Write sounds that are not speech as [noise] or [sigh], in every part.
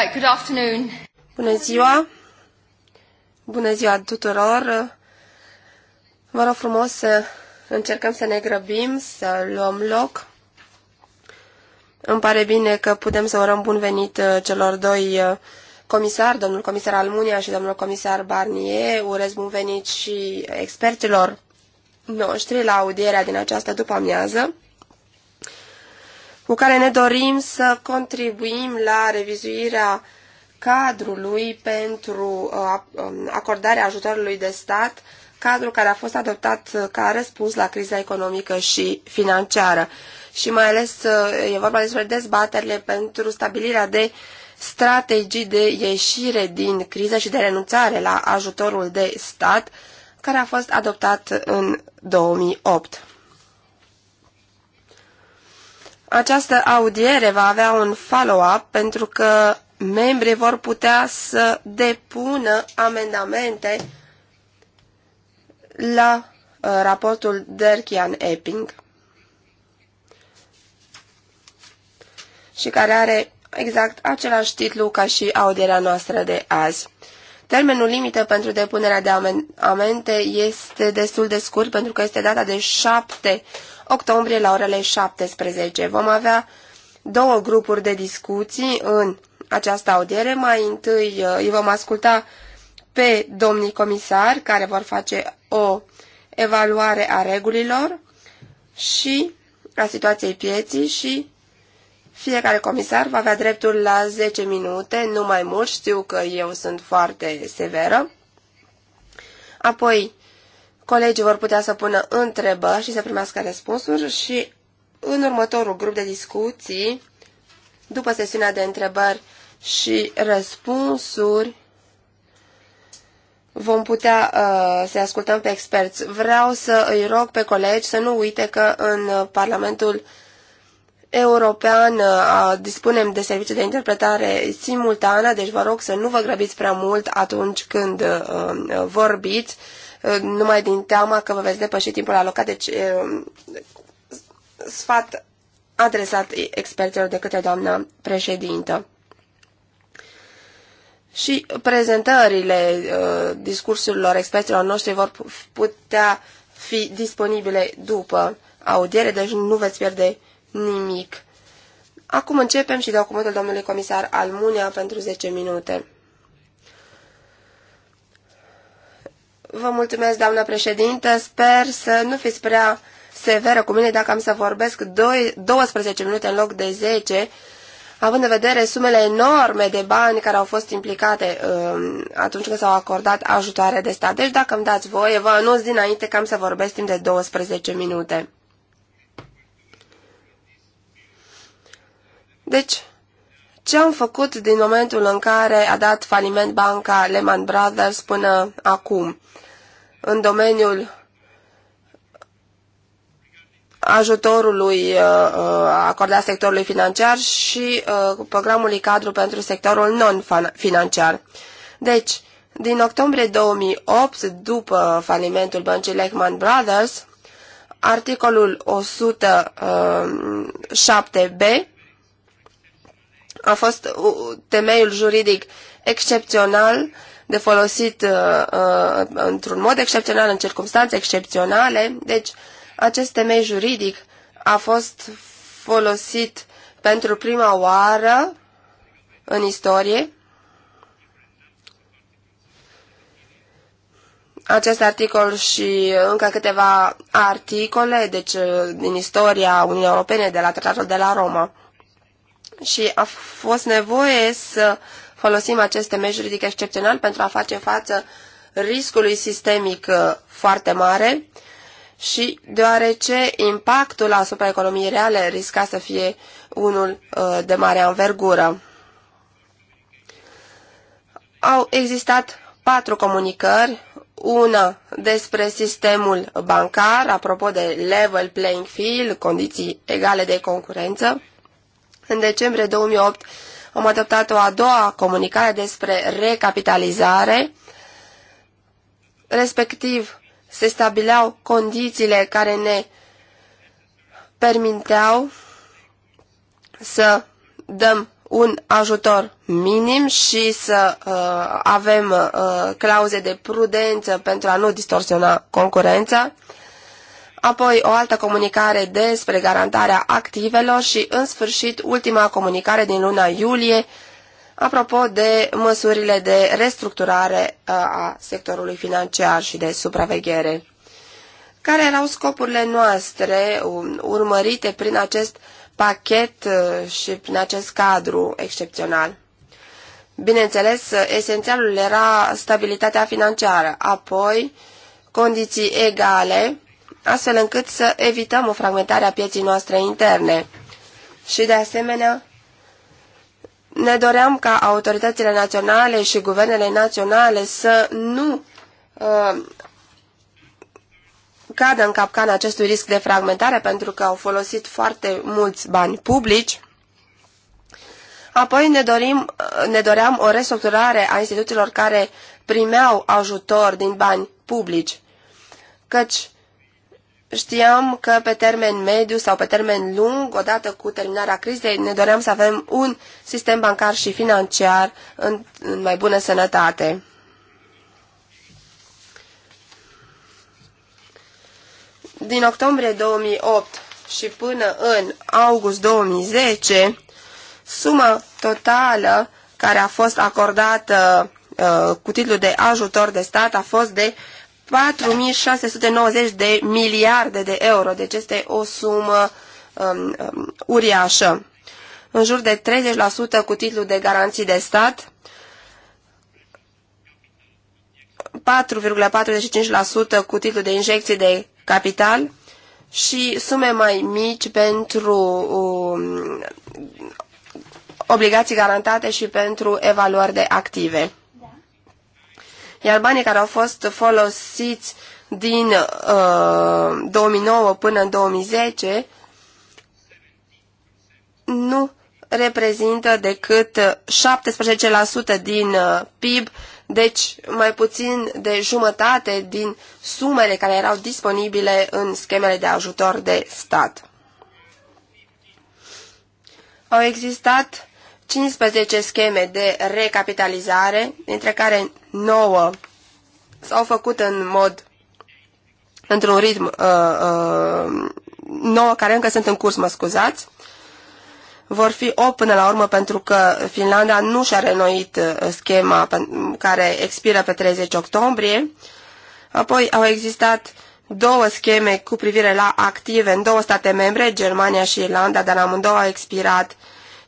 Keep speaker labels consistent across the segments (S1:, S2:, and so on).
S1: Right, good afternoon. Bună ziua! Bună ziua tuturor! Vă rog frumos să încercăm să ne grăbim, să luăm loc. Îmi pare bine că putem să urăm bun venit uh, celor doi uh, comisari, domnul comisar Almunia și domnul comisar Barnier. Urez bun venit și experților noștri la audierea din această după-amiază cu care ne dorim să contribuim la revizuirea cadrului pentru uh, um, acordarea ajutorului de stat, cadru care a fost adoptat uh, ca răspuns la criza economică și financiară. Și mai ales uh, e vorba despre dezbaterile pentru stabilirea de strategii de ieșire din criză și de renunțare la ajutorul de stat, care a fost adoptat în 2008. Această audiere va avea un follow-up pentru că membrii vor putea să depună amendamente la uh, raportul Derkian-Epping și care are exact același titlu ca și audierea noastră de azi. Termenul limită pentru depunerea de amende este destul de scurt pentru că este data de 7 octombrie la orele 17. Vom avea două grupuri de discuții în această audiere. Mai întâi uh, îi vom asculta pe domnii comisari care vor face o evaluare a regulilor și a situației pieții și fiecare comisar va avea dreptul la 10 minute, nu mai mult, știu că eu sunt foarte severă. Apoi, colegii vor putea să pună întrebări și să primească răspunsuri și în următorul grup de discuții, după sesiunea de întrebări și răspunsuri, vom putea uh, să ascultăm pe experți. Vreau să îi rog pe colegi să nu uite că în Parlamentul uh, european uh, dispunem de servicii de interpretare simultană, deci vă rog să nu vă grăbiți prea mult atunci când uh, uh, vorbiți, numai din teama că vă veți depăși timpul alocat, deci sfat adresat experților de către doamna președintă. Și prezentările discursurilor experților noștri vor putea fi disponibile după audiere, deci nu veți pierde nimic. Acum începem și dau cuvântul domnului comisar Almunia pentru 10 minute. Vă mulțumesc, doamnă președintă. Sper să nu fiți prea severă cu mine dacă am să vorbesc 12 minute în loc de 10, având în vedere sumele enorme de bani care au fost implicate um, atunci când s-au acordat ajutoare de stat. Deci, dacă îmi dați voie, vă anunț dinainte că am să vorbesc timp de 12 minute. Deci, ce am făcut din momentul în care a dat faliment banca Lehman Brothers până acum în domeniul ajutorului uh, uh, acordat sectorului financiar și uh, programului cadru pentru sectorul non-financiar. Deci, din octombrie 2008, după falimentul băncii Lehman Brothers, articolul 107b a fost temeiul juridic excepțional de folosit uh, uh, într-un mod excepțional, în circunstanțe excepționale. Deci, acest temei juridic a fost folosit pentru prima oară în istorie. Acest articol și încă câteva articole, deci uh, din istoria Uniunii Europene de la Tratatul de la Roma și a fost nevoie să folosim aceste mei juridic excepțional pentru a face față riscului sistemic uh, foarte mare și deoarece impactul asupra economiei reale risca să fie unul uh, de mare anvergură. Au existat patru comunicări, una despre sistemul bancar, apropo de level playing field, condiții egale de concurență, în decembrie 2008 am adoptat o a doua comunicare despre recapitalizare, respectiv se stabileau condițiile care ne permiteau să dăm un ajutor minim și să uh, avem uh, clauze de prudență pentru a nu distorsiona concurența apoi o altă comunicare despre garantarea activelor și, în sfârșit, ultima comunicare din luna iulie, apropo de măsurile de restructurare uh, a sectorului financiar și de supraveghere. Care erau scopurile noastre um, urmărite prin acest pachet uh, și prin acest cadru excepțional? Bineînțeles, esențialul era stabilitatea financiară, apoi condiții egale astfel încât să evităm o fragmentare a pieții noastre interne. Și de asemenea, ne doream ca autoritățile naționale și guvernele naționale să nu uh, cadă în capcană acestui risc de fragmentare pentru că au folosit foarte mulți bani publici. Apoi ne, dorim, uh, ne doream o restructurare a instituțiilor care primeau ajutor din bani publici, căci Știam că pe termen mediu sau pe termen lung, odată cu terminarea crizei, ne doream să avem un sistem bancar și financiar în, în mai bună sănătate. Din octombrie 2008 și până în august 2010, suma totală care a fost acordată uh, cu titlul de ajutor de stat a fost de 4690 de miliarde de euro, deci este o sumă um, um, uriașă. În jur de 30% cu titlul de garanții de stat, 4,45% cu titlul de injecții de capital și sume mai mici pentru um, obligații garantate și pentru evaluări de active iar banii care au fost folosiți din uh, 2009 până în 2010 nu reprezintă decât 17% din uh, PIB, deci mai puțin de jumătate din sumele care erau disponibile în schemele de ajutor de stat. Au existat 15 scheme de recapitalizare, dintre care 9 s-au făcut în mod, într-un ritm, uh, uh, 9 care încă sunt în curs, mă scuzați, vor fi 8 până la urmă pentru că Finlanda nu și-a renoit uh, schema care expiră pe 30 octombrie. Apoi au existat două scheme cu privire la active în două state membre, Germania și Irlanda, dar amândouă au expirat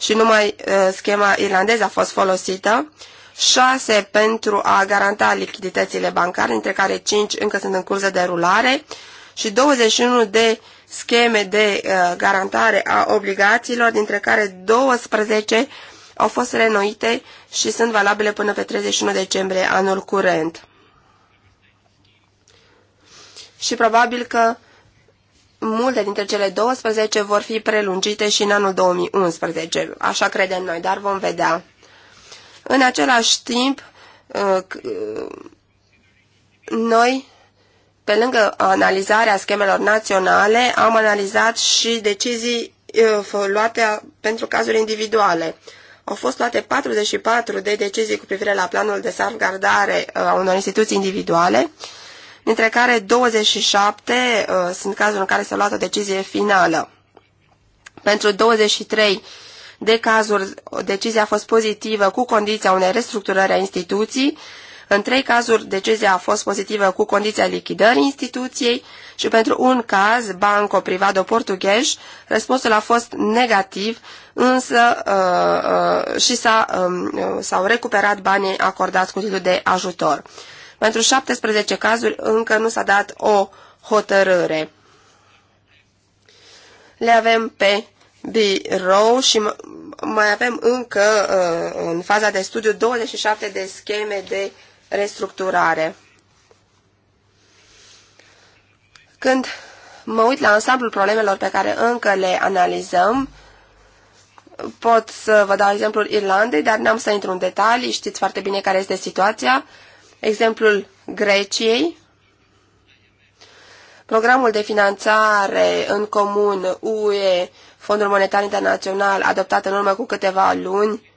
S1: și numai schema irlandeză a fost folosită, 6 pentru a garanta lichiditățile bancare, dintre care 5 încă sunt în curs de derulare, și 21 de scheme de garantare a obligațiilor, dintre care 12 au fost renoite și sunt valabile până pe 31 decembrie anul curent. Și probabil că multe dintre cele 12 vor fi prelungite și în anul 2011, așa credem noi, dar vom vedea. În același timp, uh, uh, noi, pe lângă analizarea schemelor naționale, am analizat și decizii uh, luate pentru cazuri individuale. Au fost luate 44 de decizii cu privire la planul de salvgardare a unor instituții individuale, dintre care 27 uh, sunt cazuri în care s-a luat o decizie finală. Pentru 23 de cazuri, decizia a fost pozitivă cu condiția unei restructurări a instituției, în trei cazuri, decizia a fost pozitivă cu condiția lichidării instituției și pentru un caz, Banco Privado Portughez, răspunsul a fost negativ, însă uh, uh, și um, uh, s-au uh, recuperat banii acordați cu titlul de ajutor. Pentru 17 cazuri încă nu s-a dat o hotărâre. Le avem pe birou și mai avem încă uh, în faza de studiu 27 de scheme de restructurare. Când mă uit la ansamblul problemelor pe care încă le analizăm, pot să vă dau exemplul Irlandei, dar n-am să intru în detalii, știți foarte bine care este situația exemplul Greciei, programul de finanțare în comun UE, Fondul Monetar Internațional, adoptat în urmă cu câteva luni,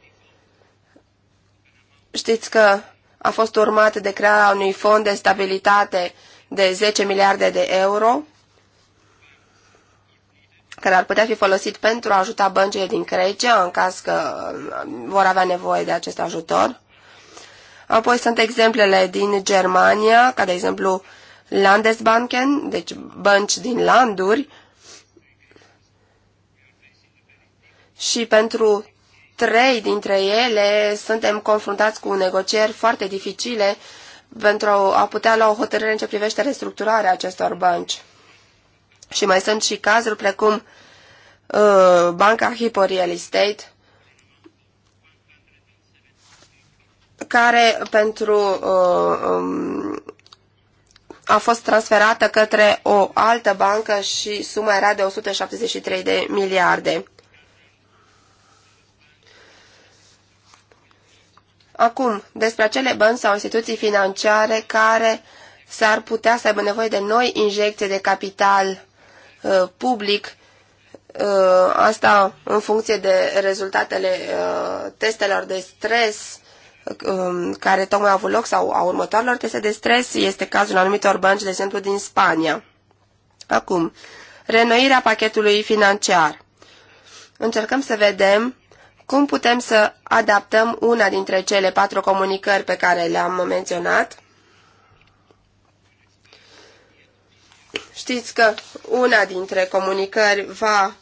S1: știți că a fost urmat de crearea unui fond de stabilitate de 10 miliarde de euro, care ar putea fi folosit pentru a ajuta băncile din Grecia în caz că um, vor avea nevoie de acest ajutor. Apoi sunt exemplele din Germania, ca de exemplu Landesbanken, deci bănci din landuri. Și pentru trei dintre ele suntem confruntați cu negocieri foarte dificile pentru a putea lua o hotărâre în ce privește restructurarea acestor bănci. Și mai sunt și cazuri precum uh, Banca Hippo Real Estate, care pentru uh, um, a fost transferată către o altă bancă și suma era de 173 de miliarde. Acum, despre acele bănci sau instituții financiare care s-ar putea să aibă nevoie de noi injecții de capital uh, public, uh, asta în funcție de rezultatele uh, testelor de stres Um, care tocmai au avut loc sau a următoarelor teste de stres este cazul anumitor bănci, de exemplu, din Spania. Acum, renoirea pachetului financiar. Încercăm să vedem cum putem să adaptăm una dintre cele patru comunicări pe care le-am menționat. Știți că una dintre comunicări va,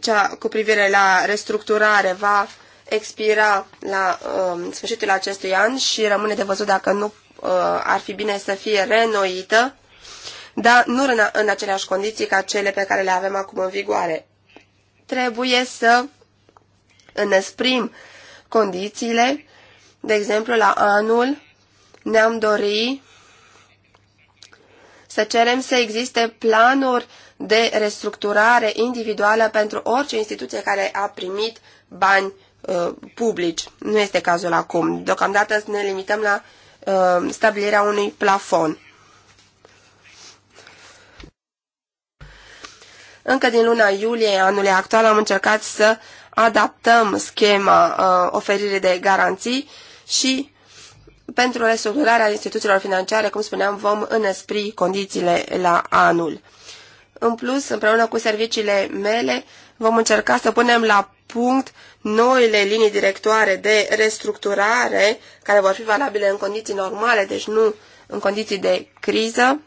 S1: cea cu privire la restructurare, va expira la uh, sfârșitul acestui an și rămâne de văzut dacă nu uh, ar fi bine să fie renoită, dar nu în, în aceleași condiții ca cele pe care le avem acum în vigoare. Trebuie să înăsprim condițiile, de exemplu, la anul ne-am dori să cerem să existe planuri de restructurare individuală pentru orice instituție care a primit bani Uh, publici. Nu este cazul acum. Deocamdată ne limităm la uh, stabilirea unui plafon. Încă din luna iulie anului actual am încercat să adaptăm schema uh, oferire de garanții și pentru restructurarea instituțiilor financiare, cum spuneam, vom înăspri condițiile la anul. În plus, împreună cu serviciile mele, vom încerca să punem la punct noile linii directoare de restructurare care vor fi valabile în condiții normale, deci nu în condiții de criză.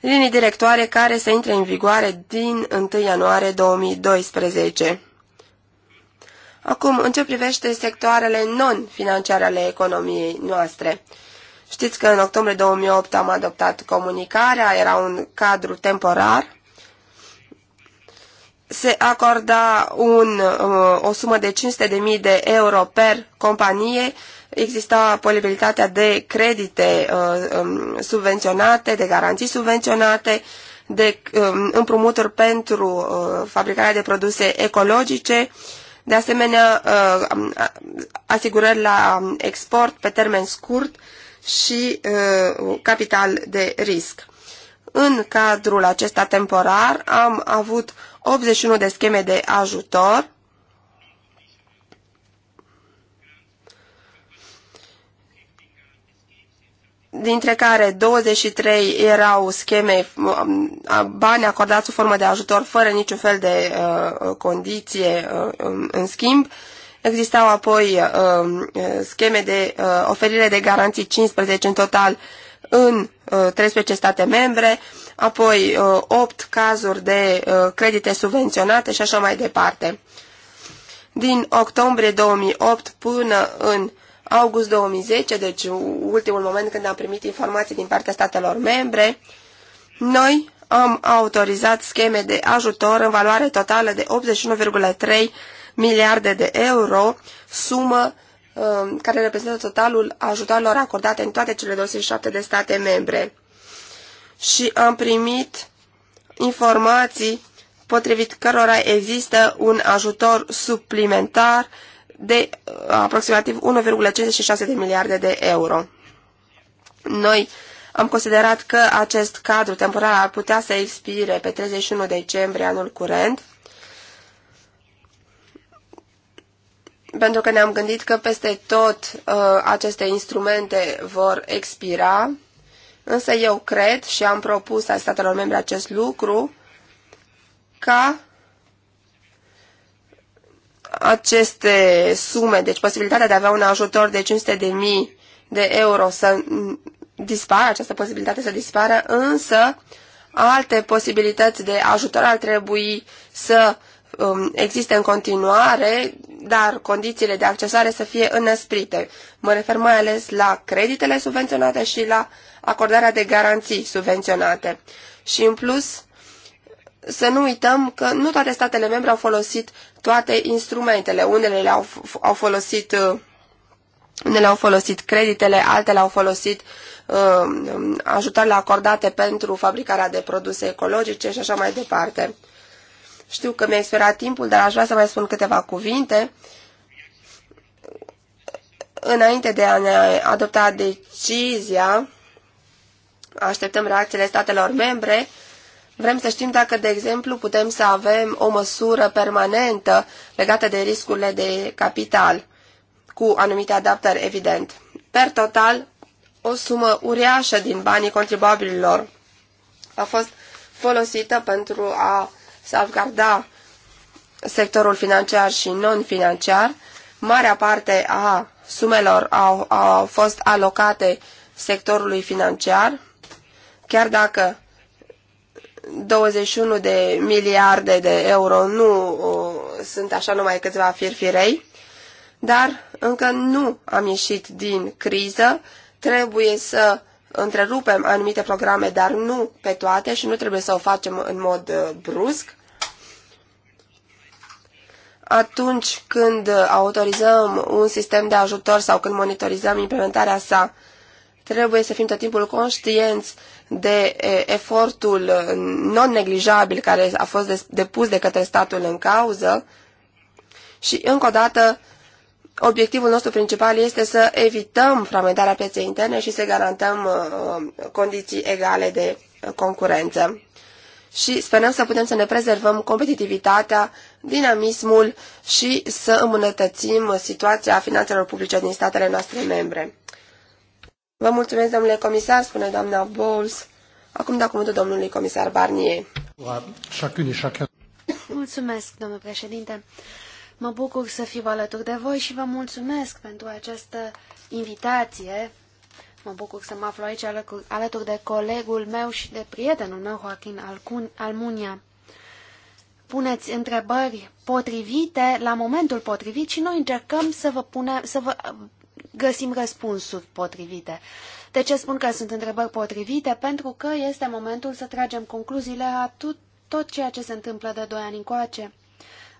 S1: Linii directoare care se intre în vigoare din 1 ianuarie 2012. Acum, în ce privește sectoarele non-financiare ale economiei noastre. Știți că în octombrie 2008 am adoptat comunicarea, era un cadru temporar se acorda un, uh, o sumă de 500.000 de euro per companie, exista posibilitatea de credite uh, um, subvenționate, de garanții subvenționate, de um, împrumuturi pentru uh, fabricarea de produse ecologice, de asemenea asigurări la export pe termen scurt și capital de risc. În cadrul acesta temporar am avut 81 de scheme de ajutor, dintre care 23 erau scheme, um, bani acordați sub formă de ajutor fără niciun fel de uh, condiție uh, în schimb. Existau apoi uh, scheme de uh, oferire de garanții 15 în total în uh, 13 state membre. Uh, apoi 8 uh, cazuri de uh, credite subvenționate și așa mai departe. Din octombrie 2008 până în august 2010, deci ultimul moment când am primit informații din partea statelor membre, noi am autorizat scheme de ajutor în valoare totală de 81,3 miliarde de euro, sumă um, care reprezintă totalul ajutorilor acordate în toate cele 27 de state membre și am primit informații potrivit cărora există un ajutor suplimentar de uh, aproximativ 1,56 de miliarde de euro. Noi am considerat că acest cadru temporar ar putea să expire pe 31 decembrie anul curent, pentru că ne-am gândit că peste tot uh, aceste instrumente vor expira Însă eu cred și am propus a statelor membre acest lucru ca aceste sume, deci posibilitatea de a avea un ajutor de 500 de mii de euro să dispară, această posibilitate să dispară, însă alte posibilități de ajutor ar trebui să Um, existe în continuare, dar condițiile de accesare să fie înăsprite. Mă refer mai ales la creditele subvenționate și la acordarea de garanții subvenționate. Și în plus, să nu uităm că nu toate statele membre au folosit toate instrumentele. Unele le-au au folosit uh, unele au folosit creditele, altele au folosit uh, ajutoarele acordate pentru fabricarea de produse ecologice și așa mai departe. Știu că mi-a expirat timpul, dar aș vrea să mai spun câteva cuvinte. Înainte de a ne adopta decizia, așteptăm reacțiile statelor membre, Vrem să știm dacă, de exemplu, putem să avem o măsură permanentă legată de riscurile de capital, cu anumite adaptări, evident. Per total, o sumă uriașă din banii contribuabililor a fost folosită pentru a salvgarda sectorul financiar și non-financiar. Marea parte a sumelor au, au fost alocate sectorului financiar, chiar dacă 21 de miliarde de euro nu uh, sunt așa numai câțiva firfirei, dar încă nu am ieșit din criză, trebuie să întrerupem anumite programe, dar nu pe toate și nu trebuie să o facem în mod uh, brusc. Atunci când uh, autorizăm un sistem de ajutor sau când monitorizăm implementarea sa, trebuie să fim tot timpul conștienți de uh, efortul non-neglijabil care a fost depus de către statul în cauză și, încă o dată, Obiectivul nostru principal este să evităm fragmentarea pieței interne și să garantăm uh, uh, condiții egale de uh, concurență. Și sperăm să putem să ne prezervăm competitivitatea, dinamismul și să îmbunătățim situația finanțelor publice din statele noastre membre. Vă mulțumesc, domnule comisar, spune doamna Bowles. Acum dacă cuvântul domnului comisar Barnier.
S2: Mulțumesc, domnule președinte. Mă bucur să fiu alături de voi și vă mulțumesc pentru această invitație. Mă bucur să mă aflu aici alături de colegul meu și de prietenul meu, Joaquin Almunia. Puneți întrebări potrivite la momentul potrivit și noi încercăm să vă, pune, să vă găsim răspunsuri potrivite. De ce spun că sunt întrebări potrivite? Pentru că este momentul să tragem concluziile a tot, tot ceea ce se întâmplă de doi ani încoace.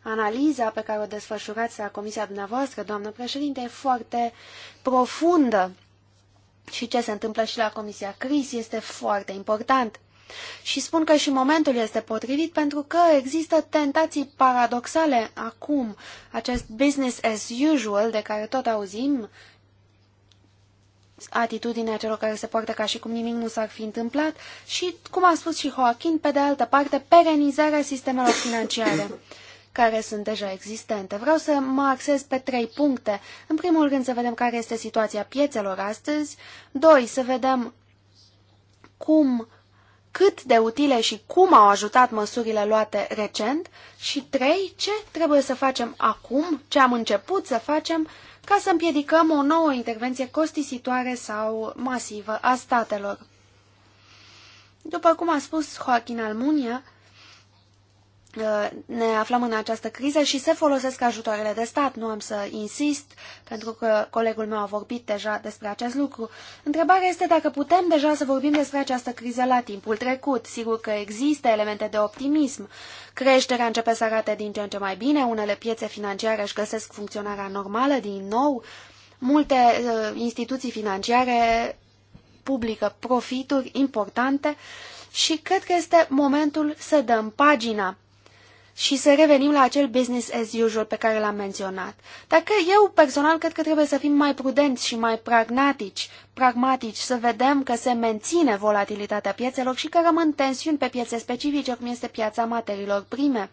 S2: Analiza pe care o desfășurați la comisia dumneavoastră, doamnă președinte, e foarte profundă și ce se întâmplă și la comisia CRIS este foarte important. Și spun că și momentul este potrivit pentru că există tentații paradoxale acum. Acest business as usual de care tot auzim, atitudinea celor care se poartă ca și cum nimic nu s-ar fi întâmplat și, cum a spus și Joaquin, pe de altă parte, perenizarea sistemelor financiare care sunt deja existente. Vreau să mă axez pe trei puncte. În primul rând să vedem care este situația piețelor astăzi. Doi, să vedem cum, cât de utile și cum au ajutat măsurile luate recent. Și trei, ce trebuie să facem acum, ce am început să facem ca să împiedicăm o nouă intervenție costisitoare sau masivă a statelor. După cum a spus Joaquin Almunia, Uh, ne aflăm în această criză și se folosesc ajutoarele de stat. Nu am să insist, pentru că colegul meu a vorbit deja despre acest lucru. Întrebarea este dacă putem deja să vorbim despre această criză la timpul trecut. Sigur că există elemente de optimism. Creșterea începe să arate din ce în ce mai bine, unele piețe financiare își găsesc funcționarea normală din nou, multe uh, instituții financiare publică profituri importante și cred că este momentul să dăm pagina și să revenim la acel business as usual pe care l-am menționat. dacă eu personal cred că trebuie să fim mai prudenți și mai pragmatici, pragmatici, să vedem că se menține volatilitatea piețelor și că rămân tensiuni pe piețe specifice, cum este piața materiilor prime.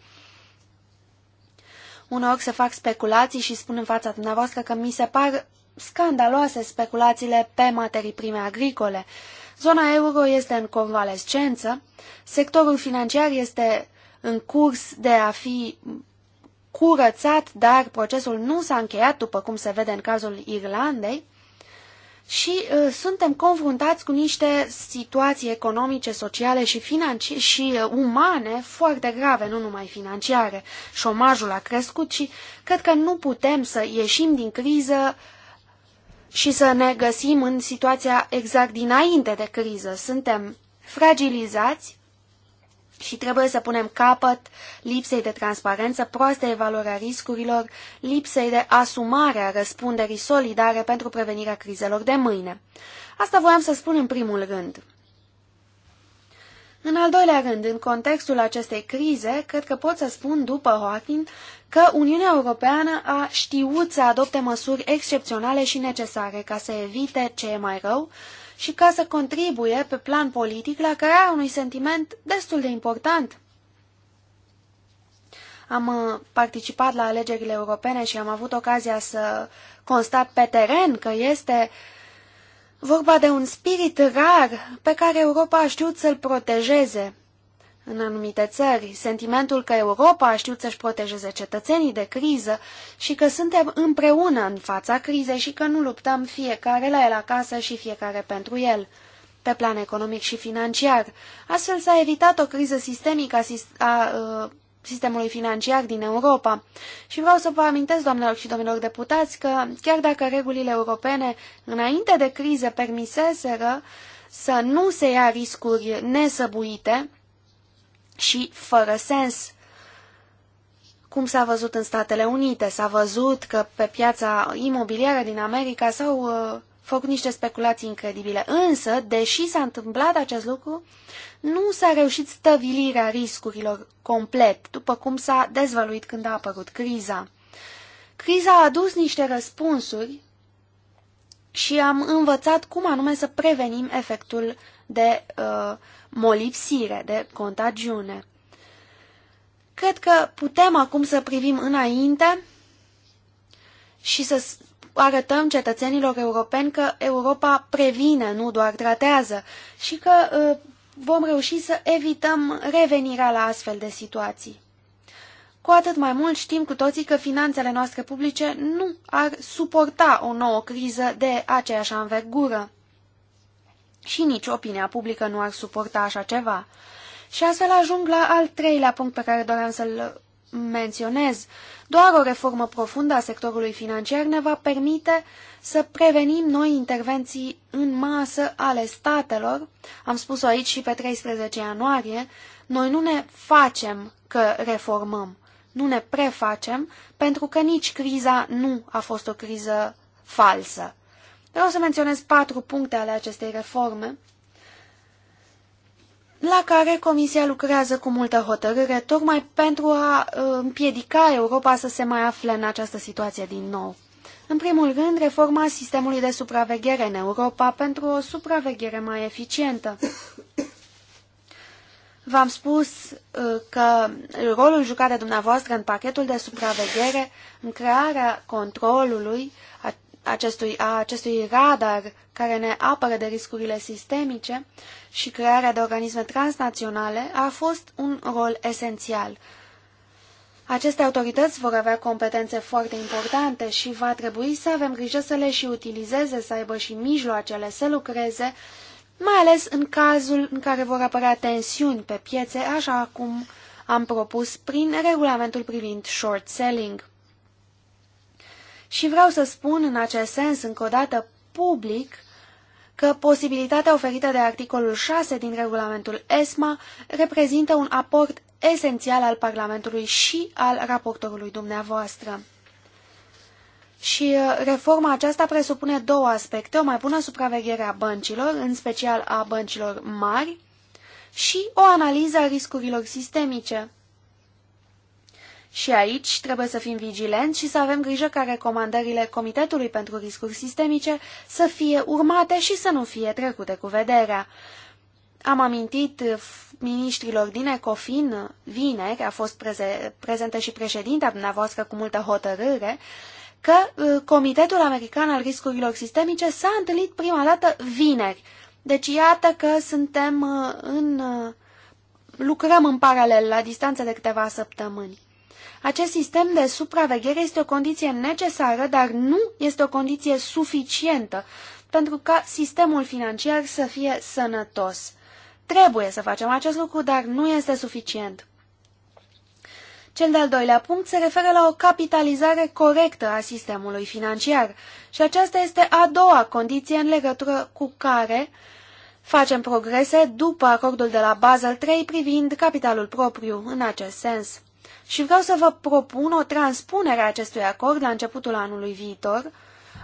S2: Uneori se fac speculații și spun în fața dumneavoastră că mi se par scandaloase speculațiile pe materii prime agricole. Zona euro este în convalescență, sectorul financiar este în curs de a fi curățat, dar procesul nu s-a încheiat, după cum se vede în cazul Irlandei, și uh, suntem confruntați cu niște situații economice, sociale și, financi- și uh, umane foarte grave, nu numai financiare. Șomajul a crescut și cred că nu putem să ieșim din criză și să ne găsim în situația exact dinainte de criză. Suntem fragilizați și trebuie să punem capăt lipsei de transparență, proaste evaluarea riscurilor, lipsei de asumare a răspunderii solidare pentru prevenirea crizelor de mâine. Asta voiam să spun în primul rând. În al doilea rând, în contextul acestei crize, cred că pot să spun după Hawking că Uniunea Europeană a știut să adopte măsuri excepționale și necesare ca să evite ce e mai rău, și ca să contribuie pe plan politic la crearea unui sentiment destul de important. Am uh, participat la alegerile europene și am avut ocazia să constat pe teren că este vorba de un spirit rar pe care Europa a știut să-l protejeze în anumite țări, sentimentul că Europa a știut să-și protejeze cetățenii de criză și că suntem împreună în fața crizei și că nu luptăm fiecare la el acasă și fiecare pentru el, pe plan economic și financiar. Astfel s-a evitat o criză sistemică a, a a ă, sistemului financiar din Europa. Și vreau să vă amintesc, doamnelor și domnilor deputați, că chiar dacă regulile europene înainte de criză permiseseră să nu se ia riscuri nesăbuite, și fără sens. Cum s-a văzut în Statele Unite, s-a văzut că pe piața imobiliară din America s-au uh, făcut niște speculații incredibile. Însă, deși s-a întâmplat acest lucru, nu s-a reușit stăvilirea riscurilor complet, după cum s-a dezvăluit când a apărut criza. Criza a adus niște răspunsuri și am învățat cum anume să prevenim efectul de uh, molipsire, de contagiune. Cred că putem acum să privim înainte și să arătăm cetățenilor europeni că Europa previne, nu doar tratează, și că uh, vom reuși să evităm revenirea la astfel de situații. Cu atât mai mult știm cu toții că finanțele noastre publice nu ar suporta o nouă criză de aceeași anvergură și nici opinia publică nu ar suporta așa ceva. Și astfel ajung la al treilea punct pe care doream să-l menționez. Doar o reformă profundă a sectorului financiar ne va permite să prevenim noi intervenții în masă ale statelor. Am spus-o aici și pe 13 ianuarie. Noi nu ne facem că reformăm, nu ne prefacem, pentru că nici criza nu a fost o criză falsă. Vreau să menționez patru puncte ale acestei reforme, la care Comisia lucrează cu multă hotărâre, tocmai pentru a uh, împiedica Europa să se mai afle în această situație din nou. În primul rând, reforma sistemului de supraveghere în Europa pentru o supraveghere mai eficientă. V-am spus uh, că rolul jucat de dumneavoastră în pachetul de supraveghere, în crearea controlului, acestui, a acestui radar care ne apără de riscurile sistemice și crearea de organisme transnaționale a fost un rol esențial. Aceste autorități vor avea competențe foarte importante și va trebui să avem grijă să le și utilizeze, să aibă și mijloacele să lucreze, mai ales în cazul în care vor apărea tensiuni pe piețe, așa cum am propus prin regulamentul privind short selling. Și vreau să spun în acest sens încă o dată public că posibilitatea oferită de articolul 6 din regulamentul ESMA reprezintă un aport esențial al Parlamentului și al raportorului dumneavoastră. Și uh, reforma aceasta presupune două aspecte, o mai bună supraveghere a băncilor, în special a băncilor mari, și o analiză a riscurilor sistemice. Și aici trebuie să fim vigilenți și să avem grijă ca recomandările Comitetului pentru Riscuri Sistemice să fie urmate și să nu fie trecute cu vederea. Am amintit ministrilor din Ecofin vineri, a fost preze prezentă și președinta dumneavoastră cu multă hotărâre, că uh, Comitetul American al Riscurilor Sistemice s-a întâlnit prima dată vineri. Deci iată că suntem uh, în... Uh, lucrăm în paralel la distanță de câteva săptămâni. Acest sistem de supraveghere este o condiție necesară, dar nu este o condiție suficientă pentru ca sistemul financiar să fie sănătos. Trebuie să facem acest lucru, dar nu este suficient. Cel de-al doilea punct se referă la o capitalizare corectă a sistemului financiar și aceasta este a doua condiție în legătură cu care facem progrese după acordul de la Basel III privind capitalul propriu în acest sens și vreau să vă propun o transpunere a acestui acord la începutul anului viitor.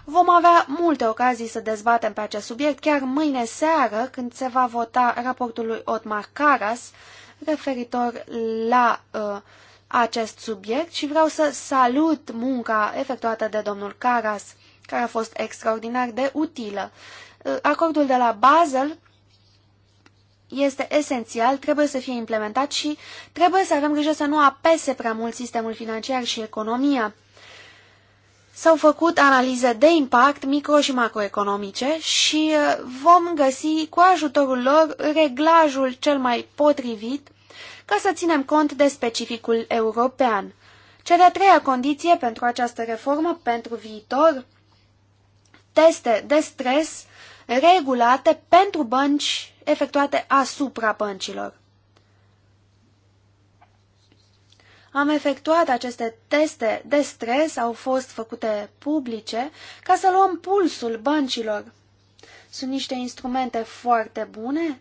S2: Vom avea multe ocazii să dezbatem pe acest subiect chiar mâine seară când se va vota raportul lui Otmar Caras referitor la uh, acest subiect și vreau să salut munca efectuată de domnul Caras, care a fost extraordinar de utilă. Uh, acordul de la Basel este esențial, trebuie să fie implementat și trebuie să avem grijă să nu apese prea mult sistemul financiar și economia. S-au făcut analize de impact micro și macroeconomice și uh, vom găsi cu ajutorul lor reglajul cel mai potrivit ca să ținem cont de specificul european. Cea de-a treia condiție pentru această reformă pentru viitor, teste de stres regulate pentru bănci efectuate asupra băncilor. Am efectuat aceste teste de stres, au fost făcute publice, ca să luăm pulsul băncilor. Sunt niște instrumente foarte bune.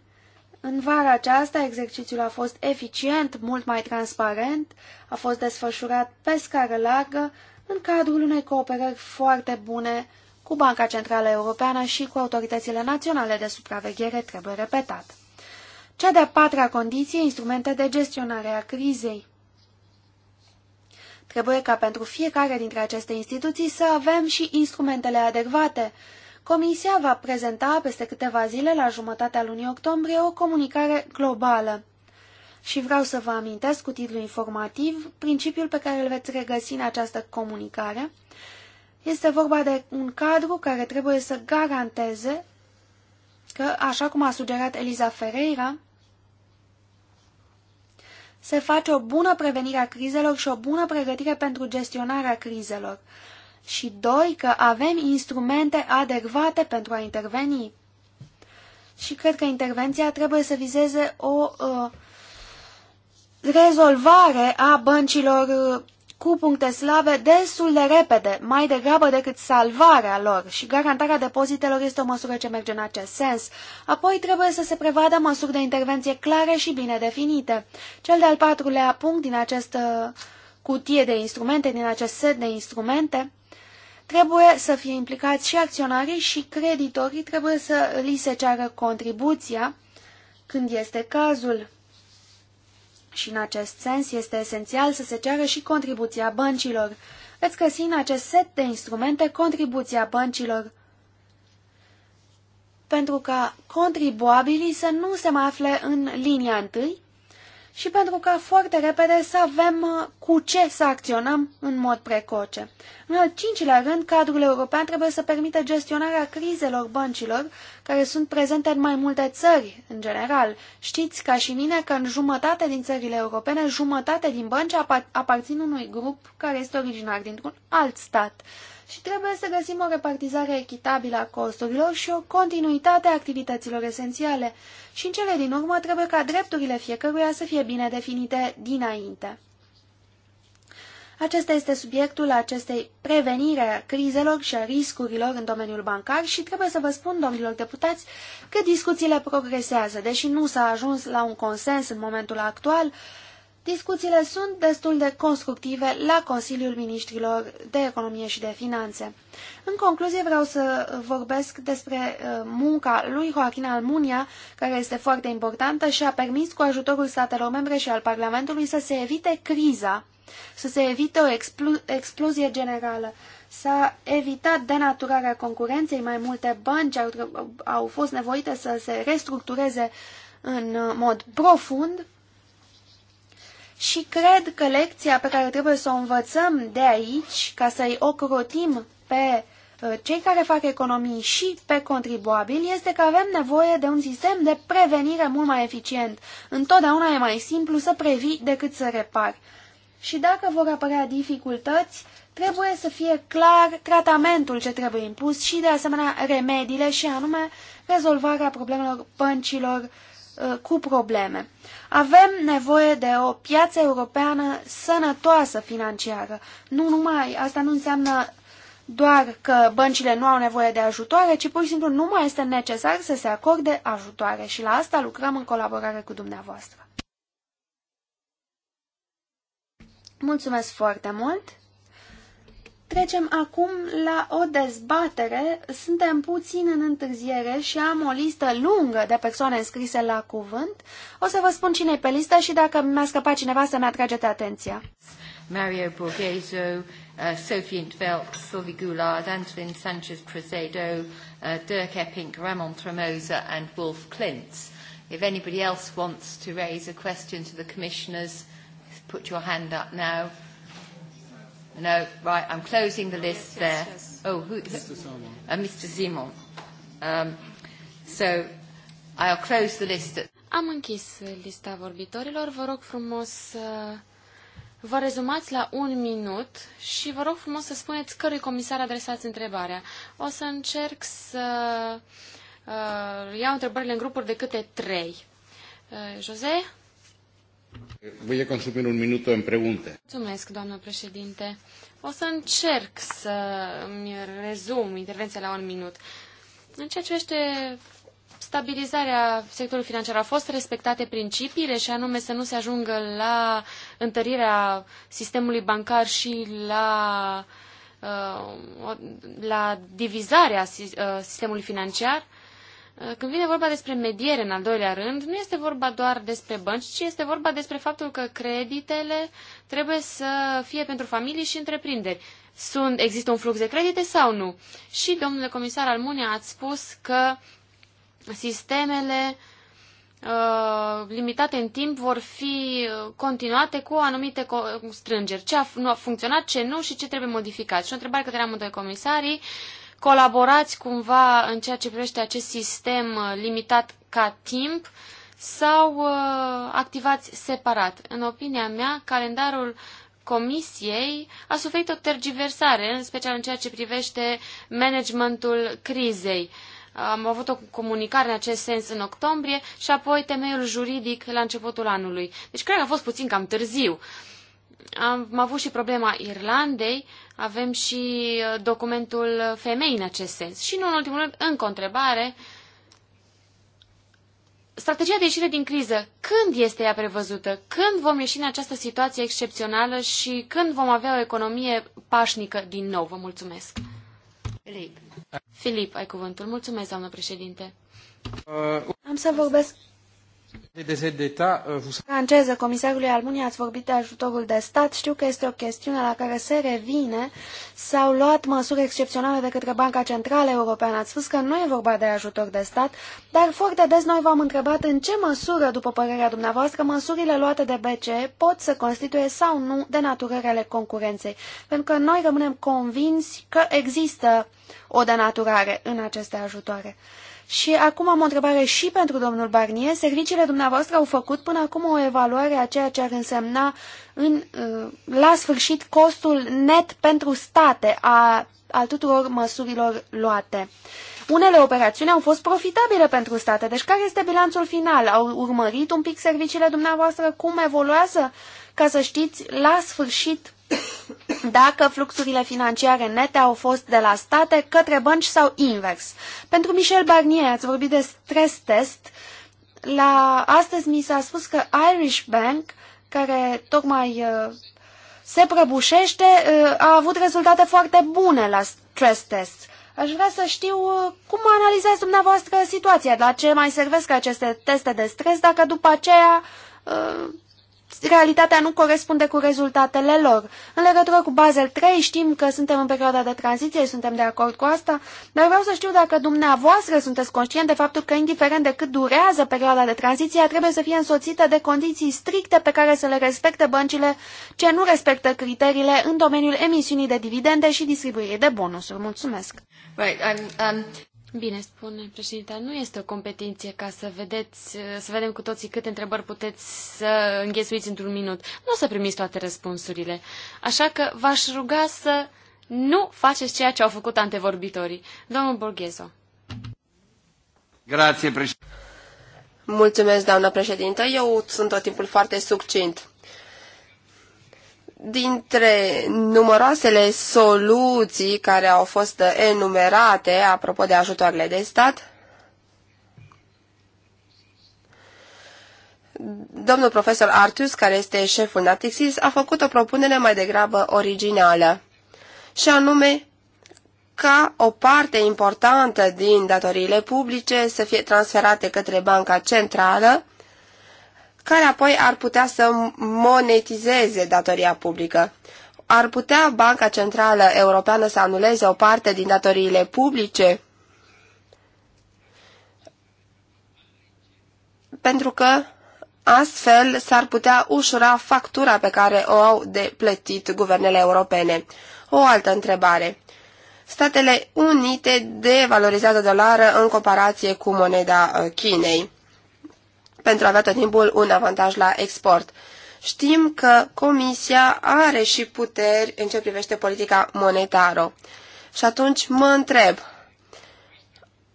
S2: În vara aceasta, exercițiul a fost eficient, mult mai transparent, a fost desfășurat pe scară largă, în cadrul unei cooperări foarte bune cu Banca Centrală Europeană și cu autoritățile naționale de supraveghere trebuie repetat. Cea de-a patra condiție, instrumente de gestionare a crizei. Trebuie ca pentru fiecare dintre aceste instituții să avem și instrumentele adecvate. Comisia va prezenta peste câteva zile, la jumătatea lunii octombrie, o comunicare globală. Și vreau să vă amintesc cu titlu informativ principiul pe care îl veți regăsi în această comunicare, este vorba de un cadru care trebuie să garanteze că, așa cum a sugerat Eliza Ferreira, se face o bună prevenire a crizelor și o bună pregătire pentru gestionarea crizelor. Și doi, că avem instrumente adecvate pentru a interveni. Și cred că intervenția trebuie să vizeze o uh, rezolvare a băncilor uh, cu puncte slabe destul de repede, mai degrabă decât salvarea lor și garantarea depozitelor este o măsură ce merge în acest sens. Apoi trebuie să se prevadă măsuri de intervenție clare și bine definite. Cel de-al patrulea punct din această cutie de instrumente, din acest set de instrumente, trebuie să fie implicați și acționarii și creditorii, trebuie să li se ceară contribuția când este cazul. Și în acest sens este esențial să se ceară și contribuția băncilor. Veți găsi în acest set de instrumente contribuția băncilor pentru ca contribuabilii să nu se mai afle în linia întâi, și pentru ca foarte repede să avem uh, cu ce să acționăm în mod precoce. În al cincilea rând, cadrul european trebuie să permită gestionarea crizelor băncilor care sunt prezente în mai multe țări, în general. Știți ca și mine că în jumătate din țările europene, jumătate din bănci aparțin unui grup care este originar dintr-un alt stat și trebuie să găsim o repartizare echitabilă a costurilor și o continuitate a activităților esențiale și în cele din urmă trebuie ca drepturile fiecăruia să fie bine definite dinainte. Acesta este subiectul acestei prevenire a crizelor și a riscurilor în domeniul bancar și trebuie să vă spun, domnilor deputați, că discuțiile progresează, deși nu s-a ajuns la un consens în momentul actual, Discuțiile sunt destul de constructive la Consiliul Ministrilor de Economie și de Finanțe. În concluzie vreau să vorbesc despre uh, munca lui Joaquin Almunia, care este foarte importantă și a permis cu ajutorul statelor membre și al Parlamentului să se evite criza, să se evite o explu explozie generală. S-a evitat denaturarea concurenței, mai multe bănci au, au fost nevoite să se restructureze în uh, mod profund și cred că lecția pe care trebuie să o învățăm de aici, ca să-i ocrotim pe uh, cei care fac economii și pe contribuabili, este că avem nevoie de un sistem de prevenire mult mai eficient. Întotdeauna e mai simplu să previi decât să repari. Și dacă vor apărea dificultăți, trebuie să fie clar tratamentul ce trebuie impus și, de asemenea, remediile și anume rezolvarea problemelor băncilor uh, cu probleme. Avem nevoie de o piață europeană sănătoasă financiară. Nu numai, asta nu înseamnă doar că băncile nu au nevoie de ajutoare, ci pur și simplu nu mai este necesar să se acorde ajutoare și la asta lucrăm în colaborare cu dumneavoastră. Mulțumesc foarte mult! Trecem acum la o dezbatere. Suntem puțin în întârziere și am o listă lungă de persoane înscrise la cuvânt. O să vă spun cine e pe listă și dacă mi-a scăpat cineva să-mi atrageți atenția.
S3: Mario Borghezo, uh, Sophie Intveld, Sylvie Goulard, Antonin Sanchez Prezedo, uh, Dirk Epping, Ramon Tremosa and Wolf Klintz. If anybody else wants to raise a question to the commissioners, put your hand up now. No, right, I'm closing the list yes, there. Yes, yes. Oh, who? Mr. Simon. Uh, Mr. Simon. Um, so, I'll close the list. At... Am închis lista vorbitorilor. Vă rog frumos să vă rezumați la un minut și vă rog frumos să spuneți cărui comisar adresați întrebarea. O să încerc să uh, iau întrebările în grupuri de câte trei. Uh, Jose?
S1: Voi
S2: un minut
S3: doamnă președinte. O să încerc să îmi rezum intervenția la un minut. În ceea ce este stabilizarea sectorului financiar, au fost respectate principiile și anume să nu se ajungă la întărirea sistemului bancar și la, uh, la divizarea uh, sistemului financiar? Uh, când vine vorba despre mediere, în al doilea rând, nu este vorba doar despre bănci, ci este vorba despre faptul că creditele trebuie să fie pentru familii și întreprinderi. Sunt, există un flux de credite sau nu? Și, domnule comisar Almunia, ați spus că sistemele uh, limitate în timp vor fi uh, continuate cu anumite strângeri. Ce a, nu a funcționat, ce nu și ce trebuie modificat. Și o întrebare către amândoi comisarii. Uh, colaborați cumva în ceea ce privește acest sistem uh, limitat ca timp sau uh, activați separat. În opinia mea, calendarul Comisiei a suferit o tergiversare, în special în ceea ce privește managementul crizei. Am avut o comunicare în acest sens în octombrie și apoi temeiul juridic la începutul anului. Deci cred că a fost puțin cam târziu. Am avut și problema Irlandei, uh, avem și uh, documentul femei în acest sens. Și, nu în ultimul rând, încă o întrebare. Strategia de ieșire din criză, când este ea prevăzută? Când vom ieși în această situație excepțională și când vom avea o economie pașnică din nou? Vă mulțumesc! Filip. Filip, ai cuvântul. Mulțumesc, doamnă președinte.
S2: Am să vorbesc franceză comisarului Almunia ați vorbit de ajutorul de stat. Știu că este o chestiune la care se revine. S-au luat măsuri excepționale de către Banca Centrală Europeană. Ați spus că nu e vorba de ajutor de stat, dar foarte des noi v-am întrebat în ce măsură, după părerea dumneavoastră, măsurile luate de BCE pot să constituie sau nu denaturări ale concurenței. Pentru că noi rămânem convinși că există o denaturare în aceste ajutoare. Și acum am o întrebare și pentru domnul Barnier. Serviciile dumneavoastră au făcut până acum o evaluare a ceea ce ar însemna în, uh, la sfârșit costul net pentru state a, a tuturor măsurilor luate. Unele operațiuni au fost profitabile pentru state, deci care este bilanțul final? Au urmărit un pic serviciile dumneavoastră? Cum evoluează? Ca să știți la sfârșit dacă fluxurile financiare nete au fost de la state către bănci sau invers. Pentru Michel Barnier ați vorbit de stress test. La astăzi mi s-a spus că Irish Bank, care tocmai uh, se prăbușește, uh, a avut rezultate foarte bune la stress test. Aș vrea să știu uh, cum analizați dumneavoastră situația, la ce mai servesc aceste teste de stres, dacă după aceea realitatea nu corespunde cu rezultatele lor. În legătură cu Basel 3 știm că suntem în perioada de tranziție, suntem de acord cu asta, dar vreau să știu dacă dumneavoastră sunteți conștient de faptul că, indiferent de cât durează perioada de tranziție, trebuie să fie însoțită de condiții stricte pe care să le respecte băncile ce nu respectă criteriile în domeniul emisiunii de dividende și distribuirii de bonusuri. Mulțumesc!
S3: Right, I'm, um... Bine spune președinta, nu este o competiție ca să vedeți, să vedem cu toții câte întrebări puteți să înghesuiți într-un minut. Nu o să primiți toate răspunsurile. Așa că v-aș ruga să nu faceți ceea ce au
S1: făcut antevorbitorii. Domnul Borghezo.
S3: Grație, președinte.
S1: Mulțumesc, doamnă președintă. Eu sunt tot timpul foarte succint dintre numeroasele soluții care au fost enumerate apropo de ajutoarele de stat, domnul profesor Artus, care este șeful Natixis, a făcut o propunere mai degrabă originală, și anume ca o parte importantă din datoriile publice să fie transferate către Banca Centrală, care apoi ar putea să monetizeze datoria publică. Ar putea Banca Centrală Europeană să anuleze o parte din datoriile publice? Pentru că astfel s-ar putea ușura factura pe care o au de plătit guvernele europene. O altă întrebare. Statele Unite devalorizează dolară în comparație cu moneda uh, Chinei pentru a avea tot timpul un avantaj la export. Știm că Comisia are și puteri în ce privește politica monetară. Și atunci mă întreb,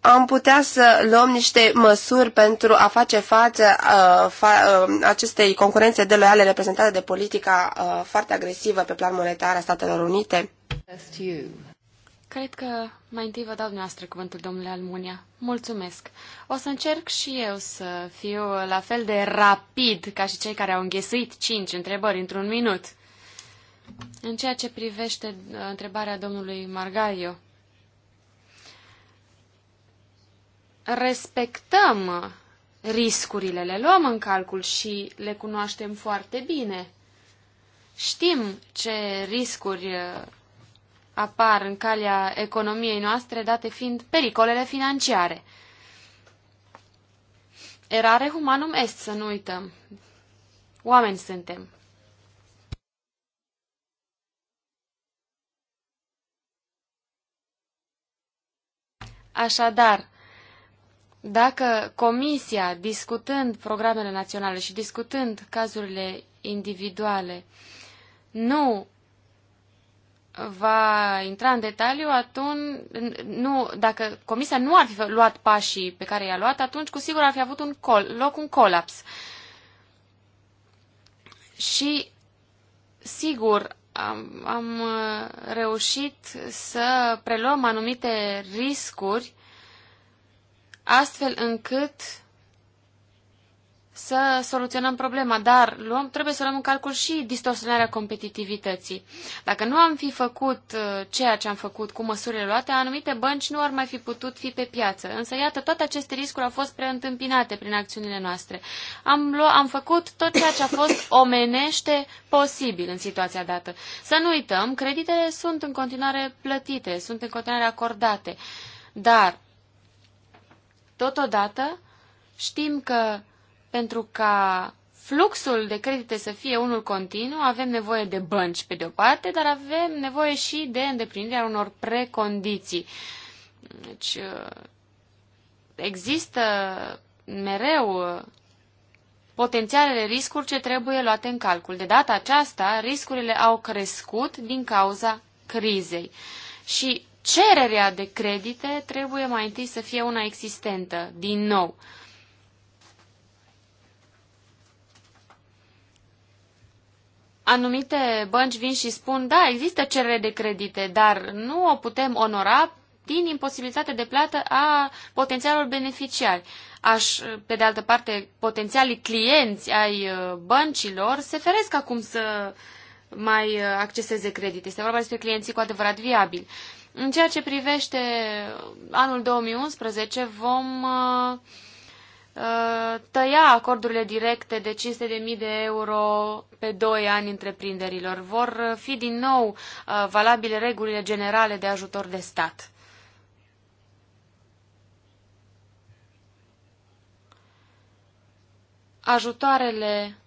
S1: am putea să luăm niște măsuri pentru a face față uh, fa, uh, acestei concurențe deloiale reprezentate de politica uh, foarte agresivă pe plan monetar a Statelor Unite?
S3: Cred că mai întâi vă dau dumneavoastră cuvântul, domnule Almunia. Mulțumesc. O să încerc și eu să fiu la fel de rapid ca și cei care au înghesuit cinci întrebări într-un minut. În ceea ce privește uh, întrebarea domnului Margaio, respectăm riscurile, le luăm în calcul și le cunoaștem foarte bine. Știm ce riscuri uh, apar în calea economiei noastre, date fiind pericolele financiare. Erare humanum est, să nu uităm. Oameni suntem. Așadar, dacă Comisia, discutând programele naționale și discutând cazurile individuale, nu va intra în detaliu, atunci, nu, dacă comisia nu ar fi luat pașii pe care i-a luat, atunci cu sigur ar fi avut un col, loc un colaps. Și, sigur, am, am uh, reușit să preluăm anumite riscuri astfel încât să soluționăm problema, dar luăm, trebuie să luăm în calcul și distorsionarea competitivității. Dacă nu am fi făcut uh, ceea ce am făcut cu măsurile luate, anumite bănci nu ar mai fi putut fi pe piață. Însă, iată, toate aceste riscuri au fost preîntâmpinate prin acțiunile noastre. Am, luat, am făcut tot ceea ce a fost omenește posibil în situația dată. Să nu uităm, creditele sunt în continuare plătite, sunt în continuare acordate, dar totodată știm că pentru ca fluxul de credite să fie unul continuu, avem nevoie de bănci pe de o parte, dar avem nevoie și de îndeplinirea unor precondiții. Deci uh, există mereu uh, potențialele riscuri ce trebuie luate în calcul. De data aceasta, riscurile au crescut din cauza crizei. Și cererea de credite trebuie mai întâi să fie una existentă, din nou. anumite bănci vin și spun, da, există cerere de credite, dar nu o putem onora din imposibilitatea de plată a potențialul beneficiari. Aș, pe de altă parte, potențialii clienți ai uh, băncilor se feresc acum să mai uh, acceseze credite. Este vorba despre clienții cu adevărat viabili. În ceea ce privește uh, anul 2011, vom uh, Uh, tăia acordurile directe de 500.000 de euro pe 2 ani întreprinderilor. Vor fi din nou uh, valabile regulile generale de ajutor de stat. Ajutoarele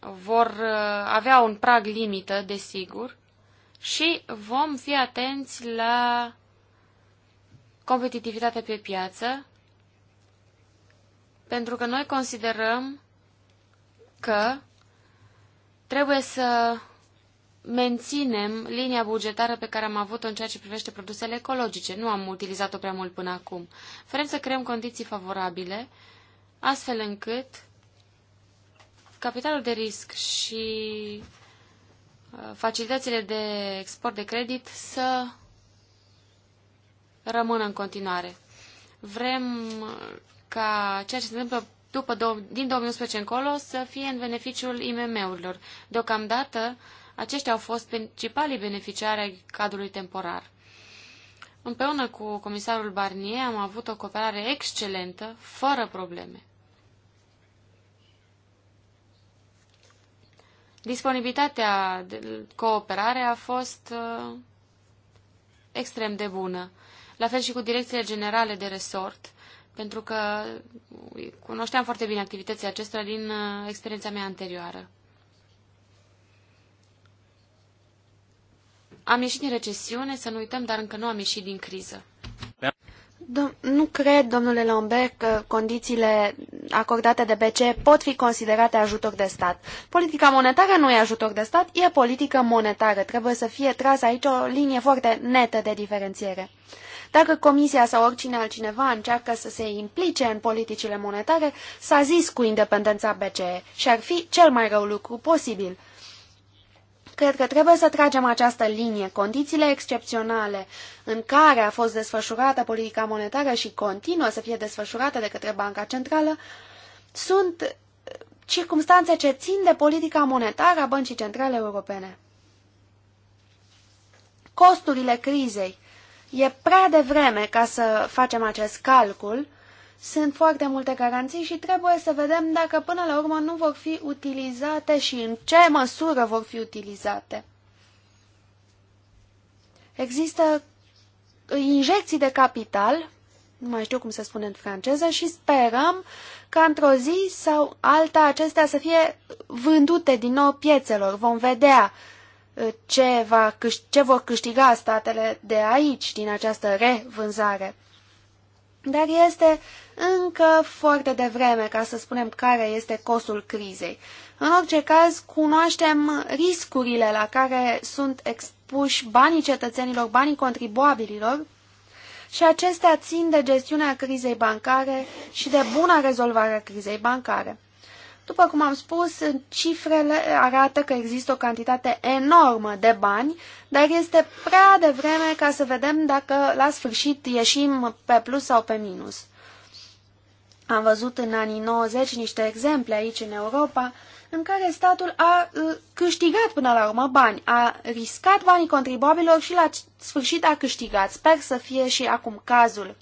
S3: vor uh, avea un prag limită, desigur, și vom fi atenți la competitivitatea pe piață, pentru că noi considerăm că trebuie să menținem linia bugetară pe care am avut-o în ceea ce privește produsele ecologice. Nu am utilizat-o prea mult până acum. Vrem să creăm condiții favorabile, astfel încât capitalul de risc și uh, facilitățile de export de credit să rămână în continuare. Vrem uh, ca ceea ce se întâmplă după, din 2011 încolo să fie în beneficiul IMM-urilor. Deocamdată, aceștia au fost principalii beneficiari ai cadrului temporar. Împreună cu comisarul Barnier am avut o cooperare excelentă, fără probleme. Disponibilitatea de cooperare a fost uh, extrem de bună, la fel și cu direcțiile generale de resort, pentru că cunoșteam foarte bine activitățile acestora din uh, experiența mea anterioară. Am ieșit din recesiune, să nu uităm, dar încă nu am ieșit din criză.
S2: Dom nu cred, domnule Lambert, că condițiile acordate de BCE pot fi considerate ajutor de stat. Politica monetară nu e ajutor de stat, e politică monetară. Trebuie să fie trasă aici o linie foarte netă de diferențiere. Dacă Comisia sau oricine altcineva încearcă să se implice în politicile monetare, s-a zis cu independența BCE și ar fi cel mai rău lucru posibil. Cred că trebuie să tragem această linie. Condițiile excepționale în care a fost desfășurată politica monetară și continuă să fie desfășurată de către Banca Centrală sunt circumstanțe ce țin de politica monetară a Băncii Centrale Europene. Costurile crizei E prea devreme ca să facem acest calcul. Sunt foarte multe garanții și trebuie să vedem dacă până la urmă nu vor fi utilizate și în ce măsură vor fi utilizate. Există injecții de capital, nu mai știu cum se spune în franceză, și sperăm ca într-o zi sau alta acestea să fie vândute din nou piețelor. Vom vedea ce, va, ce vor câștiga statele de aici, din această revânzare. Dar este încă foarte devreme ca să spunem care este costul crizei. În orice caz, cunoaștem riscurile la care sunt expuși banii cetățenilor, banii contribuabililor și acestea țin de gestiunea crizei bancare și de buna rezolvare a crizei bancare. După cum am spus, cifrele arată că există o cantitate enormă de bani, dar este prea devreme ca să vedem dacă la sfârșit ieșim pe plus sau pe minus. Am văzut în anii 90 niște exemple aici în Europa în care statul a uh, câștigat până la urmă bani, a riscat banii contribuabilor și la sfârșit a câștigat. Sper să fie și acum cazul.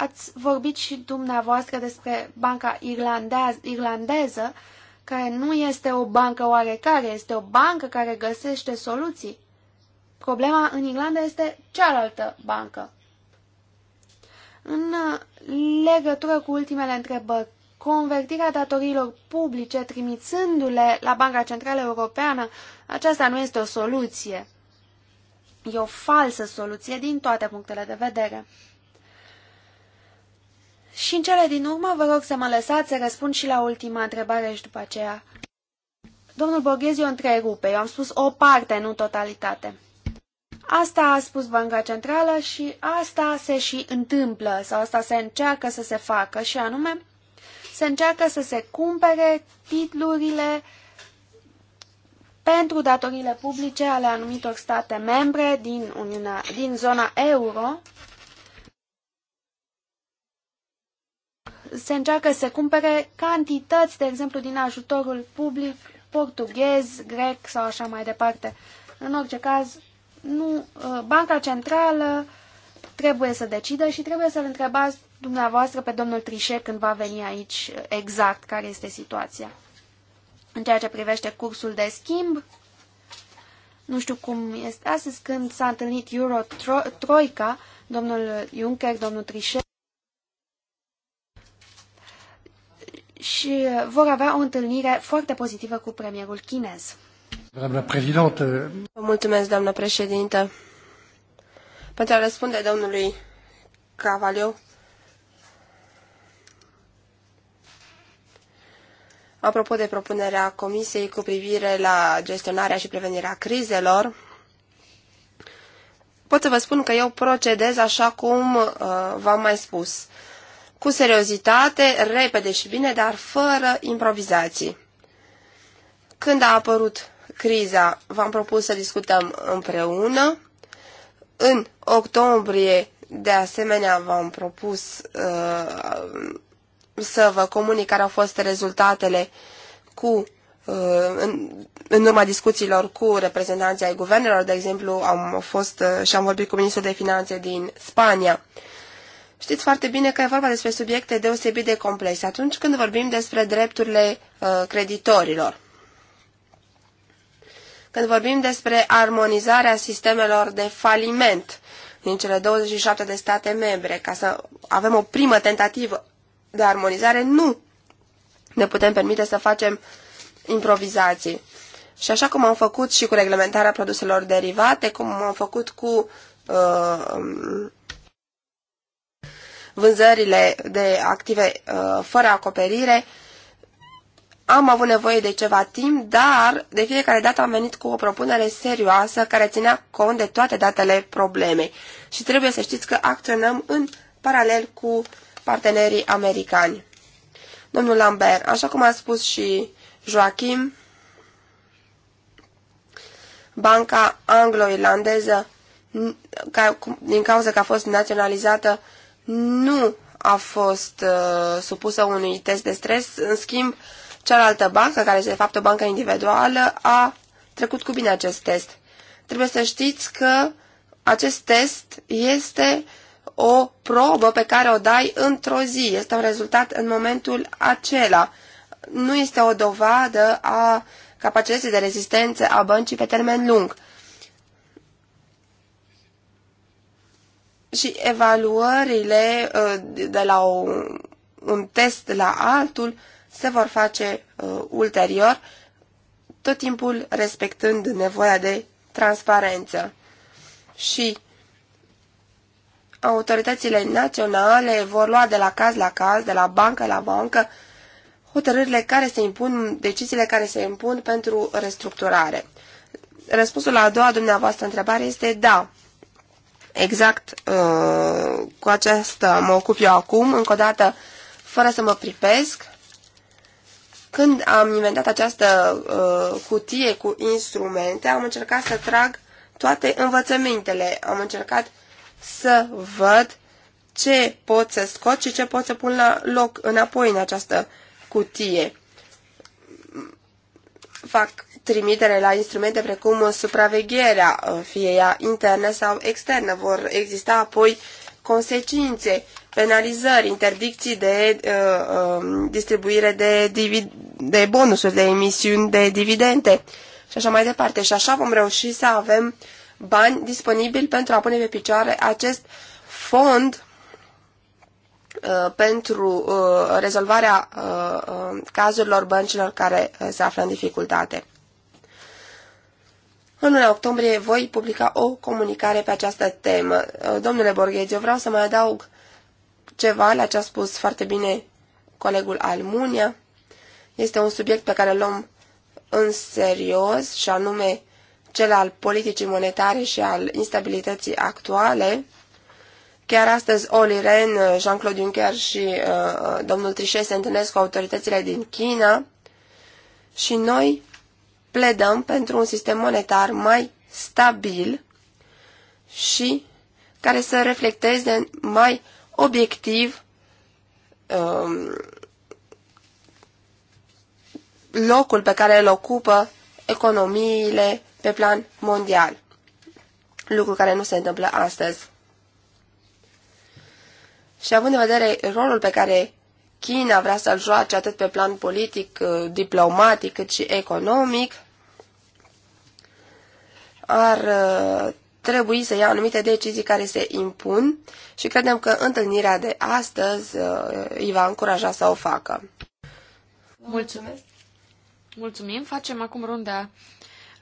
S2: Ați vorbit și dumneavoastră despre banca irlandeză, care nu este o bancă oarecare, este o bancă care găsește soluții. Problema în Irlanda este cealaltă bancă. În uh, legătură cu ultimele întrebări, convertirea datoriilor publice trimițându-le la Banca Centrală Europeană, aceasta nu este o soluție. E o falsă soluție din toate punctele de vedere. Și în cele din urmă, vă rog să mă lăsați să răspund și la ultima întrebare și după aceea. Domnul Borghezi o întrerupe. Eu am spus o parte, nu totalitate. Asta a spus Banca Centrală și asta se și întâmplă, sau asta se încearcă să se facă, și anume, se încearcă să se cumpere titlurile pentru datorile publice ale anumitor state membre din, Uniunea, din zona euro, se încearcă să cumpere cantități, de exemplu, din ajutorul public portughez, grec sau așa mai departe. În orice caz, nu, uh, Banca Centrală trebuie să decidă și trebuie să-l întrebați dumneavoastră pe domnul Trișe când va veni aici uh, exact care este situația. În ceea ce privește cursul de schimb, nu știu cum este astăzi când s-a întâlnit Euro-Troica, domnul Juncker, domnul Trișe, și vor avea o întâlnire foarte pozitivă cu premierul
S1: chinez.
S3: Doamna președintă.
S1: Vă mulțumesc, doamna președintă. Pentru a răspunde domnului Cavaliu. apropo de propunerea Comisiei cu privire la gestionarea și prevenirea crizelor, pot să vă spun că eu procedez așa cum uh, v-am mai spus. Uh, cu seriozitate, repede și bine, dar fără improvizații. Când a apărut criza, v-am propus să discutăm împreună. În octombrie, de asemenea, v-am propus uh, să vă comunic care au fost rezultatele cu uh, în, în urma discuțiilor cu reprezentanții ai guvernelor, de exemplu, am fost uh, și am vorbit cu ministrul de finanțe din Spania. Știți foarte bine că e vorba despre subiecte deosebit de complexe atunci când vorbim despre drepturile uh, creditorilor. Când vorbim despre armonizarea sistemelor de faliment din cele 27 de state membre, ca să avem o primă tentativă de armonizare, nu ne putem permite să facem improvizații. Și așa cum am făcut și cu reglementarea produselor derivate, cum am făcut cu uh, vânzările de active uh, fără acoperire, am avut nevoie de ceva timp, dar de fiecare dată am venit cu o propunere serioasă care ținea cont de toate datele problemei. Și trebuie să știți că acționăm în paralel cu partenerii americani. Domnul Lambert, așa cum a spus și Joachim, banca anglo-irlandeză, din cauza că a fost naționalizată, nu a fost uh, supusă unui test de stres, în schimb, cealaltă bancă, care este de fapt o bancă individuală, a trecut cu bine acest test. Trebuie să știți că acest test este o probă pe care o dai într-o zi. Este un rezultat în momentul acela. Nu este o dovadă a capacității de rezistență a băncii pe termen lung. și evaluările uh, de la o, un test la altul se vor face uh, ulterior, tot timpul respectând nevoia de transparență. Și autoritățile naționale vor lua de la caz la caz, de la bancă la bancă, hotărârile care se impun, deciziile care se impun pentru restructurare. Răspunsul la a doua dumneavoastră întrebare este da exact uh, cu aceasta mă ocup eu acum, încă o dată, fără să mă pripesc. Când am inventat această uh, cutie cu instrumente, am încercat să trag toate învățămintele. Am încercat să văd ce pot să scot și ce pot să pun la loc înapoi în această cutie. Fac trimitere la instrumente precum supravegherea, fie ea internă sau externă. Vor exista apoi consecințe, penalizări, interdicții de uh, um, distribuire de, de bonusuri, de emisiuni, de dividende și așa mai departe. Și așa vom reuși să avem bani disponibili pentru a pune pe picioare acest fond uh, pentru uh, rezolvarea uh, uh cazurilor băncilor care uh, se află în dificultate. În luna octombrie voi publica o comunicare pe această temă. Uh, domnule Borghezi, eu vreau să mai adaug ceva la ce a spus foarte bine colegul Almunia. Este un subiect pe care îl luăm în serios și anume cel al politicii monetare și al instabilității actuale. Chiar astăzi Oli Ren, uh, Jean-Claude Juncker și uh, uh, domnul Trichet se întâlnesc cu autoritățile din China și noi pledăm pentru un sistem monetar mai stabil și care să reflecteze mai obiectiv um, locul pe care îl ocupă economiile pe plan mondial, lucru care nu se întâmplă astăzi. Și având în vedere rolul pe care China vrea să-l joace atât pe plan politic, uh, diplomatic, cât și economic, ar uh, trebui să ia anumite decizii care se impun și credem că întâlnirea de astăzi uh, îi va încuraja să o facă.
S3: Mulțumesc! Mulțumim! Facem acum runda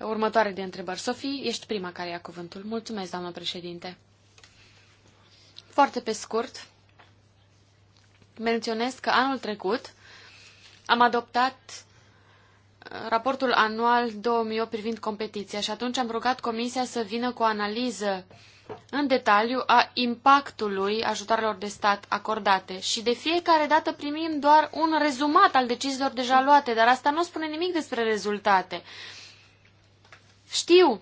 S3: următoare de întrebări. Sofie, ești prima care ia cuvântul. Mulțumesc, doamnă președinte! Foarte pe scurt, menționez că anul trecut am adoptat uh, raportul anual 2008 privind competiția și atunci am rugat Comisia să vină cu o analiză în detaliu a impactului ajutoarelor de stat acordate și de fiecare dată primim doar un rezumat al deciziilor deja luate, dar asta nu spune nimic despre rezultate. Știu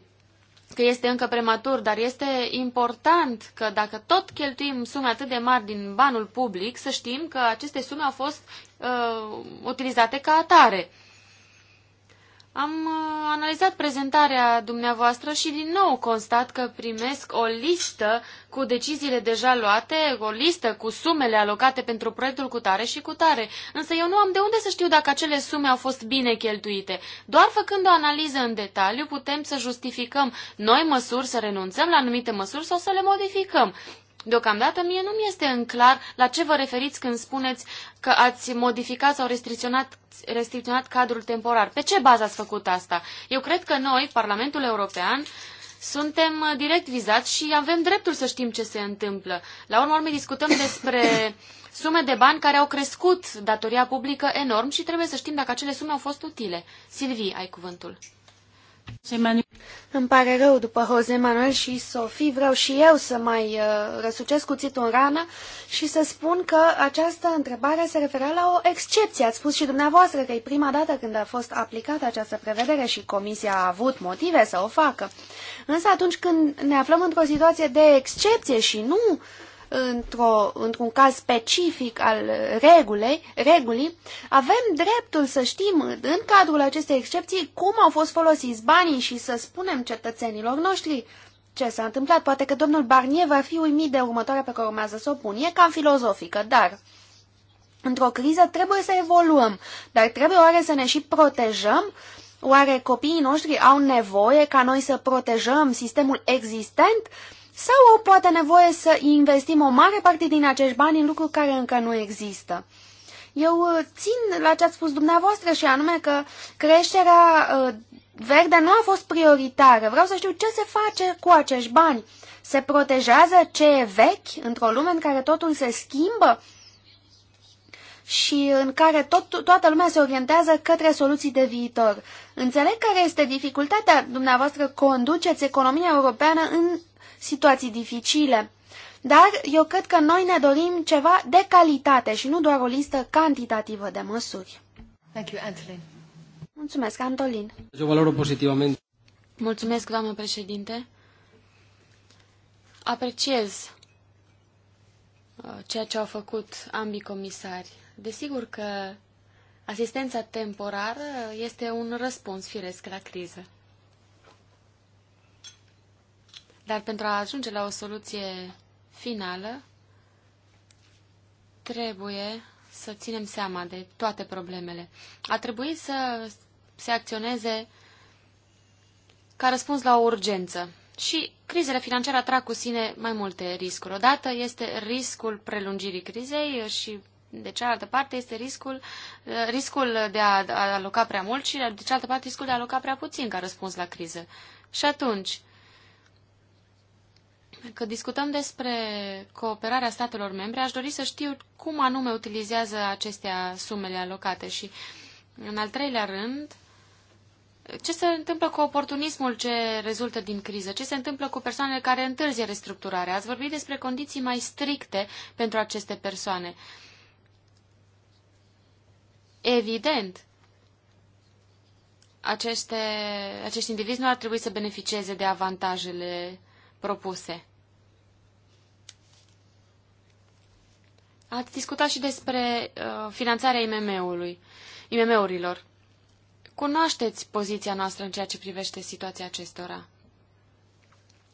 S3: că este încă prematur, dar este important că dacă tot cheltuim sume atât de mari din banul public, să știm că aceste sume au fost uh, utilizate ca atare. Am uh, analizat prezentarea dumneavoastră și din nou constat că primesc o listă cu deciziile deja luate, o listă cu sumele alocate pentru proiectul cu tare și cu tare. Însă eu nu am de unde să știu dacă acele sume au fost bine cheltuite. Doar făcând o analiză în detaliu putem să justificăm noi măsuri, să renunțăm la anumite măsuri sau să le modificăm. Deocamdată mie nu mi este în clar la ce vă referiți când spuneți că ați modificat sau restricționat, restricționat cadrul temporar. Pe ce bază ați făcut asta? Eu cred că noi, Parlamentul European, suntem uh, direct vizați și avem dreptul să știm ce se întâmplă. La urmă, urmă discutăm [coughs] despre sume de bani care au crescut datoria publică enorm și trebuie să știm dacă acele sume au fost utile. Silvii, ai cuvântul.
S2: Îmi pare rău, după Jose Manuel și Sofie, vreau și eu să mai uh, răsucesc cuțitul în rană și să spun că această întrebare se referă la o excepție. Ați spus și dumneavoastră că e prima dată când a fost aplicată această prevedere și Comisia a avut motive să o facă. Însă atunci când ne aflăm într-o situație de excepție și nu uh, într-un într caz specific al regulei, regulii, avem dreptul să știm în cadrul acestei excepții cum au fost folosiți banii și să spunem cetățenilor noștri ce s-a întâmplat. Poate că domnul Barnier va fi uimit de următoarea pe care urmează să o pun. E cam filozofică, dar într-o criză trebuie să evoluăm, dar trebuie oare să ne și protejăm Oare copiii noștri au nevoie ca noi să protejăm sistemul existent sau au poate nevoie să investim o mare parte din acești bani în lucruri care încă nu există. Eu uh, țin la ce ați spus dumneavoastră și anume că creșterea uh, verde nu a fost prioritară. Vreau să știu ce se face cu acești bani. Se protejează ce e vechi într-o lume în care totul se schimbă și în care tot, toată lumea se orientează către soluții de viitor. Înțeleg care este dificultatea dumneavoastră conduceți economia europeană în situații dificile. Dar eu cred că noi ne dorim ceva de calitate și nu doar o listă cantitativă de măsuri. Thank you, Antolin. Mulțumesc, Antolin.
S3: Eu valoro pozitivamente.
S2: Mulțumesc, doamnă președinte.
S3: Apreciez uh, ceea ce au făcut ambii comisari. Desigur că asistența temporară este un răspuns firesc la criză. Dar pentru a ajunge la o soluție finală, trebuie să ținem seama de toate problemele. A trebuit să se acționeze ca răspuns la o urgență. Și crizele financiare atrag cu sine mai multe riscuri. Odată este riscul prelungirii crizei și de cealaltă parte este riscul, riscul de a aloca prea mult și de cealaltă parte riscul de a aloca prea puțin ca răspuns la criză. Și atunci, că discutăm despre cooperarea statelor membre, aș dori să știu cum anume utilizează acestea sumele alocate și, în al treilea rând, ce se întâmplă cu oportunismul ce rezultă din criză? Ce se întâmplă cu persoanele care întârzie restructurarea? Ați vorbit despre condiții mai stricte pentru aceste persoane. Evident, aceste, acești indivizi nu ar trebui să beneficieze de avantajele propuse. Ați discutat și despre uh, finanțarea IMM-ului, IMM-urilor. Cunoașteți poziția noastră în ceea ce privește situația acestora.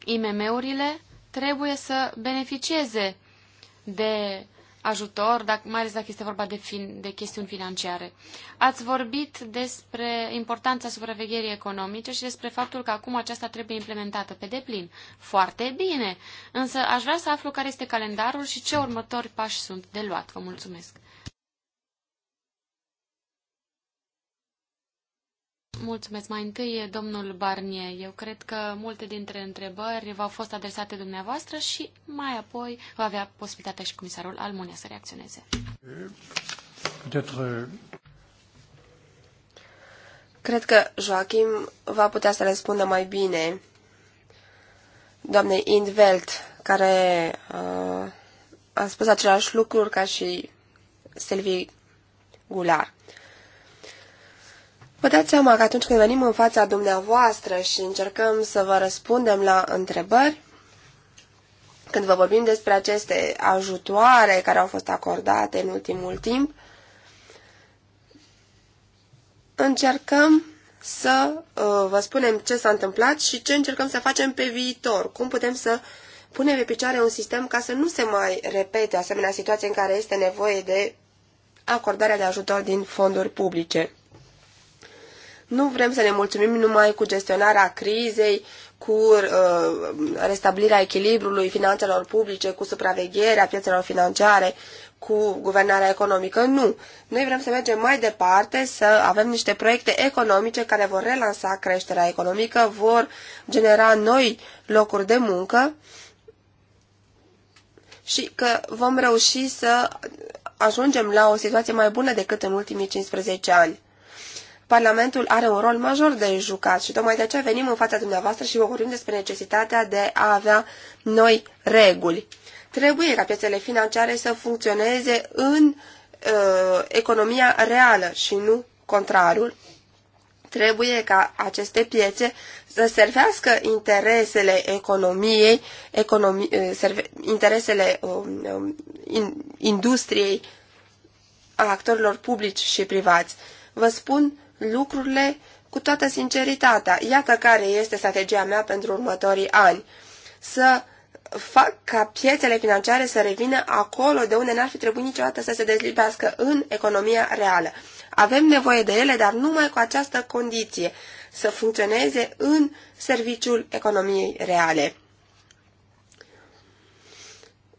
S3: IMM-urile trebuie să beneficieze de ajutor, dacă, mai ales dacă este vorba de, fin, de chestiuni financiare. Ați vorbit despre importanța supravegherii economice și despre faptul că acum aceasta trebuie implementată pe deplin. Foarte bine! Însă aș vrea să aflu care este calendarul și ce următori pași sunt de luat. Vă mulțumesc! Mulțumesc. Mai întâi, domnul Barnier. Eu cred că multe dintre întrebări v-au fost adresate dumneavoastră și mai apoi va avea posibilitatea și comisarul Almunia să reacționeze. Uh,
S1: cred că Joachim va putea să răspundă mai bine doamnei Indveld, care uh, a spus același lucruri ca și Silvi Gular. Vă dați seama că atunci când venim în fața dumneavoastră și încercăm să vă răspundem la întrebări, când vă vorbim despre aceste ajutoare care au fost acordate în ultimul timp, încercăm să uh, vă spunem ce s-a întâmplat și ce încercăm să facem pe viitor, cum putem să punem pe picioare un sistem ca să nu se mai repete asemenea situație în care este nevoie de acordarea de ajutor din fonduri publice. Nu vrem să ne mulțumim numai cu gestionarea crizei, cu uh, restabilirea echilibrului finanțelor publice, cu supravegherea piețelor financiare, cu guvernarea economică. Nu. Noi vrem să mergem mai departe, să avem niște proiecte economice care vor relansa creșterea economică, vor genera noi locuri de muncă și că vom reuși să ajungem la o situație mai bună decât în ultimii 15 ani. Parlamentul are un rol major de jucat și tocmai de aceea venim în fața dumneavoastră și vă vorbim despre necesitatea de a avea noi reguli. Trebuie ca piețele financiare să funcționeze în uh, economia reală și nu contrarul. Trebuie ca aceste piețe să servească interesele economiei, economi, uh, serve, interesele um, um, in, industriei, a actorilor publici și privați. Vă spun lucrurile cu toată sinceritatea. Iată care este strategia mea pentru următorii ani. Să fac ca piețele financiare să revină acolo de unde n-ar fi trebuit niciodată să se dezlipească în economia reală. Avem nevoie de ele, dar numai cu această condiție, să funcționeze în serviciul economiei reale.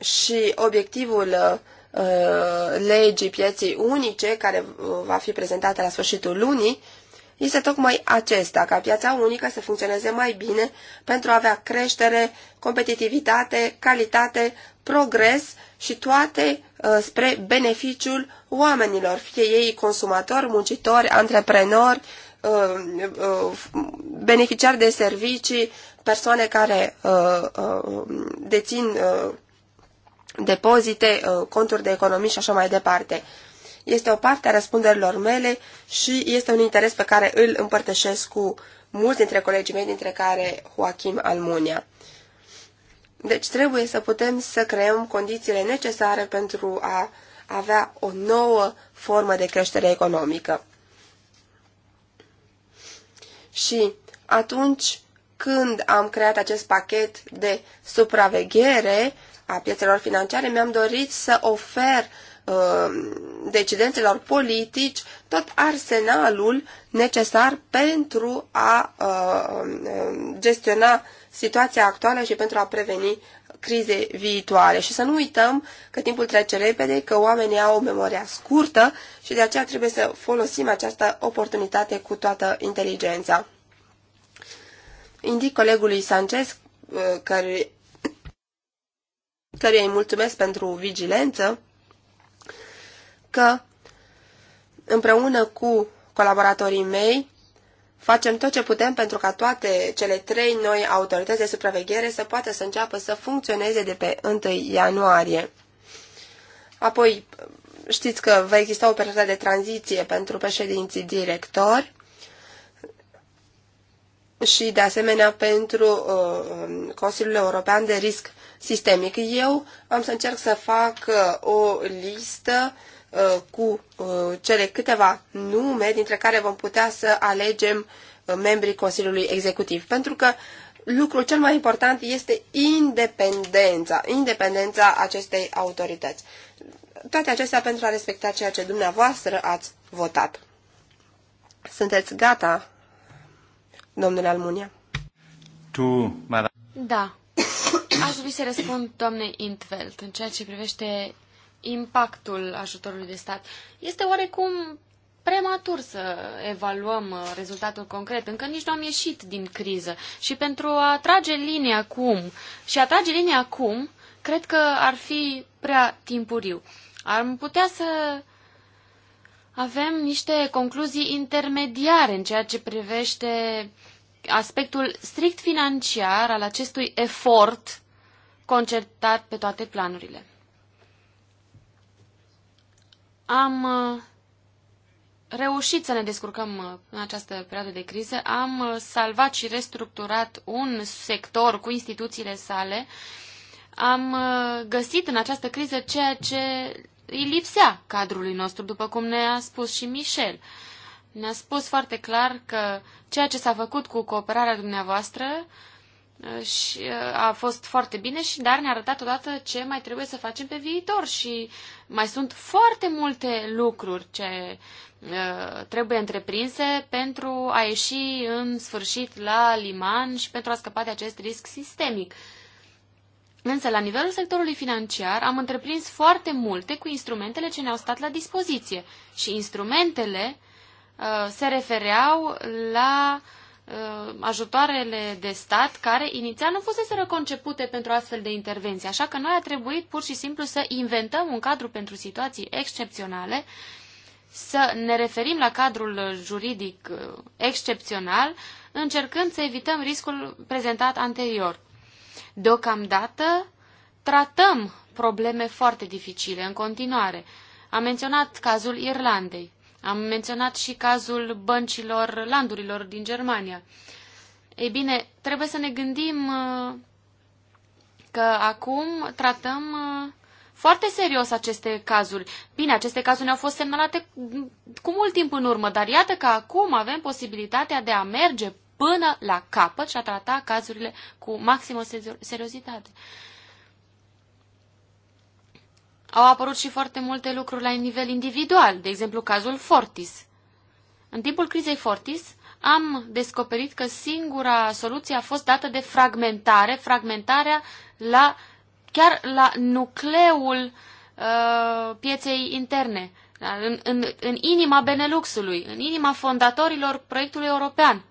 S1: Și obiectivul uh, Uh, legii pieței unice, care uh, va fi prezentată la sfârșitul lunii, este tocmai acesta, ca piața unică să funcționeze mai bine pentru a avea creștere, competitivitate, calitate, progres și toate uh, spre beneficiul oamenilor, fie ei consumatori, muncitori, antreprenori, beneficiari de servicii, persoane care dețin depozite, uh, conturi de economii și așa mai departe. Este o parte a răspunderilor mele și este un interes pe care îl împărtășesc cu mulți dintre colegii mei, dintre care Joachim Almunia. Deci trebuie să putem să creăm condițiile necesare pentru a avea o nouă formă de creștere economică. Și atunci când am creat acest pachet de supraveghere, a piețelor financiare, mi-am dorit să ofer uh, decidenților politici tot arsenalul necesar pentru a uh, uh, gestiona situația actuală și pentru a preveni crize viitoare. Și să nu uităm că timpul trece repede, că oamenii au o memoria scurtă și de aceea trebuie să folosim această oportunitate cu toată inteligența. Indic colegului Sanchez, uh, care căruia îi mulțumesc pentru vigilență, că împreună cu colaboratorii mei facem tot ce putem pentru ca toate cele trei noi autorități de supraveghere să poată să înceapă să funcționeze de pe 1 ianuarie. Apoi, știți că va exista o perioadă de tranziție pentru președinții directori și, de asemenea, pentru uh, Consiliul European de Risc sistemic. Eu am să încerc să fac uh, o listă uh, cu uh, cele câteva nume dintre care vom putea să alegem membrii Consiliului Executiv. Pentru că lucrul cel mai important este independența, independența acestei autorități. Toate acestea pentru a respecta ceea ce dumneavoastră ați votat. Sunteți gata, domnule Almunia? Tu, madame. Da,
S3: Aș vrea să răspund doamnei Intveld în ceea ce privește impactul ajutorului de stat. Este oarecum prematur să evaluăm uh, rezultatul concret. Încă nici nu am ieșit din criză. Și pentru a trage linia acum, și a trage linia acum, cred că ar fi prea timpuriu. Ar putea să avem niște concluzii intermediare în ceea ce privește aspectul strict financiar al acestui efort concertat pe toate planurile. Am uh, reușit să ne descurcăm uh, în această perioadă de criză, am uh, salvat și restructurat un sector cu instituțiile sale, am găsit în această criză ceea ce îi lipsea cadrului nostru, după cum ne-a spus și Michel. Ne-a spus foarte clar că ceea ce s-a făcut cu cooperarea dumneavoastră Uh, și uh, a fost foarte bine și dar ne-a arătat odată ce mai trebuie să facem pe viitor și mai sunt foarte multe lucruri ce uh, trebuie întreprinse pentru a ieși în sfârșit la liman și pentru a scăpa de acest risc sistemic. Însă, la nivelul sectorului financiar, am întreprins foarte multe cu instrumentele ce ne-au stat la dispoziție și instrumentele uh, se refereau la uh, Uh, ajutoarele de stat care inițial nu fuseseră concepute pentru astfel de intervenții, așa că noi a trebuit pur și simplu să inventăm un cadru pentru situații excepționale, să ne referim la cadrul juridic uh, excepțional, încercând să evităm riscul prezentat anterior. Deocamdată tratăm probleme foarte dificile în continuare. Am menționat cazul Irlandei. Am menționat și cazul băncilor landurilor din Germania. Ei bine, trebuie să ne gândim uh, că acum tratăm uh, foarte serios aceste cazuri. Bine, aceste cazuri ne-au fost semnalate cu mult timp în urmă, dar iată că acum avem posibilitatea de a merge până la capăt și a trata cazurile cu maximă seriozitate. Au apărut și foarte multe lucruri la nivel individual, de exemplu cazul Fortis. În timpul crizei Fortis am descoperit că singura soluție a fost dată de fragmentare, fragmentarea la, chiar la nucleul uh, pieței interne, în, în, în inima Beneluxului, în inima fondatorilor proiectului european.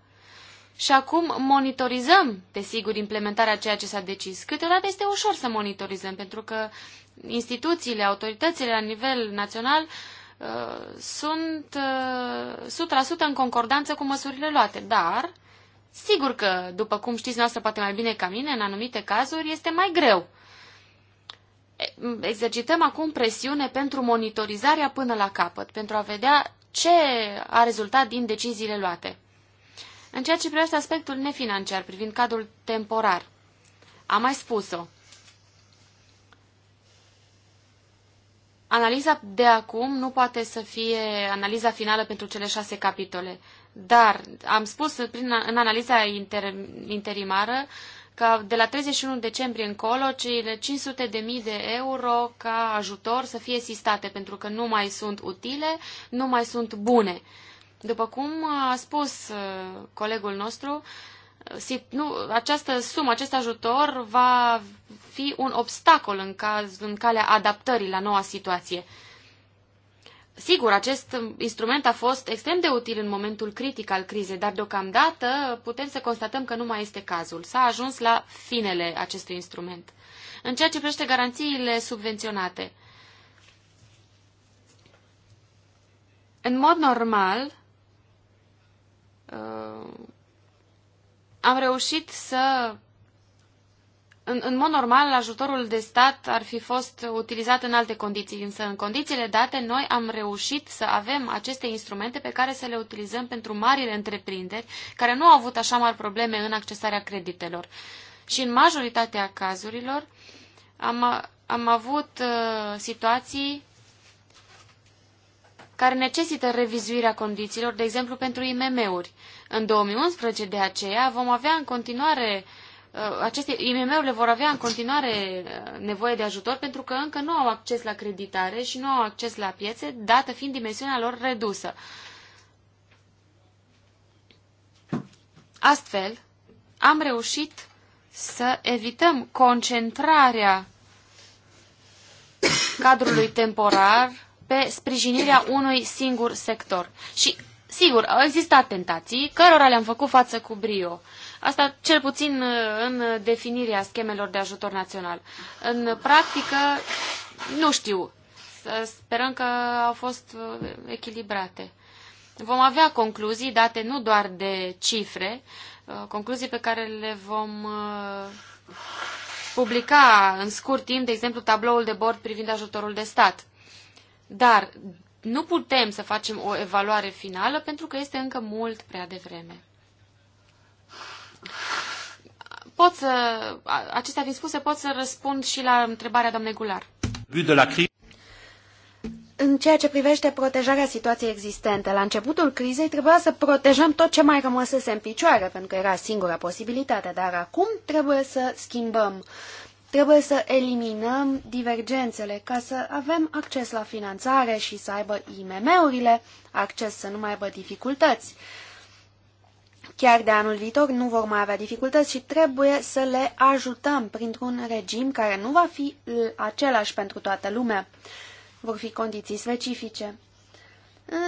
S3: Și acum monitorizăm, desigur, implementarea ceea ce s-a decis. Câteodată este ușor să monitorizăm, pentru că instituțiile, autoritățile la nivel național uh, sunt 100% uh, în concordanță cu măsurile luate, dar sigur că, după cum știți noastră poate mai bine ca mine, în anumite cazuri este mai greu. Exercităm acum presiune pentru monitorizarea până la capăt, pentru a vedea ce a rezultat din deciziile luate. În ceea ce privește aspectul nefinanciar privind cadrul temporar, am mai spus-o, Analiza de acum nu poate să fie analiza finală pentru cele șase capitole, dar am spus prin, în analiza inter, interimară că de la 31 decembrie încolo, cele 500 de mii de euro ca ajutor să fie sistate, pentru că nu mai sunt utile, nu mai sunt bune. După cum a spus uh, colegul nostru, uh, nu, această sumă, acest ajutor va fi un obstacol în, caz, în calea adaptării la noua situație. Sigur, acest instrument a fost extrem de util în momentul critic al crizei, dar deocamdată putem să constatăm că nu mai este cazul. S-a ajuns la finele acestui instrument. În ceea ce privește garanțiile subvenționate, în mod normal, uh, am reușit să în, în mod normal, ajutorul de stat ar fi fost utilizat în alte condiții, însă în condițiile date noi am reușit să avem aceste instrumente pe care să le utilizăm pentru marile întreprinderi care nu au avut așa mari probleme în accesarea creditelor. Și în majoritatea cazurilor am, am avut uh, situații care necesită revizuirea condițiilor, de exemplu pentru IMM-uri. În 2011 de aceea vom avea în continuare uh, Uh, aceste IMM-urile vor avea în continuare uh, nevoie de ajutor pentru că încă nu au acces la creditare și nu au acces la piețe, dată fiind dimensiunea lor redusă. Astfel, am reușit să evităm concentrarea cadrului temporar pe sprijinirea unui singur sector. Și, sigur, au existat tentații, cărora le-am făcut față cu brio. Asta cel puțin uh, în definirea schemelor de ajutor național. În practică, nu știu. Sperăm că au fost uh, echilibrate. Vom avea concluzii date nu doar de cifre, uh, concluzii pe care le vom publica în scurt timp, de exemplu, tabloul de bord privind ajutorul de stat. Dar nu putem să facem o evaluare finală pentru că este încă mult prea devreme pot să, acestea fiind spuse, pot să răspund și la
S2: întrebarea doamnei Gular. În ceea ce privește protejarea situației existente, la începutul crizei trebuia să protejăm tot ce mai rămăsese în picioare, pentru că era singura posibilitate, dar acum trebuie să schimbăm. Trebuie să eliminăm divergențele ca să avem acces la finanțare și să aibă IMM-urile acces să nu mai aibă dificultăți chiar de anul viitor nu vor mai avea dificultăți și trebuie să le ajutăm printr-un regim care nu va fi uh, același pentru toată lumea. Vor fi condiții specifice.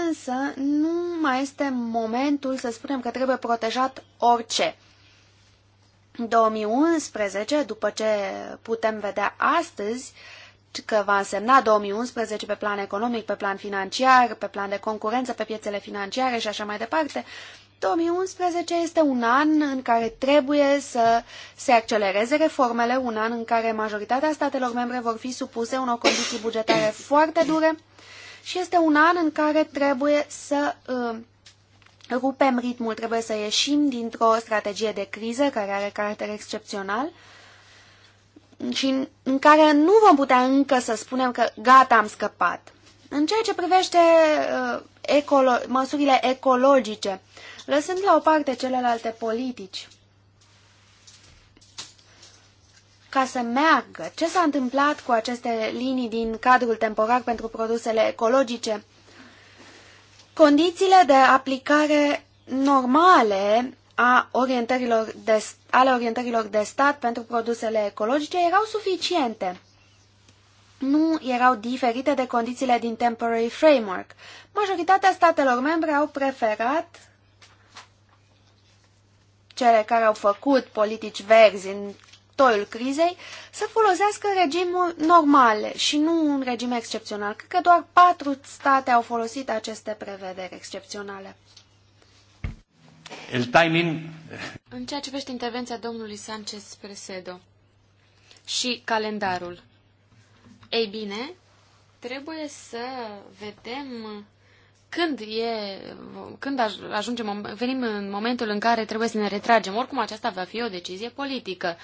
S2: Însă nu mai este momentul să spunem că trebuie protejat orice. 2011, după ce putem vedea astăzi, că va însemna 2011 pe plan economic, pe plan financiar, pe plan de concurență, pe piețele financiare și așa mai departe, 2011 este un an în care trebuie să se accelereze reformele, un an în care majoritatea statelor membre vor fi supuse unor condiții bugetare [coughs] foarte dure și este un an în care trebuie să uh, rupem ritmul, trebuie să ieșim dintr-o strategie de criză care are caracter excepțional și în care nu vom putea încă să spunem că gata, am scăpat. În ceea ce privește uh, ecolo măsurile ecologice, lăsând la o parte celelalte politici. Ca să meargă, ce s-a întâmplat cu aceste linii din cadrul temporar pentru produsele ecologice? Condițiile de aplicare normale a orientărilor de, ale orientărilor de stat pentru produsele ecologice erau suficiente nu erau diferite de condițiile din Temporary Framework. Majoritatea statelor membre au preferat cele care au făcut politici verzi în toiul crizei, să folosească regimul normal și nu un regim excepțional. Cred că doar patru state au folosit aceste prevederi excepționale.
S3: El timing... În ceea ce privește intervenția domnului Sanchez Presedo și calendarul. Ei bine, trebuie să vedem când, e, când ajungem, venim în momentul în care trebuie să ne retragem. Oricum, aceasta va fi o decizie politică.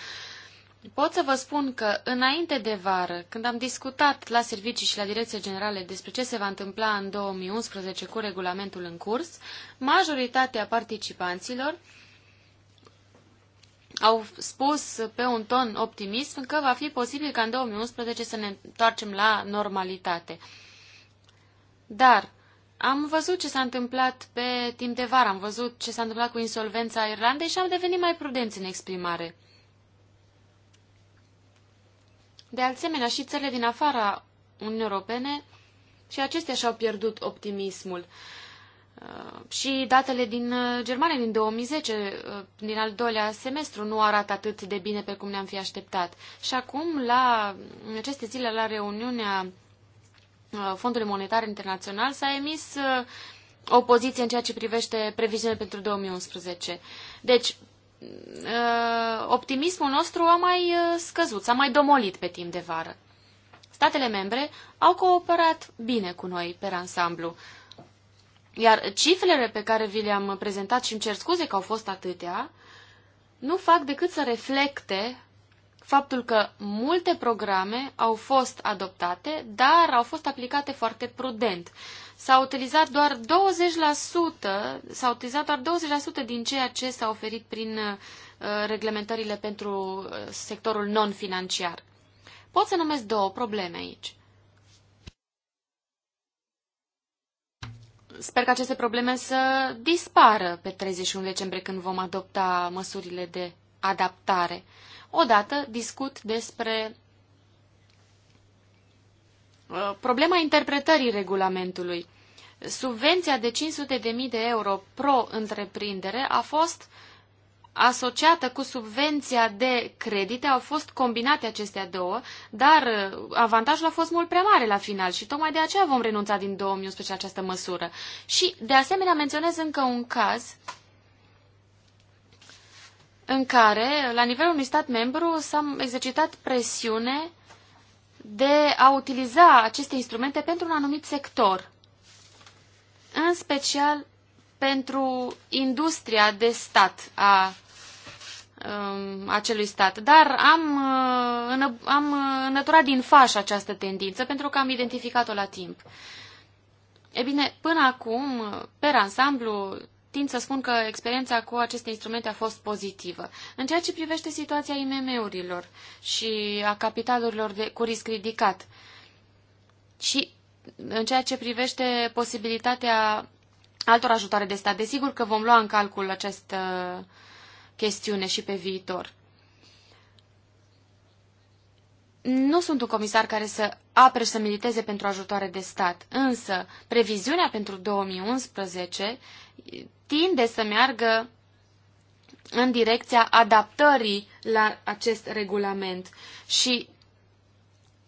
S3: Pot să vă spun că înainte de vară, când am discutat la servicii și la direcție generale despre ce se va întâmpla în 2011 cu regulamentul în curs, majoritatea participanților au spus pe un ton optimism că va fi posibil ca în 2011 să ne întoarcem la normalitate. Dar am văzut ce s-a întâmplat pe timp de vară, am văzut ce s-a întâmplat cu insolvența Irlandei și am devenit mai prudenți în exprimare. De asemenea, și țările din afara Uniunii Europene și acestea și-au pierdut optimismul. Uh, și datele din uh, Germania din 2010, uh, din al doilea semestru, nu arată atât de bine pe cum ne-am fi așteptat. Și acum, la, în aceste zile, la reuniunea Fondului Monetar Internațional, s-a emis o poziție în ceea ce privește previziunile pentru 2011. Deci, optimismul nostru a mai scăzut, s-a mai domolit pe timp de vară. Statele membre au cooperat bine cu noi pe ansamblu. Iar cifrele pe care vi le-am prezentat și îmi cer scuze că au fost atâtea, nu fac decât să reflecte faptul că multe programe au fost adoptate, dar au fost aplicate foarte prudent. S-a utilizat doar 20%, s-a utilizat doar 20% din ceea ce s-a oferit prin uh, reglementările pentru uh, sectorul non-financiar. Pot să numesc două probleme aici. sper că aceste probleme să dispară pe 31 decembrie când vom adopta măsurile de adaptare. Odată discut despre uh, problema interpretării regulamentului. Subvenția de 500.000 de euro pro întreprindere a fost uh, asociată cu subvenția de credite, au fost combinate acestea două, dar uh, avantajul a fost mult prea mare la final și tocmai de aceea vom renunța din 2011 această măsură. Și, de asemenea, menționez încă un caz în care, la nivelul unui stat membru, s-a exercitat presiune de a utiliza aceste instrumente pentru un anumit sector, în special pentru industria de stat a um, acelui stat. Dar am, uh, am uh, înăturat din faș această tendință pentru că am identificat-o la timp. E bine, până acum, pe ansamblu, tind să spun că experiența cu aceste instrumente a fost pozitivă. În ceea ce privește situația IMM-urilor și a capitalurilor de, cu risc ridicat și în ceea ce privește posibilitatea altor ajutoare de stat. Desigur că vom lua în calcul această uh, chestiune și pe viitor. Nu sunt un comisar care să apere și să militeze pentru ajutoare de stat, însă previziunea pentru 2011 tinde să meargă în direcția adaptării la acest regulament și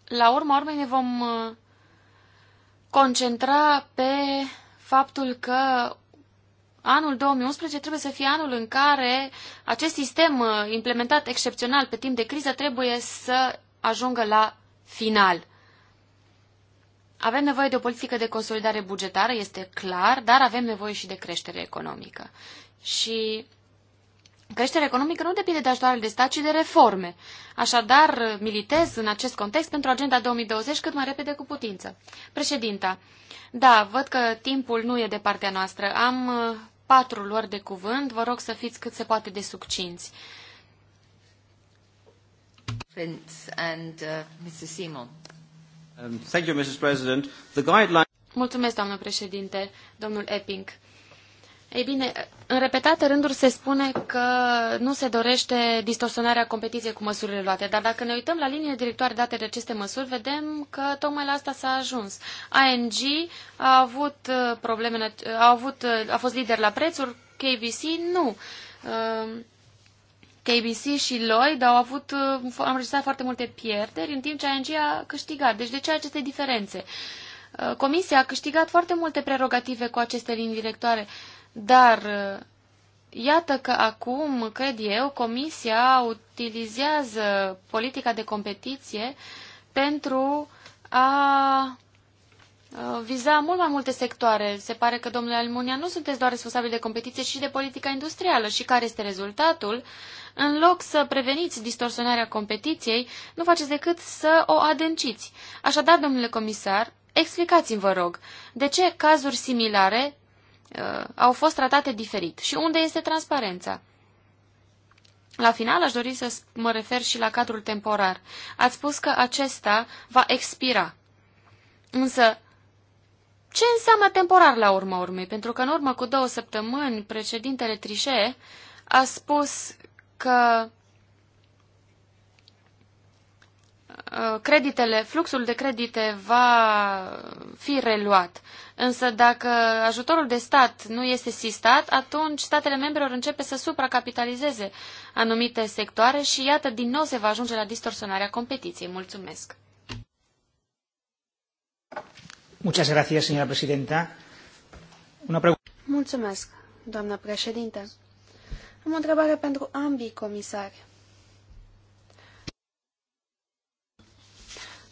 S3: la urma urmei ne vom uh, concentra pe faptul că anul 2011 trebuie să fie anul în care acest sistem uh, implementat excepțional pe timp de criză trebuie să ajungă la final. Avem nevoie de o politică de consolidare bugetară, este clar, dar avem nevoie și de creștere economică. Și Creșterea economică nu depinde de ajutoarele de stat, ci de reforme. Așadar, militez în acest context pentru Agenda 2020 cât mai repede cu putință. Președinta, da, văd că timpul nu e de partea noastră. Am uh, patru luări de cuvânt. Vă rog să fiți cât se poate de succinți.
S1: Uh, um,
S3: Mulțumesc, doamnă președinte, domnul Epping. Ei bine, în repetate rânduri se spune că nu se dorește distorsionarea competiției cu măsurile luate, dar dacă ne uităm la liniile directoare date de aceste măsuri, vedem că tocmai la asta s-a ajuns. ANG a avut uh, probleme, a, avut, uh, a fost lider la prețuri, KBC nu. Uh, KBC și Lloyd au avut, am registrat foarte multe pierderi, în timp ce ANG a câștigat. Deci de ce aceste diferențe? Comisia a câștigat foarte multe prerogative cu aceste linii directoare. Dar iată că acum, cred eu, Comisia utilizează politica de competiție pentru a viza mult mai multe sectoare. Se pare că, domnule Almunia, nu sunteți doar responsabil de competiție, și de politica industrială. Și care este rezultatul? În loc să preveniți distorsionarea competiției, nu faceți decât să o adânciți. Așadar, domnule comisar, explicați-mi, vă rog, de ce cazuri similare uh, au fost tratate diferit și unde este transparența. La final aș dori să mă refer și la cadrul temporar. Ați spus că acesta va expira. Însă, ce înseamnă temporar la urma urmei? Pentru că în urmă cu două săptămâni, președintele Trișe a spus că Uh, creditele, fluxul de credite va fi reluat. Însă dacă ajutorul de stat nu este sistat, atunci statele membre vor începe să supracapitalizeze anumite sectoare și iată, din nou se va ajunge la distorsionarea competiției. Mulțumesc! Muchas gracias, señora presidenta. Una
S2: Mulțumesc, doamnă președinte. Am o întrebare pentru ambii comisari.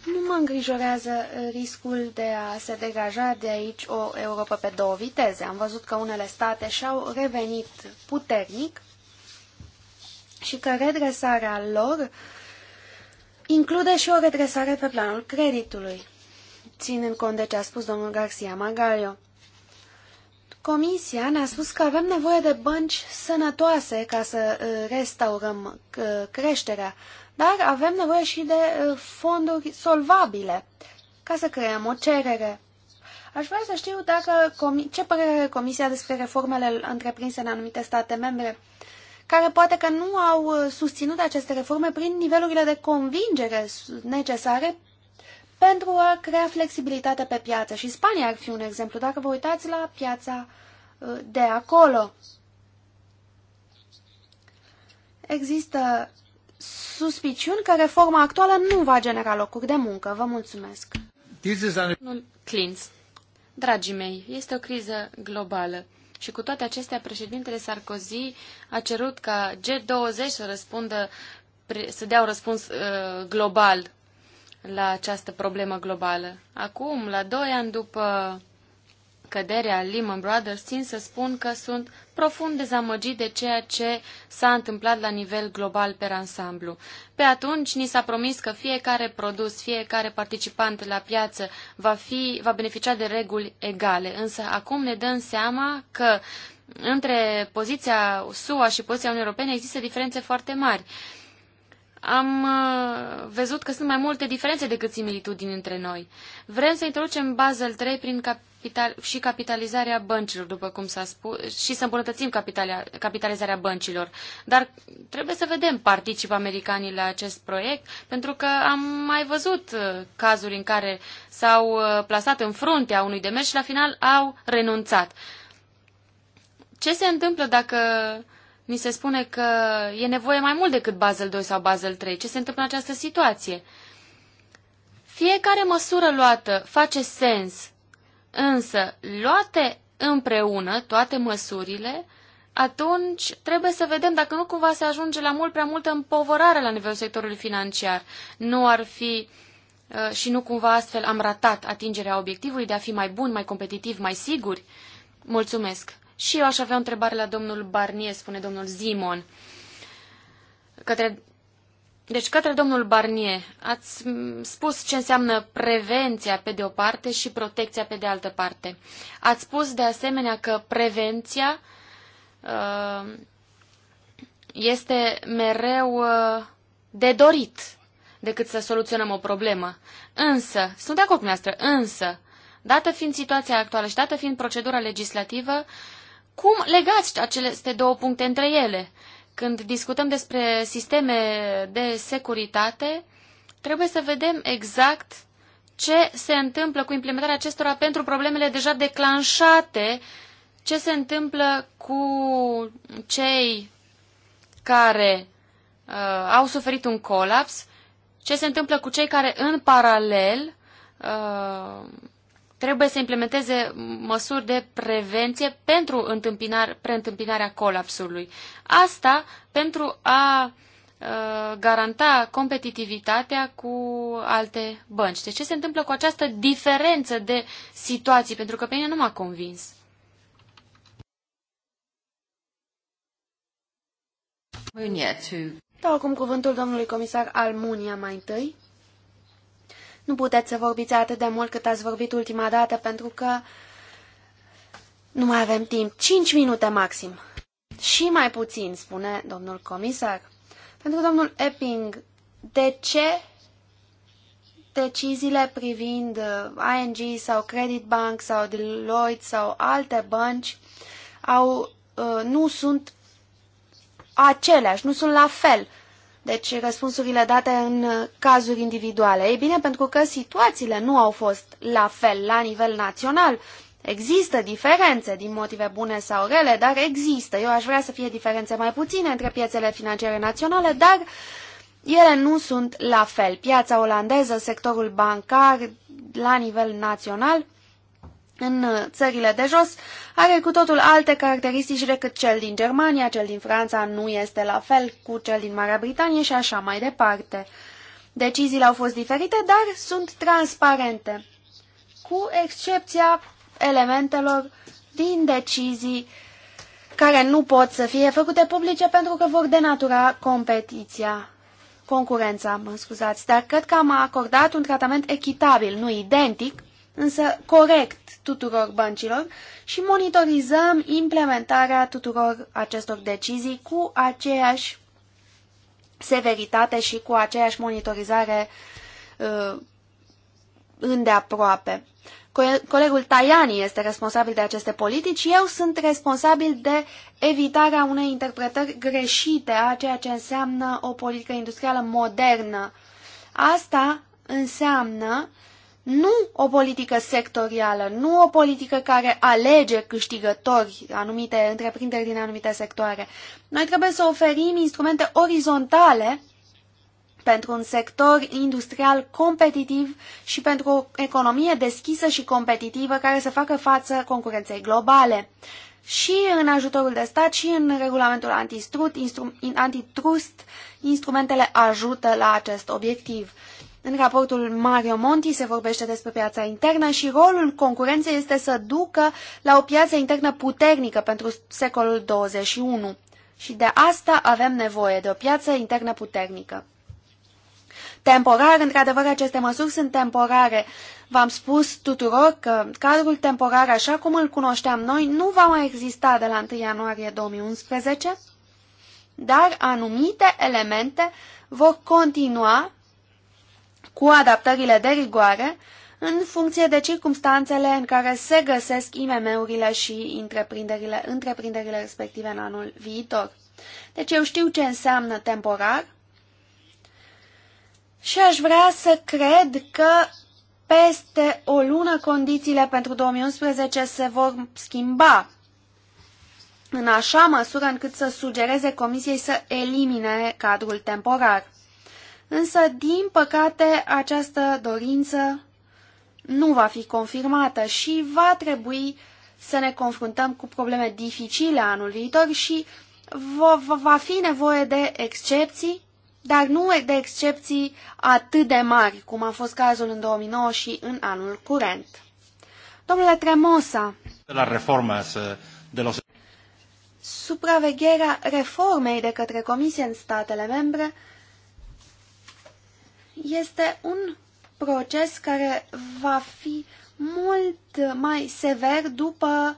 S2: Nu mă îngrijorează uh, riscul de a se degaja de aici o Europa pe două viteze. Am văzut că unele state și-au revenit puternic și că redresarea lor include și o redresare pe planul creditului, ținând cont de ce a spus domnul Garcia Magario? Comisia ne-a spus că avem nevoie de bănci sănătoase ca să uh, restaurăm uh, creșterea dar avem nevoie și de uh, fonduri solvabile ca să creăm o cerere. Aș vrea să știu dacă, ce părere are Comisia despre reformele întreprinse în anumite state membre, care poate că nu au uh, susținut aceste reforme prin nivelurile de convingere necesare pentru a crea flexibilitate pe piață. Și Spania ar fi un exemplu, dacă vă uitați la piața uh, de acolo. Există suspiciuni că reforma actuală nu va genera locuri de muncă. Vă mulțumesc. Clintz, dragii mei, este o
S3: criză globală. Și cu toate acestea, președintele Sarkozy a cerut ca G20 să răspundă, să dea un răspuns uh, global la această problemă globală. Acum, la doi ani după căderea Lehman Brothers, țin să spun că sunt profund dezamăgit de ceea ce s-a întâmplat la nivel global per ansamblu. Pe atunci ni s-a promis că fiecare produs, fiecare participant la piață va, fi, va beneficia de reguli egale, însă acum ne dăm seama că între poziția SUA și poziția Uniunii Europene există diferențe foarte mari. Am uh, văzut că sunt mai multe diferențe decât similitudini între noi. Vrem să introducem Basel 3 prin cap- capital, și capitalizarea băncilor, după cum s-a spus, și să îmbunătățim capitalizarea băncilor. Dar trebuie să vedem, participă americanii la acest proiect, pentru că am mai văzut uh, cazuri în care s-au uh, plasat în fruntea unui demers și la final au renunțat. Ce se întâmplă dacă ni se spune că e nevoie mai mult decât Basel 2 sau Basel 3? Ce se întâmplă în această situație? Fiecare măsură luată face sens Însă, luate împreună toate măsurile, atunci trebuie să vedem dacă nu cumva se ajunge la mult prea multă împovărare la nivelul sectorului financiar. Nu ar fi uh, și nu cumva astfel am ratat atingerea obiectivului de a fi mai bun, mai competitiv, mai sigur. Mulțumesc. Și eu aș avea o întrebare la domnul Barnier, spune domnul Zimon, către deci, către domnul Barnier, ați spus ce înseamnă prevenția pe de o parte și protecția pe de altă parte. Ați spus de asemenea că prevenția uh, este mereu uh, de dorit decât să soluționăm o problemă. Însă, sunt de acord cu noastră, însă, dată fiind situația actuală și dată fiind procedura legislativă, cum legați aceste două puncte între ele? Când discutăm despre sisteme de securitate, trebuie să vedem exact ce se întâmplă cu implementarea acestora pentru problemele deja declanșate, ce se întâmplă cu cei care uh, au suferit un colaps, ce se întâmplă cu cei care în paralel uh, trebuie să implementeze măsuri de prevenție pentru preîntâmpinarea colapsului. Asta pentru a ă, garanta competitivitatea cu alte bănci. Deci ce se întâmplă cu această diferență de situații? Pentru că pe mine nu m-a convins.
S2: Dau acum cuvântul domnului comisar Almunia mai întâi. Nu puteți să vorbiți atât de mult cât ați vorbit ultima dată, pentru că nu mai avem timp. Cinci minute maxim. Și mai puțin, spune domnul comisar. Pentru domnul Epping, de ce deciziile privind uh, ING sau Credit Bank sau Deloitte sau alte bănci au, uh, nu sunt aceleași, nu sunt la fel deci răspunsurile date în cazuri individuale. Ei bine, pentru că situațiile nu au fost la fel la nivel național, Există diferențe, din motive bune sau rele, dar există. Eu aș vrea să fie diferențe mai puține între piețele financiare naționale, dar ele nu sunt la fel. Piața olandeză, sectorul bancar, la nivel național, în uh, țările de jos are cu totul alte caracteristici decât cel din Germania, cel din Franța nu este la fel cu cel din Marea Britanie și așa mai departe. Deciziile au fost diferite, dar sunt transparente, cu excepția elementelor din decizii care nu pot să fie făcute publice pentru că vor denatura competiția, concurența, mă scuzați, dar cred că am acordat un tratament echitabil, nu identic, însă corect tuturor băncilor și monitorizăm implementarea tuturor acestor decizii cu aceeași severitate și cu aceeași monitorizare uh, îndeaproape. colegul Tajani este responsabil de aceste politici, eu sunt responsabil de evitarea unei interpretări greșite a ceea ce înseamnă o politică industrială modernă. Asta înseamnă uh, nu o politică sectorială, nu o politică care alege câștigători anumite întreprinderi din anumite sectoare. Noi trebuie să oferim instrumente orizontale pentru un sector industrial competitiv și pentru o economie deschisă și competitivă care să facă față concurenței globale. Și în ajutorul de stat și în regulamentul antitrust, instrumentele ajută la acest obiectiv. În raportul Mario Monti se vorbește despre piața internă și rolul concurenței este să ducă la o piață internă puternică pentru secolul 21. Și de asta avem nevoie de o piață internă puternică. Temporar, într-adevăr, aceste măsuri sunt temporare. V-am spus tuturor că cadrul temporar, așa cum îl cunoșteam noi, nu va mai exista de la 1 ianuarie 2011, dar anumite elemente vor continua cu adaptările de rigoare în funcție de circumstanțele în care se găsesc IMM-urile și întreprinderile, întreprinderile respective în anul viitor. Deci eu știu ce înseamnă temporar și aș vrea să cred că peste o lună condițiile pentru 2011 se vor schimba în așa măsură încât să sugereze Comisiei să elimine cadrul temporar. Însă, din păcate, această dorință nu va fi confirmată și va trebui să ne confruntăm cu probleme dificile anul viitor și va fi nevoie de excepții, dar nu de excepții atât de mari, cum a fost cazul în 2009 și în anul curent. Domnule Tremosa,
S3: la reforma
S1: eh, de los...
S2: supravegherea reformei de către Comisie în statele membre este un proces care va fi mult mai sever după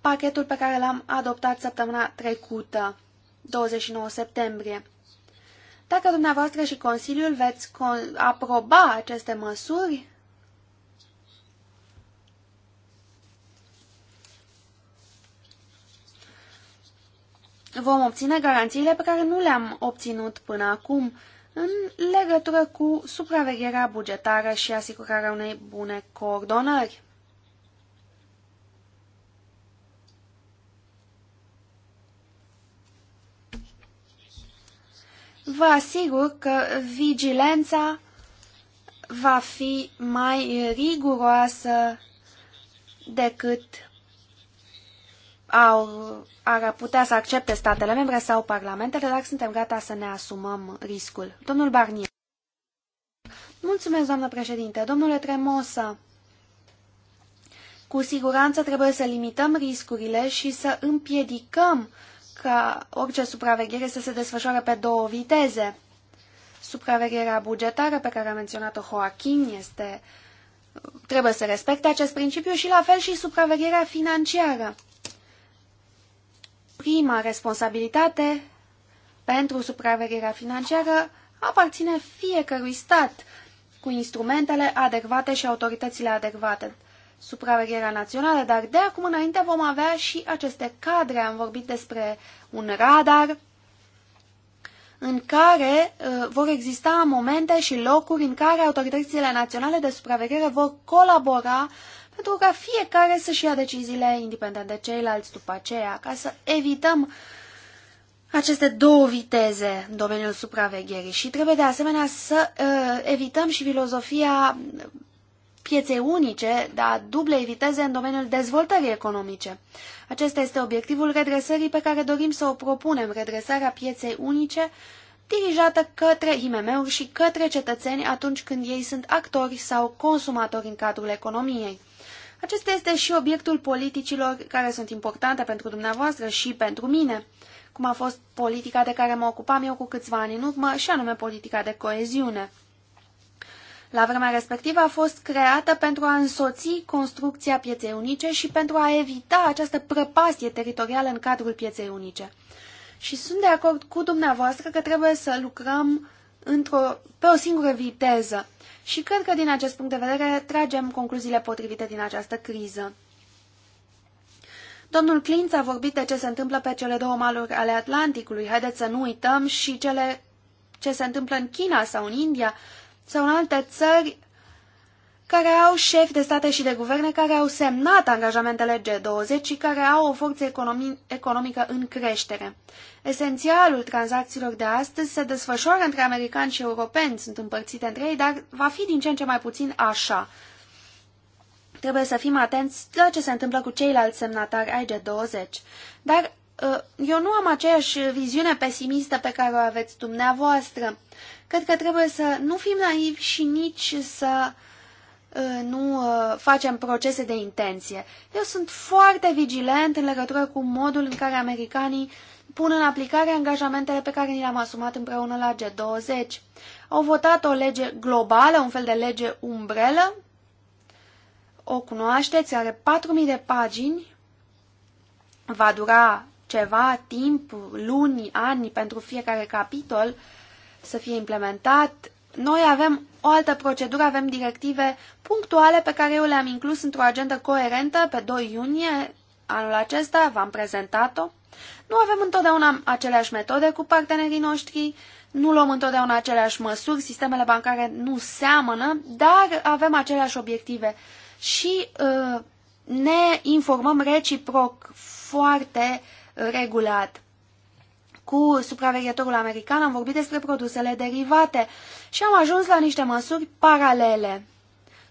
S2: pachetul pe care l-am adoptat săptămâna trecută, 29 septembrie. Dacă dumneavoastră și Consiliul veți aproba aceste măsuri, vom obține garanțiile pe care nu le-am obținut până acum în legătură cu supravegherea bugetară și asigurarea unei bune coordonări. Vă asigur că vigilența va fi mai riguroasă decât au, ar putea să accepte statele membre sau parlamentele, dar suntem gata să ne asumăm riscul. Domnul Barnier. Mulțumesc, doamnă președinte. Domnule Tremosa, cu siguranță trebuie să limităm riscurile și să împiedicăm ca orice supraveghere să se desfășoare pe două viteze. Supravegherea bugetară pe care a menționat-o Joachim este, trebuie să respecte acest principiu și la fel și supravegherea financiară prima responsabilitate pentru supravegherea financiară aparține fiecărui stat cu instrumentele adecvate și autoritățile adecvate. Supravegherea națională, dar de acum înainte vom avea și aceste cadre. Am vorbit despre un radar în care uh, vor exista momente și locuri în care autoritățile naționale de supraveghere vor colabora pentru ca fiecare să-și ia deciziile independent de ceilalți după aceea, ca să evităm aceste două viteze în domeniul supravegherii și trebuie de asemenea să uh, evităm și filozofia pieței unice, dar dublei viteze în domeniul dezvoltării economice. Acesta este obiectivul redresării pe care dorim să o propunem, redresarea pieței unice, dirijată către IMM-uri și către cetățeni atunci când ei sunt actori sau consumatori în cadrul economiei. Acesta este și obiectul politicilor care sunt importante pentru dumneavoastră și pentru mine, cum a fost politica de care mă ocupam eu cu câțiva ani în urmă, și anume politica de coeziune. La vremea respectivă a fost creată pentru a însoți construcția pieței unice și pentru a evita această prăpastie teritorială în cadrul pieței unice. Și sunt de acord cu dumneavoastră că trebuie să lucrăm într-o, pe o singură viteză. Și cred că din acest punct de vedere tragem concluziile potrivite din această criză. Domnul Clint a vorbit de ce se întâmplă pe cele două maluri ale Atlanticului. Haideți să nu uităm și cele ce se întâmplă în China sau în India sau în alte țări care au șefi de state și de guverne care au semnat angajamentele G20 și care au o forță economi economică în creștere. Esențialul tranzacțiilor de astăzi se desfășoară între americani și europeni, sunt împărțite între ei, dar va fi din ce în ce mai puțin așa. Trebuie să fim atenți la ce se întâmplă cu ceilalți semnatari ai G20. Dar uh, eu nu am aceeași viziune pesimistă pe care o aveți dumneavoastră. Cred că trebuie să nu fim naivi și nici să uh, Uh, nu uh, facem procese de intenție. Eu sunt foarte vigilent în legătură cu modul în care americanii pun în aplicare angajamentele pe care ni le-am asumat împreună la G20. Au votat o lege globală, un fel de lege umbrelă. O cunoașteți, are 4.000 de pagini. Va dura ceva timp, luni, ani pentru fiecare capitol să fie implementat. Noi avem o altă procedură, avem directive punctuale pe care eu le-am inclus într-o agendă coerentă pe 2 iunie anul acesta, v-am prezentat-o. Nu avem întotdeauna aceleași metode cu partenerii noștri, nu luăm întotdeauna aceleași măsuri, sistemele bancare nu seamănă, dar avem aceleași obiective și uh, ne informăm reciproc foarte uh, regulat cu supraveghetorul american, am vorbit despre produsele derivate și am ajuns la niște măsuri paralele.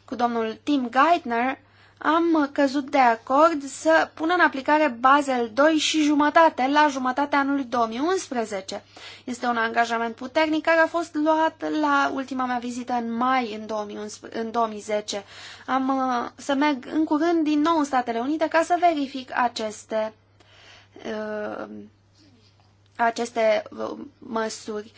S2: Cu domnul Tim Geithner am căzut de acord să pună în aplicare Basel 2 și jumătate la jumătatea anului 2011. Este un angajament puternic care a fost luat la ultima mea vizită în mai în, 2011, în 2010. Am uh, să merg în curând din nou în Statele Unite ca să verific aceste uh, aceste uh, măsuri,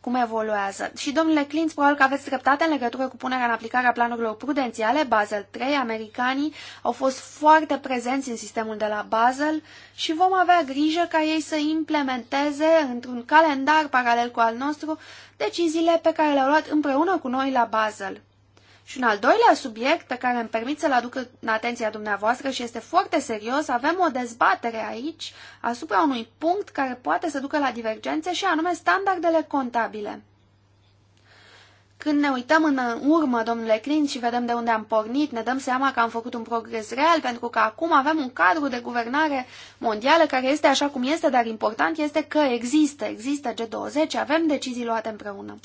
S2: cum evoluează. Și, domnule Clint, probabil că aveți dreptate în legătură cu punerea în aplicare a planurilor prudențiale, Basel 3, americanii au fost foarte prezenți în sistemul de la Basel și vom avea grijă ca ei să implementeze într-un calendar paralel cu al nostru deciziile pe care le-au luat împreună cu noi la Basel. Și un al doilea subiect pe care îmi permit să-l aduc în atenția dumneavoastră și este foarte serios, avem o dezbatere aici asupra unui punct care poate să ducă la divergențe și anume standardele contabile. Când ne uităm în urmă, domnule Clint, și vedem de unde am pornit, ne dăm seama că am făcut un progres real, pentru că acum avem un cadru de guvernare mondială care este așa cum este, dar important este că există, există G20, avem decizii luate împreună.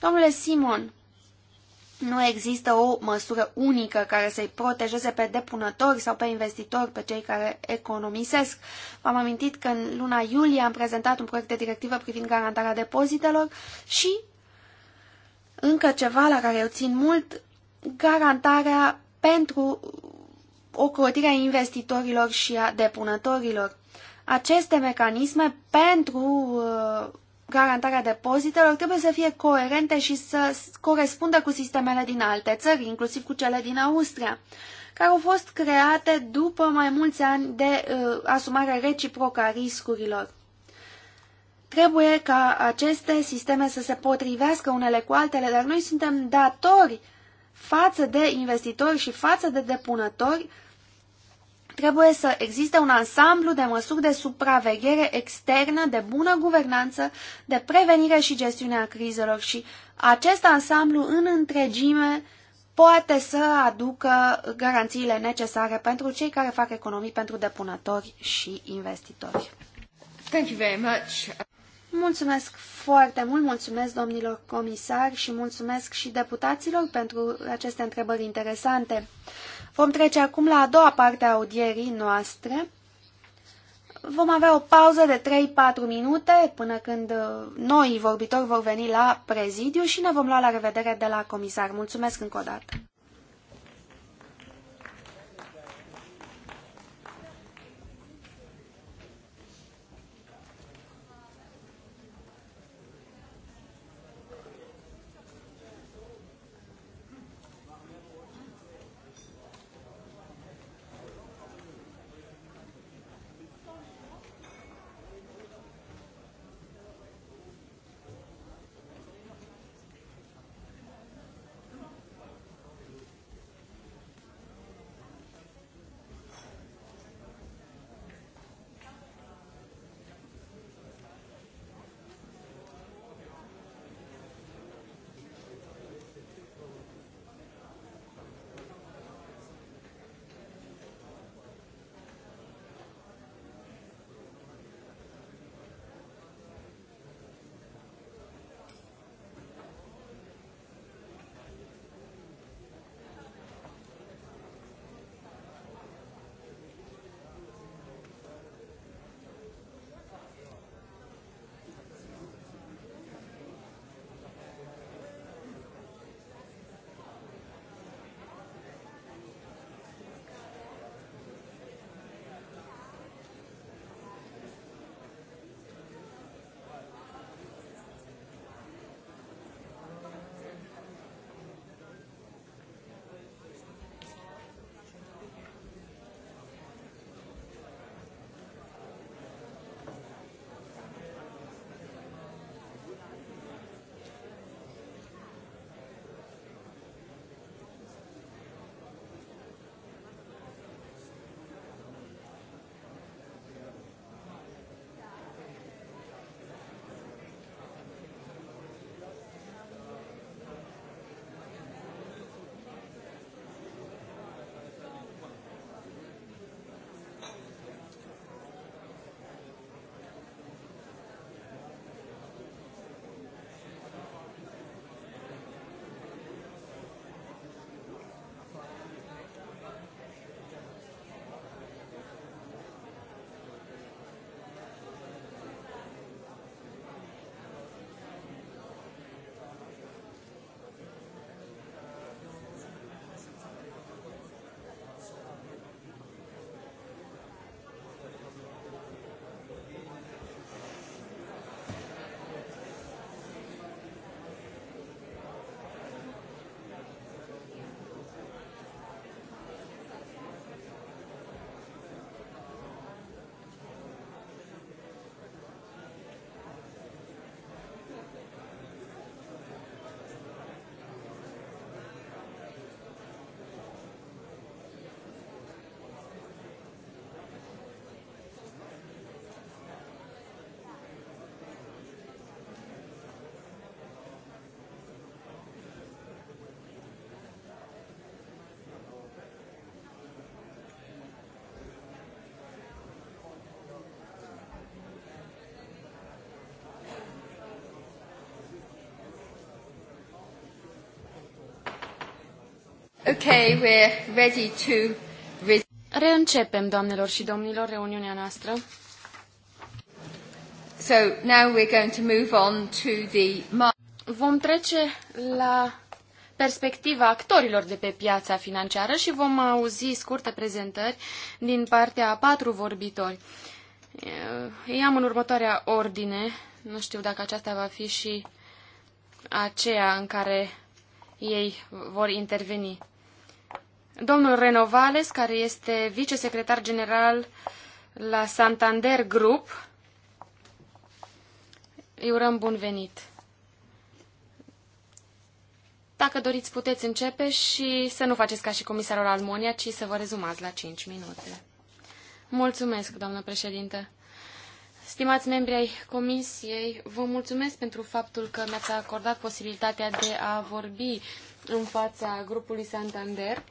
S2: Domnule Simon, nu există o măsură unică care să-i protejeze pe depunători sau pe investitori, pe cei care economisesc. V-am amintit că în luna iulie am prezentat un proiect de directivă privind garantarea depozitelor și încă ceva la care eu țin mult, garantarea pentru ocrotirea investitorilor și a depunătorilor. Aceste mecanisme pentru uh, garantarea depozitelor trebuie să fie coerente și să corespundă cu sistemele din alte țări, inclusiv cu cele din Austria, care au fost create după mai mulți ani de uh, asumare reciprocă a riscurilor. Trebuie ca aceste sisteme să se potrivească unele cu altele, dar noi suntem datori față de investitori și față de depunători Trebuie să existe un ansamblu de măsuri de supraveghere externă, de bună guvernanță, de prevenire și gestiunea crizelor și acest ansamblu în întregime poate să aducă garanțiile necesare pentru cei care fac economii pentru depunători și investitori. Thank you very much. Mulțumesc foarte mult, mulțumesc domnilor comisari și mulțumesc și deputaților pentru aceste întrebări interesante. Vom trece acum la a doua parte a audierii noastre. Vom avea o pauză de 3-4 minute până când uh, noi vorbitori vor veni la prezidiu și ne vom lua la revedere de la comisar. Mulțumesc încă o dată!
S3: Okay, we're ready to... Reîncepem, doamnelor și domnilor, reuniunea noastră. So now we're going to move on to the... Vom trece la perspectiva actorilor de pe piața financiară și vom auzi scurte prezentări din partea a patru vorbitori. Îi am în următoarea ordine, nu știu dacă aceasta va fi și aceea în care ei vor interveni. Domnul Renovales, care este vicesecretar general la Santander Group, îi urăm bun venit. Dacă doriți, puteți începe și să nu faceți ca și comisarul Almonia, ci să vă rezumați la 5 minute. Mulțumesc, doamnă președintă. Stimați membri ai Comisiei, vă mulțumesc pentru faptul că mi-ați acordat posibilitatea de a vorbi în fața grupului Santander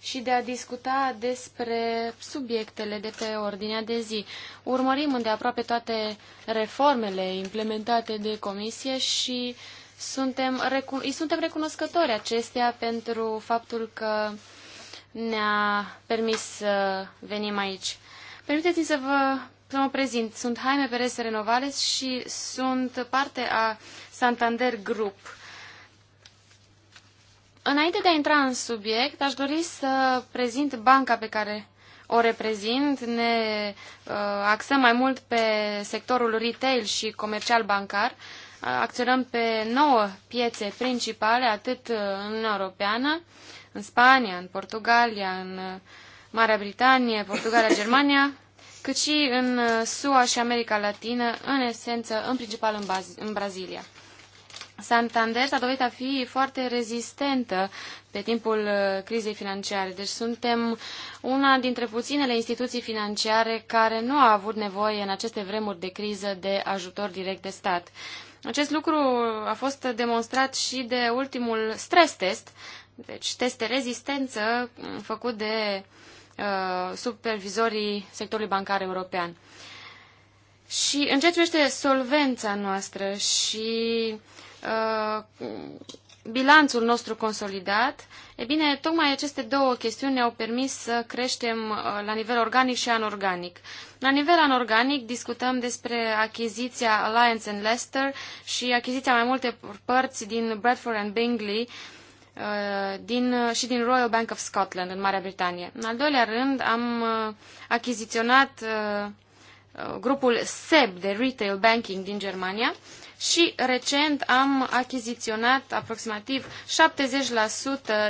S3: și de a discuta despre subiectele de pe ordinea de zi. Urmărim îndeaproape toate reformele implementate de Comisie și suntem, îi suntem recunoscători acestea pentru faptul că ne-a permis să venim aici. Permiteți-mi să vă să mă prezint, sunt Jaime Perez Renovales și sunt parte a Santander Group. Înainte de a intra în subiect, aș dori să prezint banca pe care o reprezint. Ne uh, axăm mai mult pe sectorul retail și comercial bancar. Uh, acționăm pe nouă piețe principale, atât uh, în Uniunea Europeană, în Spania, în Portugalia, în uh, Marea Britanie, Portugalia, [laughs] Germania, cât și în uh, SUA și America Latină, în esență, în principal în, Baz în Brazilia. Santander s-a dovedit a fi foarte rezistentă pe timpul uh, crizei financiare. Deci suntem una dintre puținele instituții financiare care nu a avut nevoie în aceste vremuri de criză de ajutor direct de stat. Acest lucru a fost demonstrat și de ultimul stres test, deci test de rezistență făcut de uh, Uh, supervizorii sectorului bancar european. Și în ceea ce privește solvența noastră și uh, bilanțul nostru consolidat, e bine, tocmai aceste două chestiuni ne-au permis să creștem uh, la nivel organic și anorganic. La nivel anorganic discutăm despre achiziția Alliance and Leicester și achiziția mai multe părți din Bradford and Bingley, uh, Uh, din, uh, și din Royal Bank of Scotland în Marea Britanie. În al doilea rând, am uh, achiziționat grupul SEB de Retail Banking din Germania și recent am achiziționat aproximativ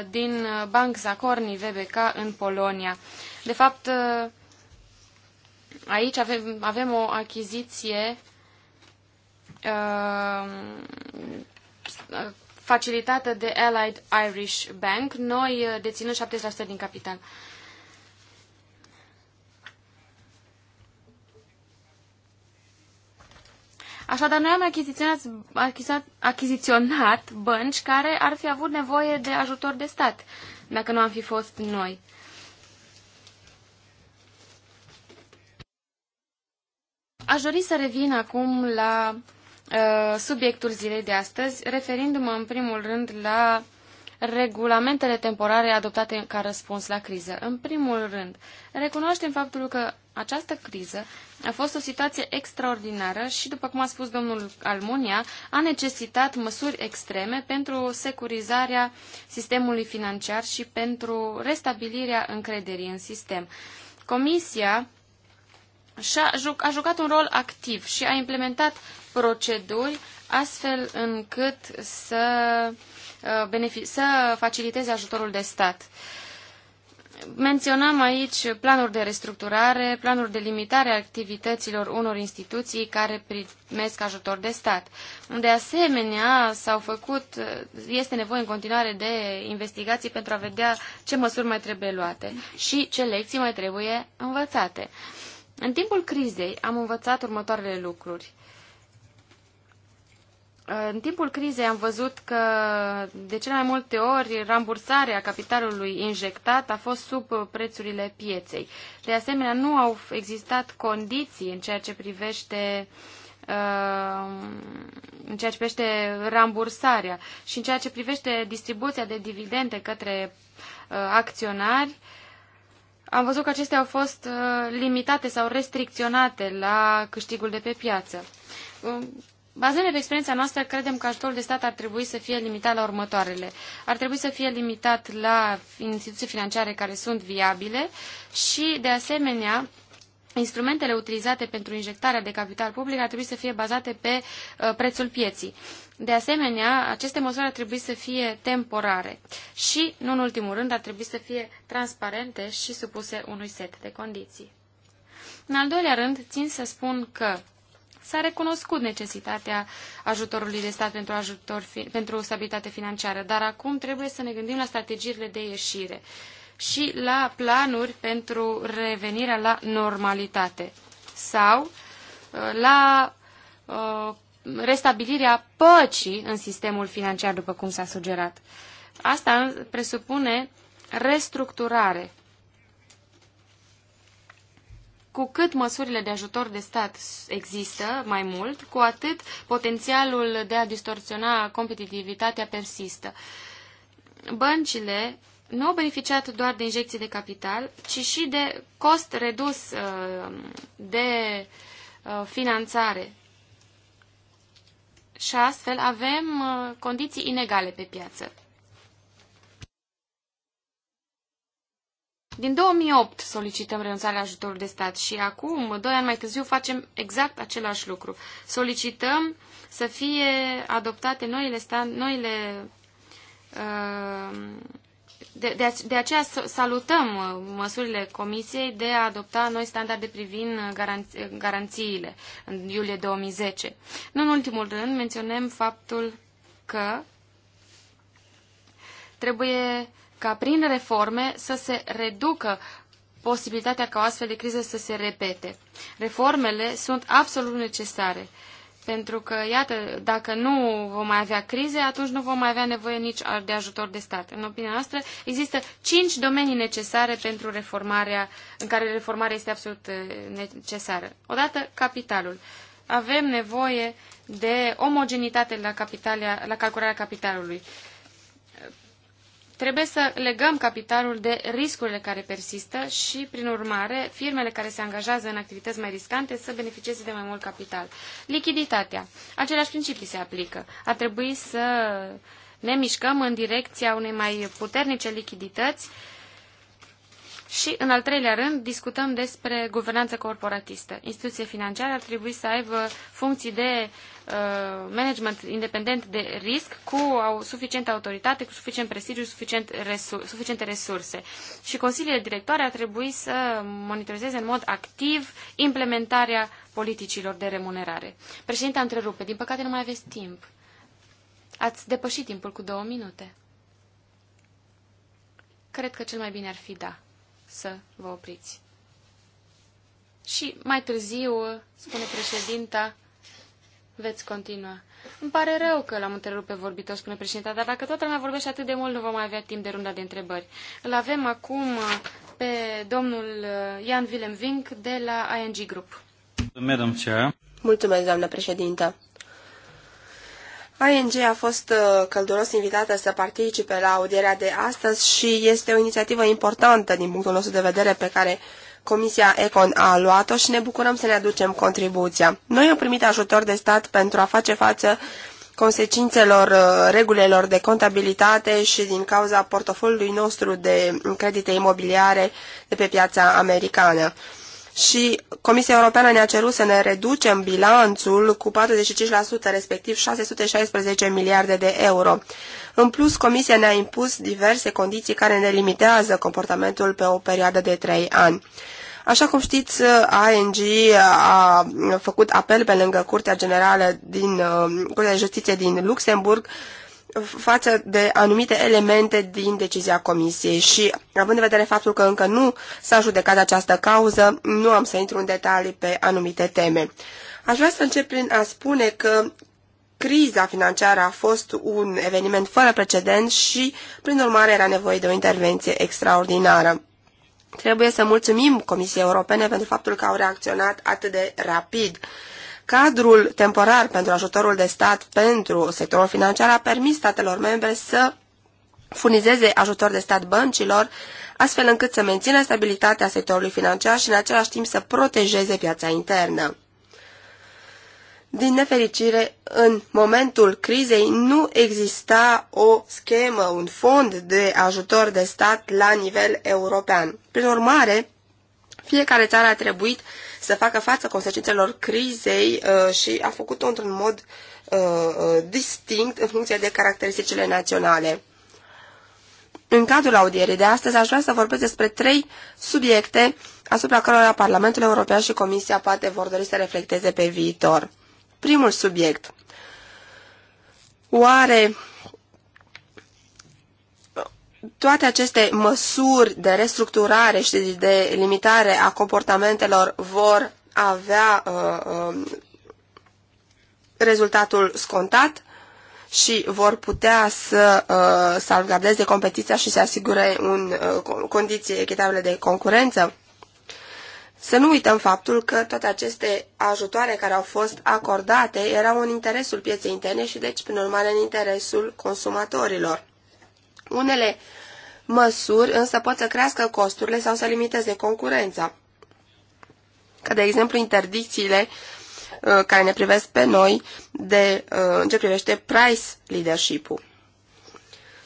S3: 70% din Bank Zacorni VBK în Polonia. De fapt, aici avem, avem o achiziție uh, facilitată de Allied Irish Bank, noi uh, deținând 70% din capital. Așadar, noi am achiziționat, achiziționat, achiziționat bănci care ar fi avut nevoie de ajutor de stat, dacă nu am fi fost noi. Aș dori să revin acum la Uh, subiectul zilei de astăzi, referindu-mă în primul rând la regulamentele temporare adoptate ca răspuns la criză. În primul rând, recunoaștem faptul că această criză a fost o situație extraordinară și, după cum a spus domnul Almunia, a necesitat măsuri extreme pentru securizarea sistemului financiar și pentru restabilirea încrederii în sistem. Comisia a jucat un rol activ și a implementat proceduri astfel încât să, uh, să faciliteze ajutorul de stat. Menționăm aici planuri de restructurare, planuri de limitare a activităților unor instituții care primesc ajutor de stat. De asemenea, s-au făcut, este nevoie în continuare de investigații pentru a vedea ce măsuri mai trebuie luate și ce lecții mai trebuie învățate. În timpul crizei am învățat următoarele lucruri. În timpul crizei am văzut că de cele mai multe ori rambursarea capitalului injectat a fost sub prețurile pieței. De asemenea, nu au existat condiții în ceea ce privește uh, în ceea ce privește rambursarea și în ceea ce privește distribuția de dividende către uh, acționari, am văzut că acestea au fost uh, limitate sau restricționate la câștigul de pe piață. Um, Bazându-ne pe experiența noastră, credem că ajutorul de stat ar trebui să fie limitat la următoarele. Ar trebui să fie limitat la instituții financiare care sunt viabile și, de asemenea, instrumentele utilizate pentru injectarea de capital public ar trebui să fie bazate pe uh, prețul pieții. De asemenea, aceste măsuri ar trebui să fie temporare și, nu în ultimul rând, ar trebui să fie transparente și supuse unui set de condiții. În al doilea rând, țin să spun că S-a recunoscut necesitatea ajutorului de stat pentru, ajutor, pentru stabilitate financiară, dar acum trebuie să ne gândim la strategiile de ieșire și la planuri pentru revenirea la normalitate sau uh, la uh, restabilirea păcii în sistemul financiar, după cum s-a sugerat. Asta presupune restructurare cu cât măsurile de ajutor de stat există mai mult, cu atât potențialul de a distorsiona competitivitatea persistă. Băncile nu au beneficiat doar de injecții de capital, ci și de cost redus uh, de uh, finanțare. Și astfel avem uh, condiții inegale pe piață. Din 2008 solicităm renunțarea ajutorului de stat și acum, doi ani mai târziu, facem exact același lucru. Solicităm să fie adoptate noile, stand, noile uh, de, de, de aceea salutăm uh, măsurile Comisiei de a adopta noi standarde privind uh, garanți, garanțiile în iulie 2010. Nu în ultimul rând menționăm faptul că trebuie ca prin reforme să se reducă posibilitatea ca o astfel de criză să se repete. Reformele sunt absolut necesare, pentru că, iată, dacă nu vom mai avea crize, atunci nu vom mai avea nevoie nici de ajutor de stat. În opinia noastră, există cinci domenii necesare pentru reformarea, în care reformarea este absolut eh, necesară. Odată, capitalul. Avem nevoie de omogenitate la, capitalia, la calcularea capitalului. Trebuie să legăm capitalul de riscurile care persistă și, prin urmare, firmele care se angajează în activități mai riscante să beneficieze de mai mult capital. Lichiditatea. Aceleași principii se aplică. Ar trebui să ne mișcăm în direcția unei mai puternice lichidități și, în al treilea rând, discutăm despre guvernanță corporatistă. Instituție financiară ar trebui să aibă funcții de uh, management independent de risc cu au, suficientă autoritate, cu suficient prestigiu, suficient resur suficiente resurse. Și consiliile directoare ar trebui să monitorizeze în mod activ implementarea politicilor de remunerare. Președinte, întrerupe. Din păcate nu mai aveți timp. Ați depășit timpul cu două minute. Cred că cel mai bine ar fi da să vă opriți. Și mai târziu, spune președinta, veți continua. Îmi pare rău că l-am întrerupt pe vorbitor, spune președinta, dar dacă toată lumea vorbește atât de mult, nu vom mai avea timp de runda de întrebări. Îl avem acum pe domnul Ian Willem Vink de la ING Group. Madam Chair.
S1: Mulțumesc, doamnă președintă. ING a fost uh, călduros invitată să participe la audierea de astăzi și este o inițiativă importantă din punctul nostru de vedere pe care Comisia Econ a luat-o și ne bucurăm să ne aducem contribuția. Noi am primit ajutor de stat pentru a face față consecințelor uh, regulilor de contabilitate și din cauza portofoliului nostru de credite imobiliare de pe piața americană și Comisia Europeană ne-a cerut să ne reducem bilanțul cu 45%, respectiv 616 miliarde de euro. În plus, Comisia ne-a impus diverse condiții care ne limitează comportamentul pe o perioadă de 3 ani. Așa cum știți, ANG a făcut apel pe lângă Curtea Generală din uh, Curtea de Justiție din Luxemburg față de anumite elemente din decizia comisiei și, având în vedere faptul că încă nu s-a judecat această cauză, nu am să intru în detalii pe anumite teme. Aș vrea să încep prin a spune că criza financiară a fost un eveniment fără precedent și, prin urmare, era nevoie de o intervenție extraordinară. Trebuie să mulțumim Comisiei Europene pentru faptul că au reacționat atât de rapid Cadrul temporar pentru ajutorul de stat pentru sectorul financiar a permis statelor membre să furnizeze ajutor de stat băncilor, astfel încât să mențină stabilitatea sectorului financiar și în același timp să protejeze piața internă. Din nefericire, în momentul crizei nu exista o schemă, un fond de ajutor de stat la nivel european. Prin urmare, fiecare țară a trebuit să facă față consecințelor crizei uh, și a făcut-o într-un mod uh, uh, distinct în funcție de caracteristicile naționale. În cadrul audierii de astăzi aș vrea să vorbesc despre trei subiecte asupra cărora Parlamentul European și Comisia poate vor dori să reflecteze pe viitor. Primul subiect. Oare toate aceste măsuri de restructurare și de limitare a comportamentelor vor avea uh, uh, rezultatul scontat și vor putea să uh, salvgardeze competiția și să asigure un, uh, condiții echitabile de concurență. Să nu uităm faptul că toate aceste ajutoare care au fost acordate erau în interesul pieței interne și deci, prin urmare, în interesul consumatorilor. Unele măsuri însă pot să crească costurile sau să limiteze concurența, ca de exemplu interdicțiile uh, care ne privesc pe noi de, uh, în ce privește price leadership-ul.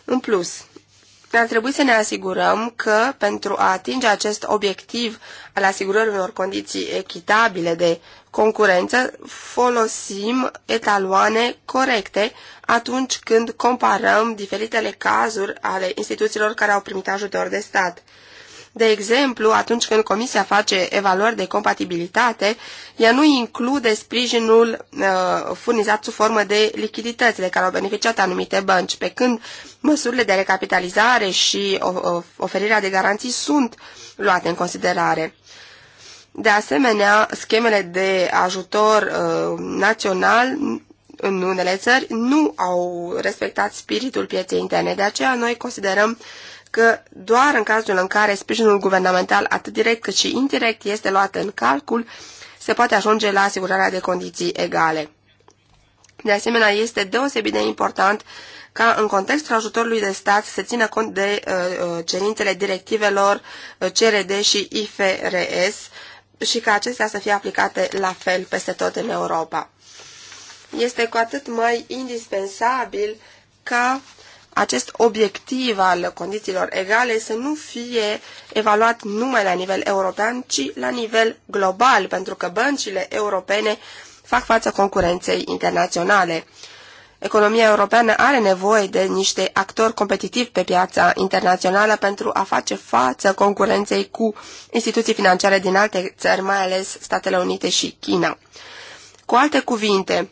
S1: În plus, ar trebui să ne asigurăm că pentru a atinge acest obiectiv al asigurării unor condiții echitabile de concurență folosim etaloane corecte atunci când comparăm diferitele cazuri ale instituțiilor care au primit ajutor de stat. De exemplu, atunci când Comisia face evaluări de compatibilitate, ea nu include sprijinul uh, furnizat sub formă de lichidități de care au beneficiat anumite bănci, pe când măsurile de recapitalizare și oferirea de garanții sunt luate în considerare. De asemenea, schemele de ajutor uh, național în unele țări nu au respectat spiritul pieței interne. De aceea noi considerăm că doar în cazul în care sprijinul guvernamental atât direct cât și indirect este luat în calcul, se poate ajunge la asigurarea de condiții egale. De asemenea, este deosebit de important ca în contextul ajutorului de stat să se țină cont de uh, uh cerințele directivelor uh, CRD și IFRS, și ca acestea să fie aplicate la fel peste tot în Europa. Este cu atât mai indispensabil ca acest obiectiv al condițiilor egale să nu fie evaluat numai la nivel european, ci la nivel global, pentru că băncile europene fac față concurenței internaționale Economia europeană are nevoie de niște actori competitivi pe piața internațională pentru a face față concurenței cu instituții financiare din alte țări, mai ales Statele Unite și China. Cu alte cuvinte,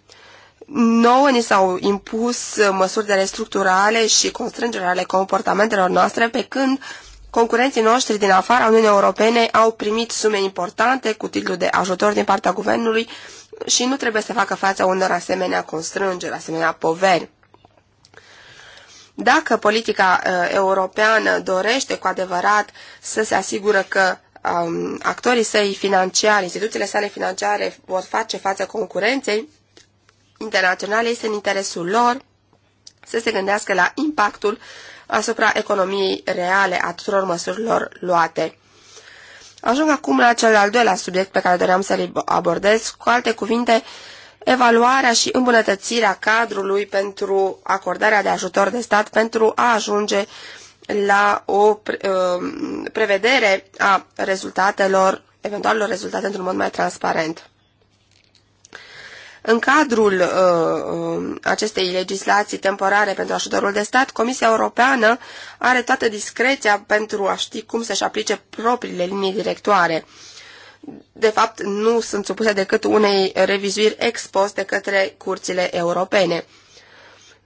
S1: nouă ni s-au impus măsuri de restructurare și constrângeri ale comportamentelor noastre, pe când Concurenții noștri din afara Uniunii Europene au primit sume importante cu titlul de ajutor din partea guvernului și nu trebuie să facă față unor asemenea constrângeri, asemenea poveri. Dacă politica uh, europeană dorește cu adevărat să se asigură că um, actorii săi financiari, instituțiile sale financiare vor face față concurenței internaționale, este în interesul lor să se gândească la impactul asupra economiei reale a tuturor măsurilor luate. Ajung acum la cel al doilea subiect pe care doream să-l abordez, cu alte cuvinte, evaluarea și îmbunătățirea cadrului pentru acordarea de ajutor de stat pentru a ajunge la o uh, prevedere a rezultatelor, eventualelor rezultate într-un mod mai transparent. În cadrul uh, uh, acestei legislații temporare pentru ajutorul de stat, Comisia Europeană are toată discreția pentru a ști cum să-și aplice propriile linii directoare. De fapt, nu sunt supuse decât unei revizuiri expose de către curțile europene.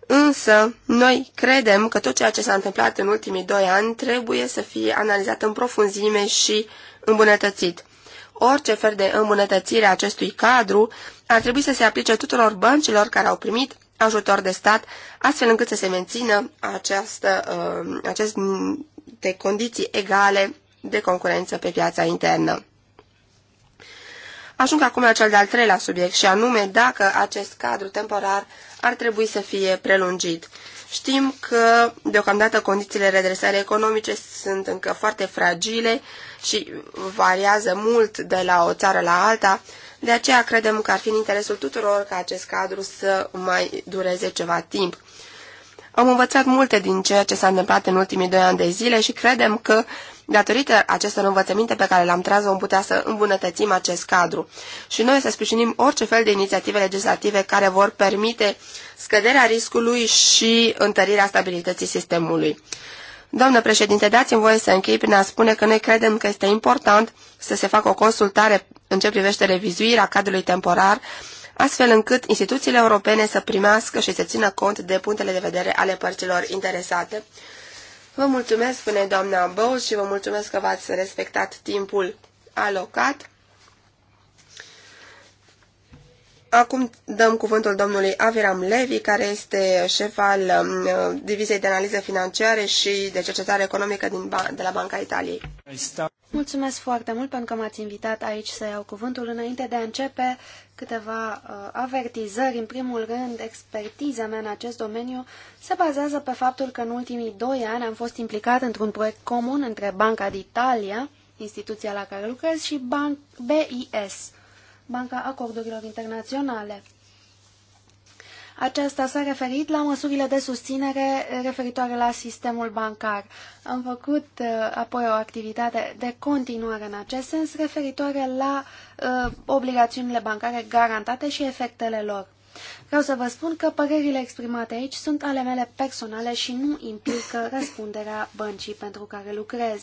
S1: Însă, noi credem că tot ceea ce s-a întâmplat în ultimii doi ani trebuie să fie analizat în profunzime și îmbunătățit. Orice fel de îmbunătățire a acestui cadru ar trebui să se aplice tuturor băncilor care au primit ajutor de stat, astfel încât să se mențină această, uh, aceste condiții egale de concurență pe piața internă. Ajung acum la cel de-al treilea subiect și anume dacă acest cadru temporar ar trebui să fie prelungit. Știm că deocamdată condițiile redresării economice sunt încă foarte fragile și variază mult de la o țară la alta, de aceea credem că ar fi în interesul tuturor ca acest cadru să mai dureze ceva timp. Am învățat multe din ceea ce s-a întâmplat în ultimii doi ani de zile și credem că, datorită acestor învățăminte pe care le-am tras, vom putea să îmbunătățim acest cadru. Și noi să sprijinim orice fel de inițiative legislative care vor permite scăderea riscului și întărirea stabilității sistemului. Doamnă președinte, dați-mi voie să închei prin a spune că noi credem că este important să se facă o consultare în ce privește revizuirea cadrului temporar, astfel încât instituțiile europene să primească și să țină cont de punctele de vedere ale părților interesate. Vă mulțumesc, spune doamna Bău, și vă mulțumesc că v-ați respectat timpul alocat. Acum dăm cuvântul domnului Aviram Levi, care este șef al um, Divizei de Analize Financiare și de Cercetare Economică din de la Banca Italiei.
S2: Mulțumesc foarte mult pentru că m-ați invitat aici să iau cuvântul. Înainte de a începe, câteva uh, avertizări. În primul rând, expertiza mea în acest domeniu se bazează pe faptul că în ultimii doi ani am fost implicat într-un proiect comun între Banca d'Italia, instituția la care lucrez, și Banc BIS Banca Acordurilor Internaționale. Aceasta s-a referit la măsurile de susținere referitoare la sistemul bancar. Am făcut uh, apoi o activitate de continuare în acest sens referitoare la uh, obligațiunile bancare garantate și efectele lor. Vreau să vă spun că părerile exprimate aici sunt ale mele personale și nu implică răspunderea băncii pentru care lucrez.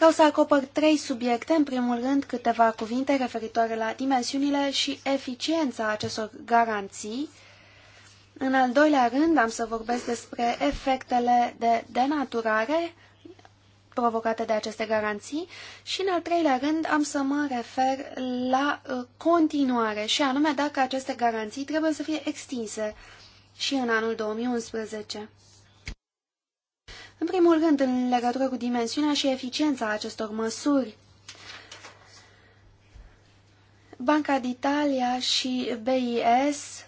S2: Vreau să acopăr trei subiecte, în primul rând câteva cuvinte referitoare la dimensiunile și eficiența acestor garanții. În al doilea rând am să vorbesc despre efectele de denaturare provocate de aceste garanții și în al treilea rând am să mă refer la uh, continuare și anume dacă aceste garanții trebuie să fie extinse și în anul 2011. În primul rând, în legătură cu dimensiunea și eficiența acestor măsuri, Banca d'Italia și BIS,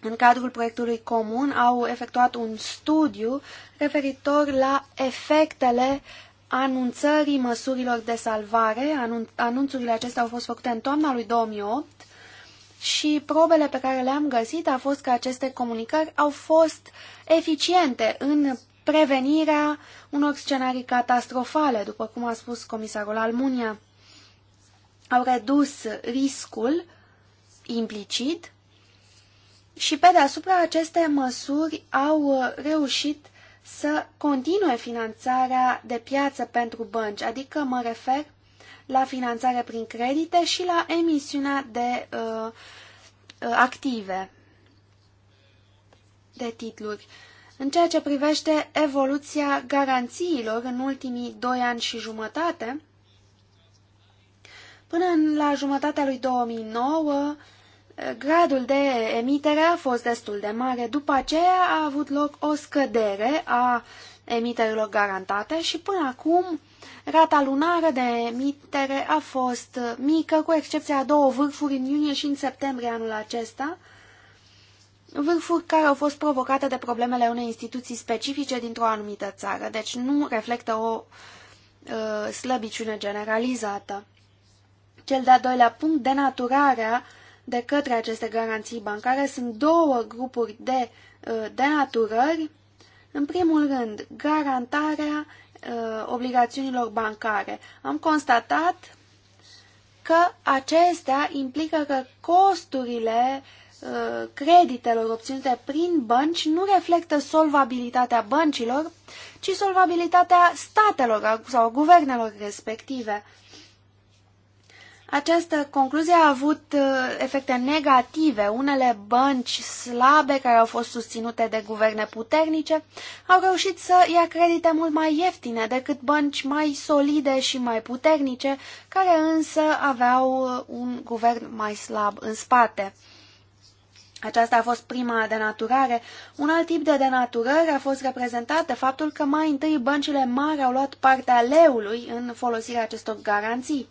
S2: în cadrul proiectului comun, au efectuat un studiu referitor la efectele anunțării măsurilor de salvare. anunțurile acestea au fost făcute în toamna lui 2008 și probele pe care le-am găsit a fost că aceste comunicări au fost eficiente în prevenirea unor scenarii catastrofale, după cum a spus comisarul Almunia. Au redus riscul implicit și pe deasupra aceste măsuri au uh, reușit să continue finanțarea de piață pentru bănci, adică mă refer la finanțare prin credite și la emisiunea de uh, uh active, de titluri. Uh, în ceea ce privește evoluția garanțiilor în ultimii doi ani și jumătate, până la jumătatea lui 2009, gradul de emitere a fost destul de mare. După aceea a avut loc o scădere a emiterilor garantate și până acum rata lunară de emitere a fost mică, cu excepția a două vârfuri în iunie și în septembrie anul acesta, vârfuri care au fost provocate de problemele unei instituții specifice dintr-o anumită țară, deci nu reflectă o uh, slăbiciune generalizată. Cel de-al doilea punct, denaturarea de către aceste garanții bancare, sunt două grupuri de uh, denaturări. În primul rând, garantarea uh, obligațiunilor bancare. Am constatat că acestea implică că costurile uh, Uh, creditelor obținute prin bănci nu reflectă solvabilitatea băncilor, ci solvabilitatea statelor sau guvernelor respective. Această concluzie a avut uh, efecte negative. Unele bănci slabe care au fost susținute de guverne puternice au reușit să ia credite mult mai ieftine decât bănci mai solide și mai puternice, care însă aveau uh, un guvern mai slab în spate. Aceasta a fost prima denaturare. Un alt tip de denaturare a fost reprezentat de faptul că mai întâi băncile mari au luat partea leului în folosirea acestor garanții.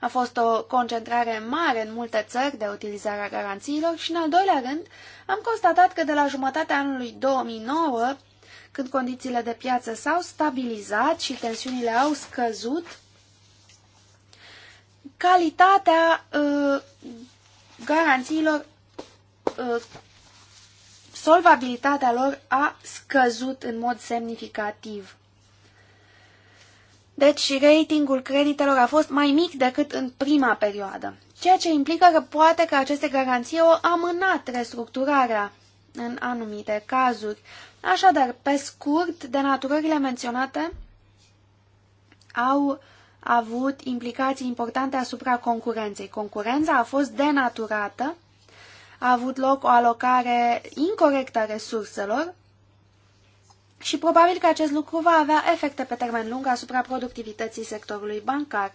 S2: A fost o concentrare mare în multe țări de utilizarea garanțiilor și, în al doilea rând, am constatat că de la jumătatea anului 2009, când condițiile de piață s-au stabilizat și tensiunile au scăzut, calitatea uh, garanțiilor Uh, solvabilitatea lor a scăzut în mod semnificativ. Deci ratingul creditelor a fost mai mic decât în prima perioadă, ceea ce implică că poate că aceste garanții au amânat restructurarea în anumite cazuri. Așadar, pe scurt, denaturările menționate au avut implicații importante asupra concurenței. Concurența a fost denaturată a avut loc o alocare incorrectă a resurselor și probabil că acest lucru va avea efecte pe termen lung asupra productivității sectorului bancar.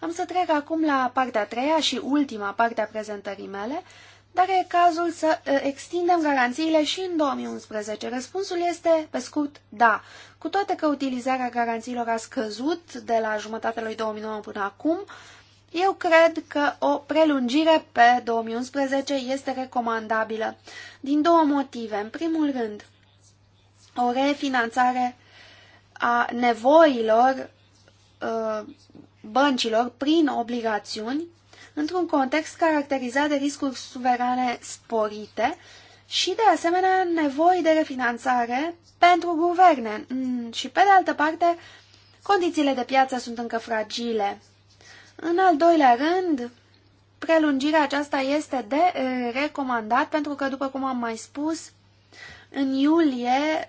S2: Am să trec acum la partea a treia și ultima parte a prezentării mele, dar e cazul să extindem garanțiile și în 2011. Răspunsul este, pe scurt, da. Cu toate că utilizarea garanțiilor a scăzut de la jumătatea lui 2009 până acum, eu cred că o prelungire pe 2011 este recomandabilă, din două motive. În primul rând, o refinanțare a nevoilor uh, băncilor prin obligațiuni, într-un context caracterizat de riscuri suverane sporite și, de asemenea, nevoi de refinanțare pentru guverne. Mm, și, pe de altă parte, condițiile de piață sunt încă fragile. În al doilea rând, prelungirea aceasta este de recomandat pentru că, după cum am mai spus, în iulie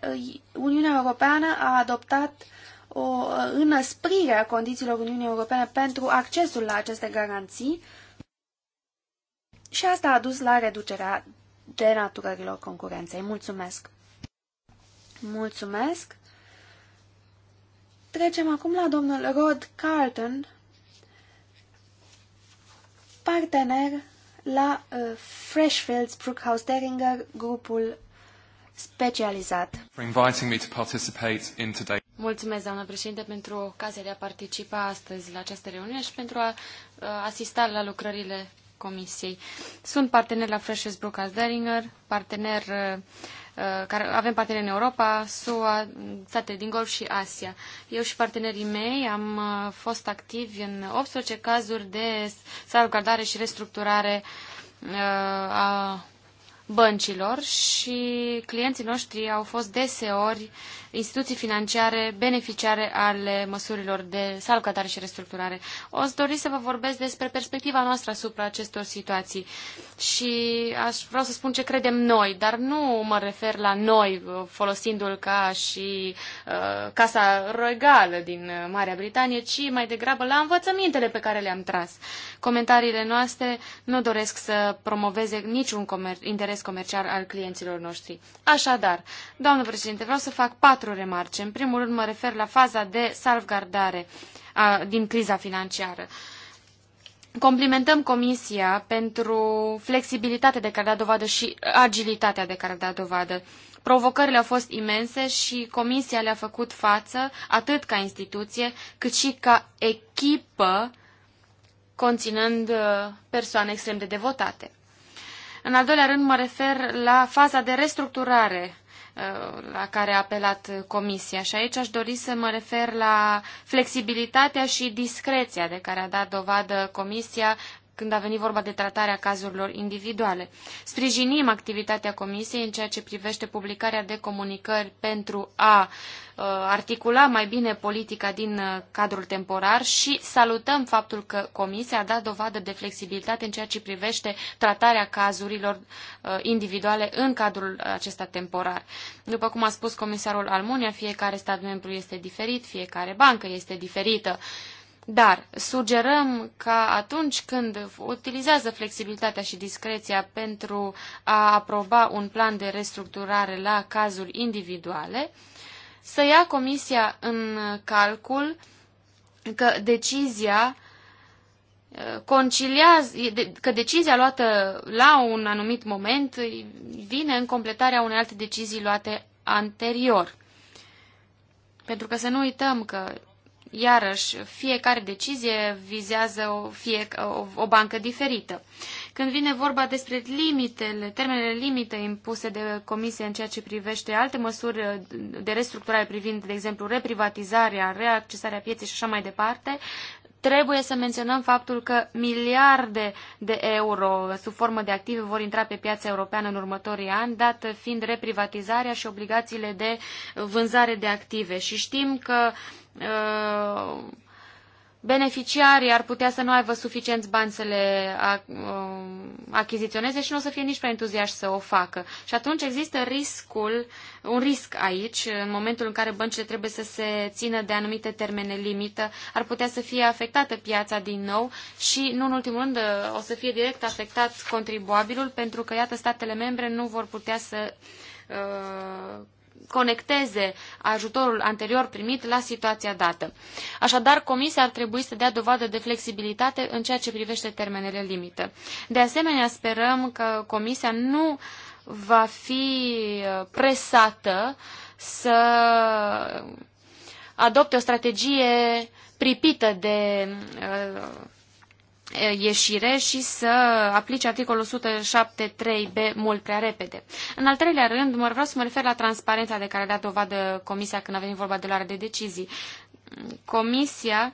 S2: Uniunea Europeană a adoptat o înăsprire a condițiilor Uniunii Europene pentru accesul la aceste garanții și asta a dus la reducerea denaturărilor concurenței. Mulțumesc! Mulțumesc! Trecem acum la domnul Rod Carlton partener la uh, Freshfields Brookhouse Deringer, grupul specializat. For inviting me to participate in today.
S3: Mulțumesc, doamnă președinte, pentru ocazia de a participa astăzi la această reuniune și pentru a uh, asista la lucrările comisiei. Sunt partener la Freshfields Brookhouse Deringer, partener uh, Uh, care avem parteneri în Europa, SUA, state din Golf și Asia. Eu și partenerii mei am uh, fost activi în 18 cazuri de salvgardare și restructurare uh, a băncilor și clienții noștri au fost deseori instituții financiare beneficiare ale măsurilor de salvgatare și restructurare. O să dori să vă vorbesc despre perspectiva noastră asupra acestor situații și aș vreau să spun ce credem noi, dar nu mă refer la noi folosindu-l ca și uh, Casa Regală din Marea Britanie, ci mai degrabă la învățămintele pe care le-am tras. Comentariile noastre nu doresc să promoveze niciun comer- interes interes comercial al clienților noștri. Așadar, doamnă președinte, vreau să fac patru remarce. În primul rând mă refer la faza de salvgardare a, din criza financiară. Complimentăm Comisia pentru flexibilitatea de care a dat dovadă și agilitatea de care a dat dovadă. Provocările au fost imense și Comisia le-a făcut față atât ca instituție cât și ca echipă conținând uh, persoane extrem de devotate. În al doilea rând mă refer la faza de restructurare uh, la care a apelat Comisia și aici aș dori să mă refer la flexibilitatea și discreția de care a dat dovadă Comisia când a venit vorba de tratarea cazurilor individuale. Sprijinim activitatea Comisiei în ceea ce privește publicarea de comunicări pentru a uh, articula mai bine politica din uh, cadrul temporar și salutăm faptul că Comisia a dat dovadă de flexibilitate în ceea ce privește tratarea cazurilor uh, individuale în cadrul acesta temporar. După cum a spus comisarul Almunia, fiecare stat membru este diferit, fiecare bancă este diferită. Dar sugerăm ca atunci când utilizează flexibilitatea și discreția pentru a aproba un plan de restructurare la cazuri individuale, să ia comisia în calcul că decizia uh, conciliază, că decizia luată la un anumit moment vine în completarea unei alte decizii luate anterior. Pentru că să nu uităm că Iarăși, fiecare decizie vizează o, fie, o, o bancă diferită. Când vine vorba despre limitele, termenele limite impuse de Comisie în ceea ce privește alte măsuri de restructurare privind, de exemplu, reprivatizarea, reaccesarea pieței și așa mai departe, trebuie să menționăm faptul că miliarde de euro sub formă de active vor intra pe piața europeană în următorii ani, dată fiind reprivatizarea și obligațiile de vânzare de active. Și știm că Uh, beneficiarii ar putea să nu aibă suficienți bani să le uh, achiziționeze și nu o să fie nici prea entuziaști să o facă. Și atunci există riscul, un risc aici, în momentul în care băncile trebuie să se țină de anumite termene limită, ar putea să fie afectată piața din nou și, nu în ultimul rând, uh, o să fie direct afectat contribuabilul, pentru că, iată, statele membre nu vor putea să uh, conecteze ajutorul anterior primit la situația dată. Așadar, Comisia ar trebui să dea dovadă de flexibilitate în ceea ce privește termenele limită. De asemenea, sperăm că Comisia nu va fi uh, presată să adopte o strategie pripită de uh, ieșire și să aplice articolul 107.3b mult prea repede. În al treilea rând, mă vreau să mă refer la transparența de care a dat dovadă Comisia când a venit vorba de luare de decizii. Comisia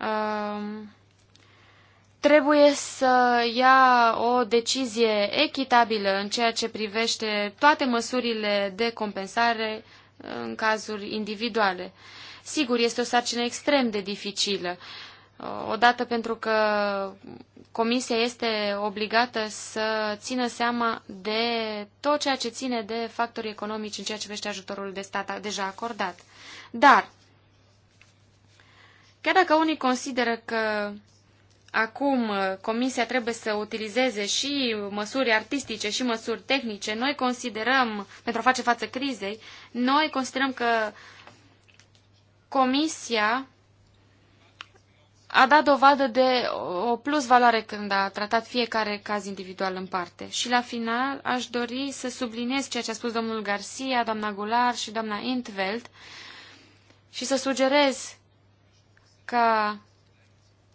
S3: um, trebuie să ia o decizie echitabilă în ceea ce privește toate măsurile de compensare uh, în cazuri individuale. Sigur, este o sarcină extrem de dificilă. Uh, odată pentru că comisia este obligată să țină seama de tot ceea ce ține de factorii economici în ceea ce privește ajutorul de stat deja acordat. Dar, chiar dacă unii consideră că acum comisia trebuie să utilizeze și măsuri artistice și măsuri tehnice, noi considerăm, pentru a face față crizei, noi considerăm că comisia a dat dovadă de o plus valoare când a tratat fiecare caz individual în parte. Și la final aș dori să subliniez ceea ce a spus domnul Garcia, doamna Gular și doamna Intveld și să sugerez ca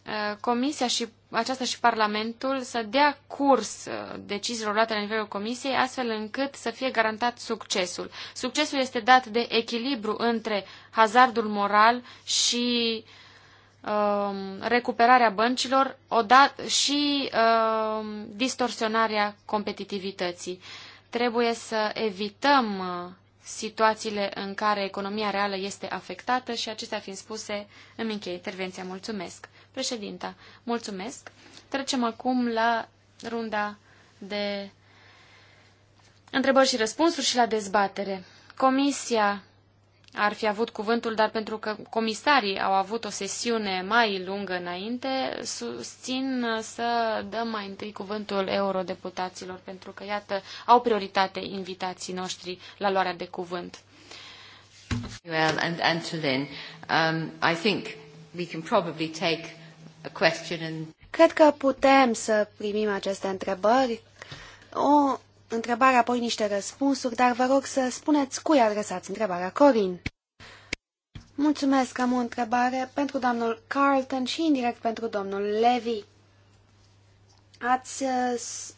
S3: uh, Comisia și aceasta și Parlamentul să dea curs uh, deciziilor luate la nivelul Comisiei, astfel încât să fie garantat succesul. Succesul este dat de echilibru între hazardul moral și uh, Um, recuperarea băncilor și um, distorsionarea competitivității. Trebuie să evităm uh, situațiile în care economia reală este afectată și acestea fiind spuse, îmi închei intervenția. Mulțumesc. Președinta, mulțumesc. Trecem acum la runda de întrebări și răspunsuri și la dezbatere. Comisia ar fi avut cuvântul, dar pentru că comisarii au avut o sesiune mai lungă înainte, susțin să dăm mai întâi cuvântul eurodeputaților, pentru că, iată, au prioritate invitații noștri la luarea de cuvânt. Well, and Antolin, um, I think we can probably take a question and...
S2: Cred că putem să primim aceste întrebări. O întrebare, apoi niște răspunsuri, dar vă rog să spuneți cui adresați întrebarea. Corin. Mulțumesc, am o întrebare pentru domnul Carlton și indirect pentru domnul Levy. Ați uh,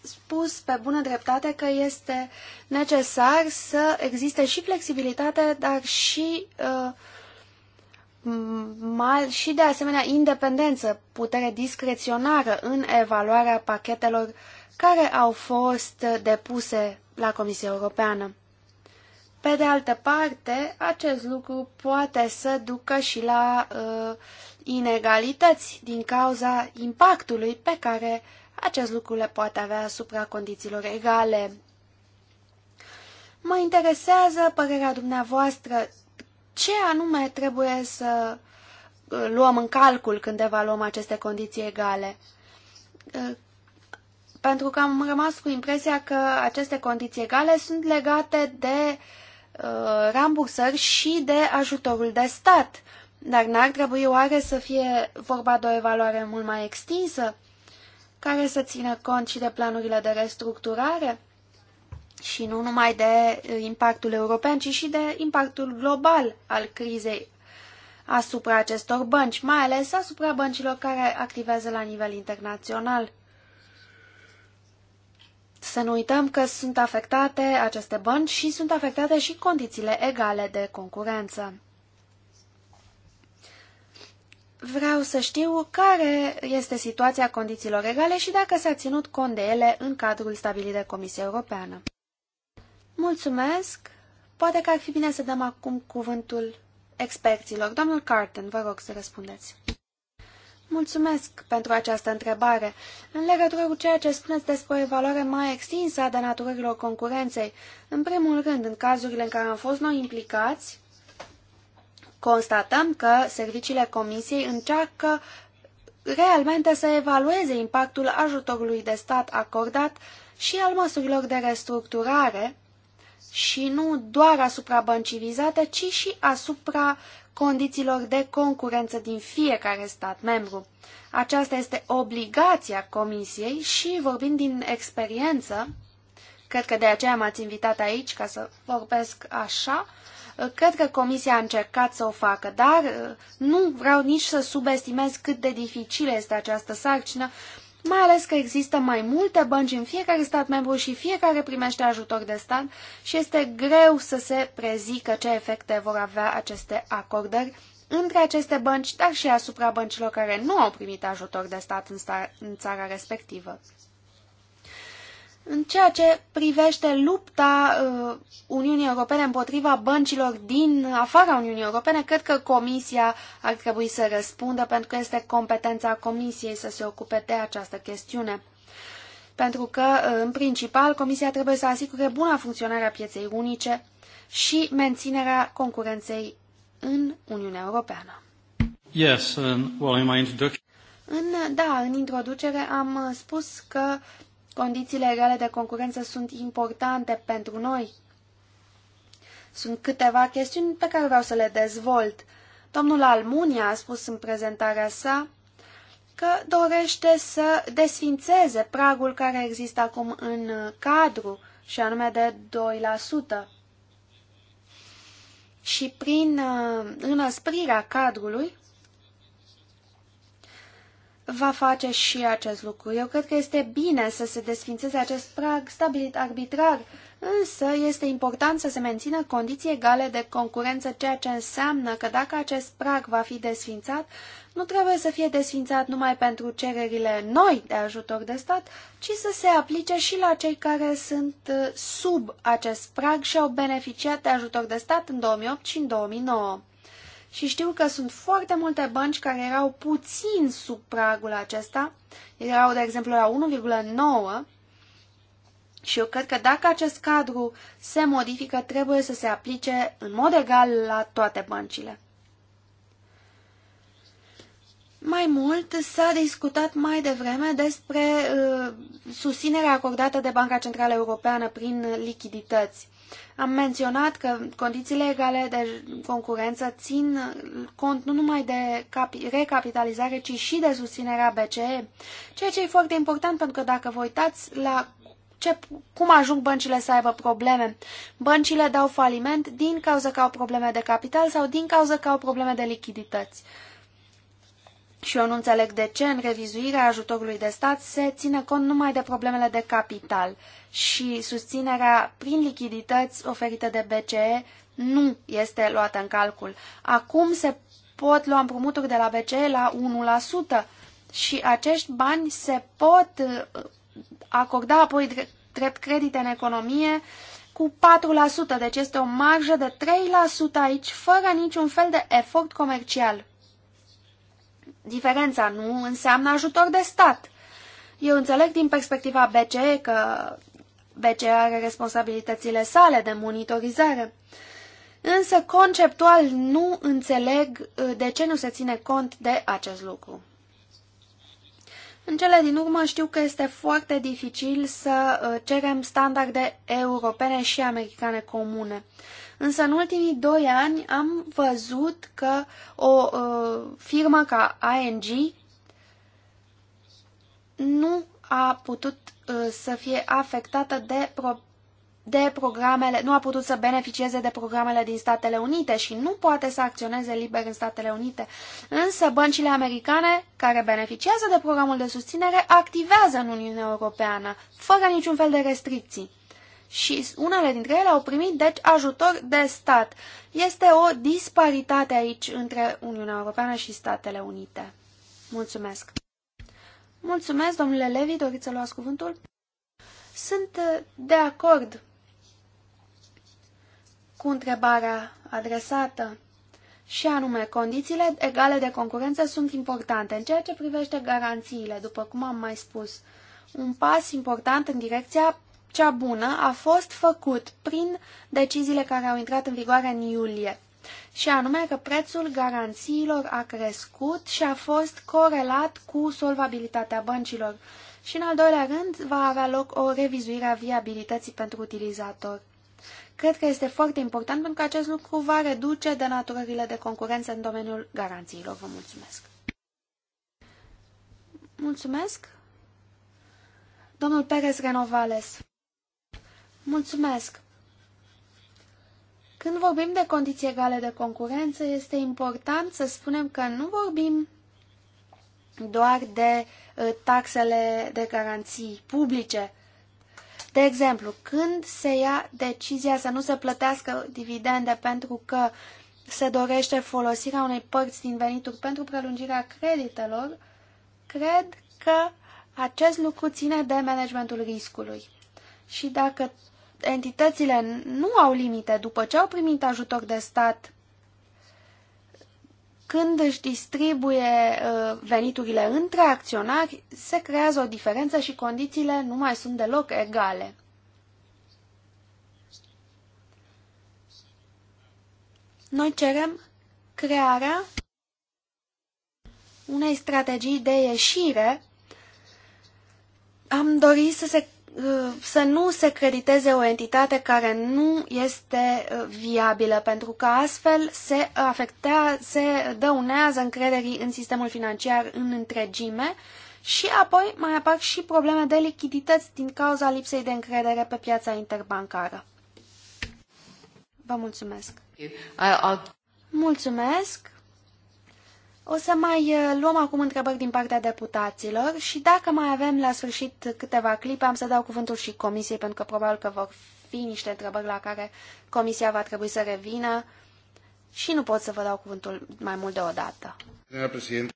S2: spus pe bună dreptate că este necesar să existe și flexibilitate, dar și uh, și de asemenea independență, putere discreționară în evaluarea pachetelor care au fost depuse la Comisia Europeană. Pe de altă parte, acest lucru poate să ducă și la uh, inegalități din cauza impactului pe care acest lucru le poate avea asupra condițiilor egale. Mă interesează părerea dumneavoastră ce anume trebuie să uh, luăm în calcul când evaluăm aceste condiții egale. Uh, pentru că am rămas cu impresia că aceste condiții egale sunt legate de uh, rambursări și de ajutorul de stat. Dar n-ar trebui oare să fie vorba de o evaluare mult mai extinsă, care să țină cont și de planurile de restructurare? Și nu numai de uh, impactul european, ci și de impactul global al crizei asupra acestor bănci, mai ales asupra băncilor care activează la nivel internațional să nu uităm că sunt afectate aceste bănci și sunt afectate și condițiile egale de concurență. Vreau să știu care este situația condițiilor egale și dacă s-a ținut cont de ele în cadrul stabilit de Comisia Europeană. Mulțumesc! Poate că ar fi bine să dăm acum cuvântul experților. Domnul Carton, vă rog să răspundeți. Mulțumesc pentru această întrebare. În legătură cu ceea ce spuneți despre o evaluare mai extinsă a denaturărilor concurenței, în primul rând, în cazurile în care am fost noi implicați, constatăm că serviciile comisiei încearcă realmente să evalueze impactul ajutorului de stat acordat și al măsurilor de restructurare și nu doar asupra băncivizate, ci și asupra condițiilor de concurență din fiecare stat membru. Aceasta este obligația Comisiei și, vorbind din experiență, cred că de aceea m-ați invitat aici ca să vorbesc așa, cred că Comisia a încercat să o facă, dar uh, nu vreau nici să subestimez cât de dificilă este această sarcină mai ales că există mai multe bănci în fiecare stat membru și fiecare primește ajutor de stat și este greu să se prezică ce efecte vor avea aceste acordări între aceste bănci, dar și asupra băncilor care nu au primit ajutor de stat în, sta în țara respectivă. În ceea ce privește lupta uh, Uniunii Europene împotriva băncilor din afara Uniunii Europene, cred că Comisia ar trebui să răspundă pentru că este competența Comisiei să se ocupe de această chestiune. Pentru că, uh, în principal, Comisia trebuie să asigure buna funcționare a pieței unice și menținerea concurenței în Uniunea Europeană.
S3: Yes, um, well, in my introduction...
S2: În, da, în introducere am uh, spus că Condițiile reale de concurență sunt importante pentru noi. Sunt câteva chestiuni pe care vreau să le dezvolt. Domnul Almunia a spus în prezentarea sa că dorește să desfințeze pragul care există acum în cadru, și anume de 2%. Și prin uh, înăsprirea cadrului va face și acest lucru. Eu cred că este bine să se desfințeze acest prag stabilit arbitrar, însă este important să se mențină condiții egale de concurență, ceea ce înseamnă că dacă acest prag va fi desfințat, nu trebuie să fie desfințat numai pentru cererile noi de ajutor de stat, ci să se aplice și la cei care sunt uh, sub acest prag și au beneficiat de ajutor de stat în 2008 și în 2009 și știu că sunt foarte multe bănci care erau puțin sub pragul acesta, erau de exemplu la 1,9 și eu cred că dacă acest cadru se modifică, trebuie să se aplice în mod egal la toate băncile. Mai mult, s-a discutat mai devreme despre uh, susținerea acordată de Banca Centrală Europeană prin lichidități. Am menționat că condițiile egale de concurență țin cont nu numai de recapitalizare, ci și de susținerea BCE, ceea ce e foarte important pentru că dacă vă uitați la ce, cum ajung băncile să aibă probleme. Băncile dau faliment din cauza că au probleme de capital sau din cauza că au probleme de lichidități. Și eu nu înțeleg de ce în revizuirea ajutorului de stat se ține cont numai de problemele de capital și susținerea prin lichidități oferite de BCE nu este luată în calcul. Acum se pot lua împrumuturi de la BCE la 1% și acești bani se pot uh, acorda apoi drept credite în economie cu 4%, deci este o marjă de 3% aici, fără niciun fel de efort comercial diferența nu înseamnă ajutor de stat. Eu înțeleg din perspectiva BCE că BCE are responsabilitățile sale de monitorizare, însă conceptual nu înțeleg uh, de ce nu se ține cont de acest lucru. În cele din urmă știu că este foarte dificil să uh, cerem standarde europene și americane comune. Însă în ultimii doi ani am văzut că o uh, firmă ca ANG nu a putut uh, să fie afectată de, pro de programele, nu a putut să beneficieze de programele din Statele Unite și nu poate să acționeze liber în Statele Unite. Însă băncile americane care beneficiază de programul de susținere activează în Uniunea Europeană, fără niciun fel de restricții și unele dintre ele au primit, deci, ajutor de stat. Este o disparitate aici între Uniunea Europeană și Statele Unite. Mulțumesc! Mulțumesc, domnule Levi, doriți să luați cuvântul? Sunt uh, de acord cu întrebarea adresată și anume, condițiile egale de concurență sunt importante în ceea ce privește garanțiile, după cum am mai spus. Un pas important în direcția cea bună a fost făcut prin deciziile care au intrat în vigoare în iulie, și anume că prețul garanțiilor a crescut și a fost corelat cu solvabilitatea băncilor. Și în al doilea rând va avea loc o revizuire a viabilității pentru utilizator. Cred că este foarte important pentru că acest lucru va reduce denaturările de concurență în domeniul garanțiilor. Vă mulțumesc! Mulțumesc! Domnul Perez Renovales. Mulțumesc! Când vorbim de condiții egale de concurență, este important să spunem că nu vorbim doar de ă, taxele de garanții publice. De exemplu, când se ia decizia să nu se plătească dividende pentru că se dorește folosirea unei părți din venituri pentru prelungirea creditelor, cred că acest lucru ține de managementul riscului. Și dacă entitățile nu au limite după ce au primit ajutor de stat când își distribuie uh, veniturile între acționari, se creează o diferență și condițiile nu mai sunt deloc egale. Noi cerem crearea unei strategii de ieșire. Am dorit să se Uh, să nu se crediteze o entitate care nu este uh, viabilă, pentru că astfel se afectează, se dăunează încrederii în sistemul financiar în întregime și apoi mai apar și probleme de lichidități din cauza lipsei de încredere pe piața interbancară. Vă mulțumesc! Mulțumesc! O să mai uh, luăm acum întrebări din partea deputaților și dacă mai avem la sfârșit câteva clipe, am să dau cuvântul și comisiei, pentru că probabil că vor fi niște întrebări la care comisia va trebui să revină și nu pot să vă dau cuvântul mai mult deodată. Doamna președinte,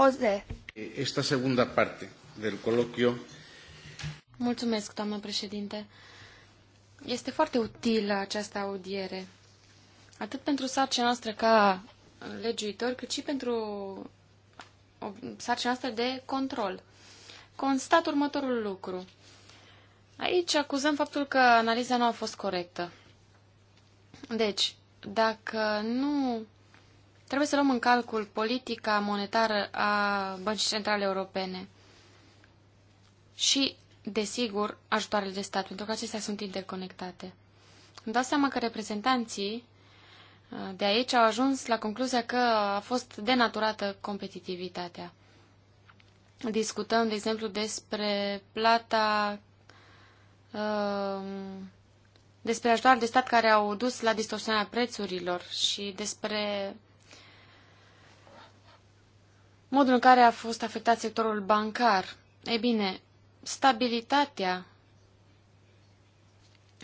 S2: Jose. Esta segunda parte del
S1: coloquio.
S3: Mulțumesc, doamnă președinte. Este foarte utilă această audiere, atât pentru sarcina noastră ca legiuitor, cât și pentru sarcina asta de control. Constat următorul lucru. Aici acuzăm faptul că analiza nu a fost corectă. Deci, dacă nu trebuie să luăm în calcul politica monetară a Băncii Centrale Europene și, desigur, ajutoarele de stat, pentru că acestea sunt interconectate. Îmi dau seama că reprezentanții de aici au ajuns la concluzia că a fost denaturată competitivitatea. Discutăm, de exemplu, despre plata, um, despre ajutoare de stat care au dus la distorsionarea prețurilor și despre modul în care a fost afectat sectorul bancar. Ei bine, stabilitatea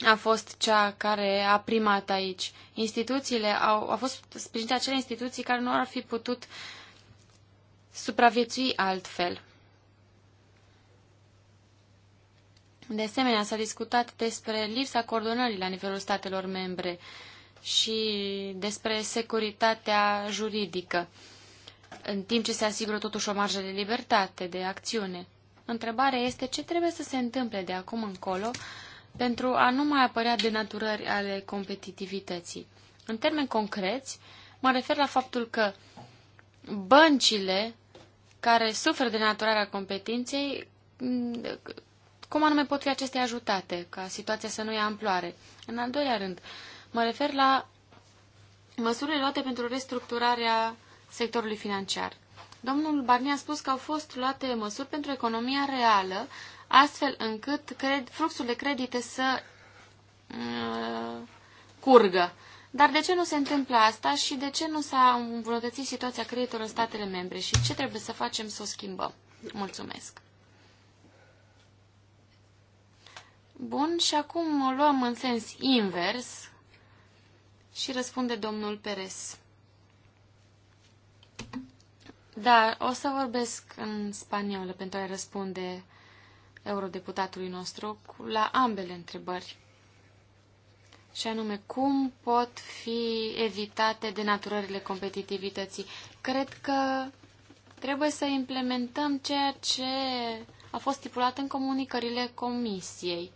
S3: a fost cea care a primat aici. Instituțiile au, au fost sprijinite acele instituții care nu ar fi putut supraviețui altfel. De asemenea, s-a discutat despre lipsa coordonării la nivelul statelor membre și despre securitatea juridică, în timp ce se asigură totuși o marjă de libertate, de acțiune. Întrebarea este ce trebuie să se întâmple de acum încolo pentru a nu mai apărea denaturări ale competitivității. În termeni concreți, mă refer la faptul că băncile care suferă de naturarea competenței, mm, cum anume pot fi acestea ajutate ca situația să nu ia amploare? În al doilea rând, mă refer la măsurile luate pentru restructurarea sectorului financiar. Domnul Barnier a spus că au fost luate măsuri pentru economia reală, astfel încât cred, fluxul de credite să uh, curgă. Dar de ce nu se întâmplă asta și de ce nu s-a îmbunătățit situația creditor în statele membre și ce trebuie să facem să o schimbăm? Mulțumesc! Bun, și acum o luăm în sens invers și răspunde domnul Perez. Da, o să vorbesc în spaniolă pentru a răspunde eurodeputatului nostru la ambele întrebări. Și anume, cum pot fi evitate denaturările competitivității? Cred că trebuie să implementăm ceea ce a fost stipulat în comunicările Comisiei.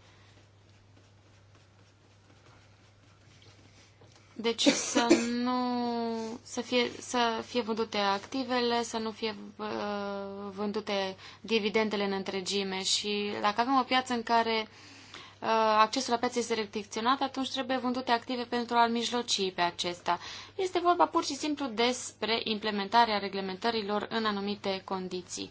S3: Deci să nu să fie, să fie vândute activele, să nu fie uh, vândute dividendele în întregime și dacă avem o piață în care uh, accesul la piață este restricționat, atunci trebuie vândute active pentru a-l mijloci pe acesta. Este vorba pur și simplu despre implementarea reglementărilor în anumite condiții.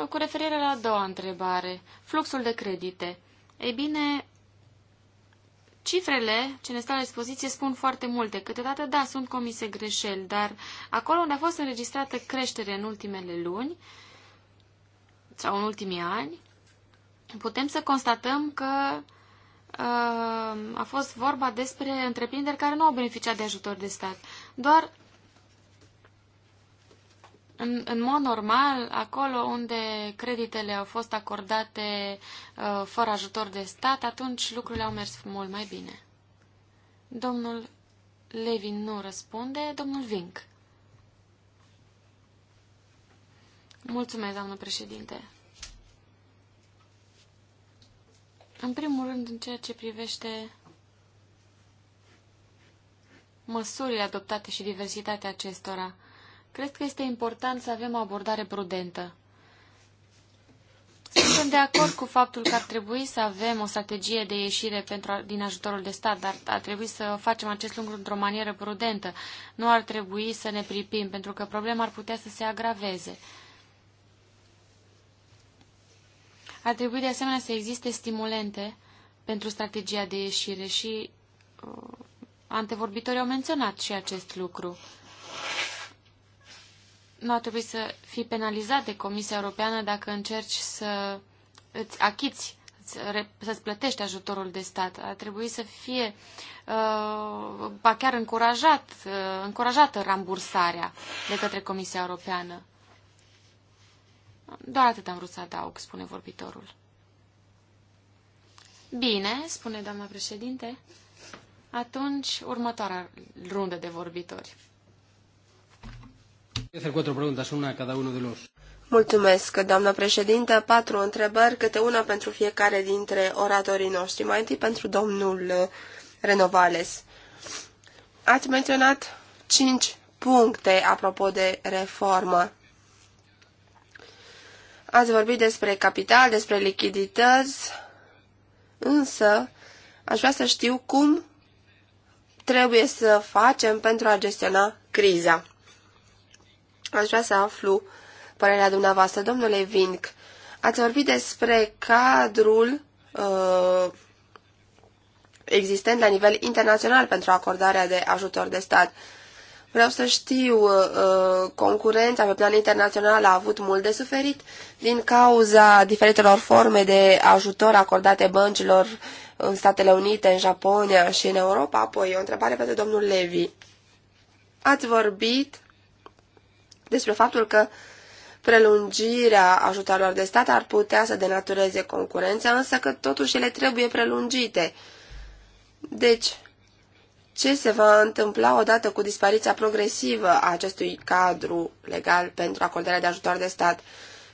S3: Uh, cu referire la a doua întrebare, fluxul de credite. Ei bine, Cifrele ce ne stau la dispoziție spun foarte multe. Câteodată, da, sunt comise greșeli, dar acolo unde a fost înregistrată creștere în ultimele luni sau în ultimii ani, putem să constatăm că uh, a fost vorba despre întreprinderi care nu au beneficiat de ajutor de stat. Doar în, în mod normal, acolo unde creditele au fost acordate uh, fără ajutor de stat, atunci lucrurile au mers mult mai bine. Domnul Levin nu răspunde, domnul Vink. Mulțumesc, doamnă președinte. În primul rând, în ceea ce privește măsurile adoptate și diversitatea acestora, Cred că este important să avem o abordare prudentă. Sunt de acord cu faptul că ar trebui să avem o strategie de ieșire pentru, a, din ajutorul de stat, dar ar trebui să facem acest lucru într-o manieră prudentă. Nu ar trebui să ne pripim, pentru că problema ar putea să se agraveze. Ar trebui de asemenea să existe stimulente pentru strategia de ieșire și uh, antevorbitorii au menționat și acest lucru nu ar trebui să fii penalizat de Comisia Europeană dacă încerci să îți achiți, să-ți plătești ajutorul de stat. Ar trebui să fie uh, ba chiar încurajat, uh, încurajată rambursarea de către Comisia Europeană. Doar atât am vrut să adaug, spune vorbitorul. Bine, spune doamna președinte. Atunci, următoarea rundă de vorbitori.
S1: Mulțumesc, doamnă președintă. Patru întrebări, câte una pentru fiecare dintre oratorii noștri. Mai întâi pentru domnul uh, Renovales. Ați menționat cinci puncte apropo de reformă. Ați vorbit despre capital, despre lichidități, însă aș vrea să știu cum trebuie să facem pentru a gestiona criza. Aș vrea să aflu părerea dumneavoastră. Domnule Vinc, ați vorbit despre cadrul uh, existent la nivel internațional pentru acordarea de ajutor de stat. Vreau să știu, uh, uh, concurența pe plan internațional a avut mult de suferit din cauza diferitelor forme de ajutor acordate băncilor în Statele Unite, în Japonia și în Europa. Apoi, o întrebare pentru domnul Levi. Ați vorbit despre faptul că prelungirea ajutoarelor de stat ar putea să denatureze concurența, însă că totuși ele trebuie prelungite. Deci, ce se va întâmpla odată cu dispariția progresivă a acestui cadru legal pentru acordarea de ajutor de stat?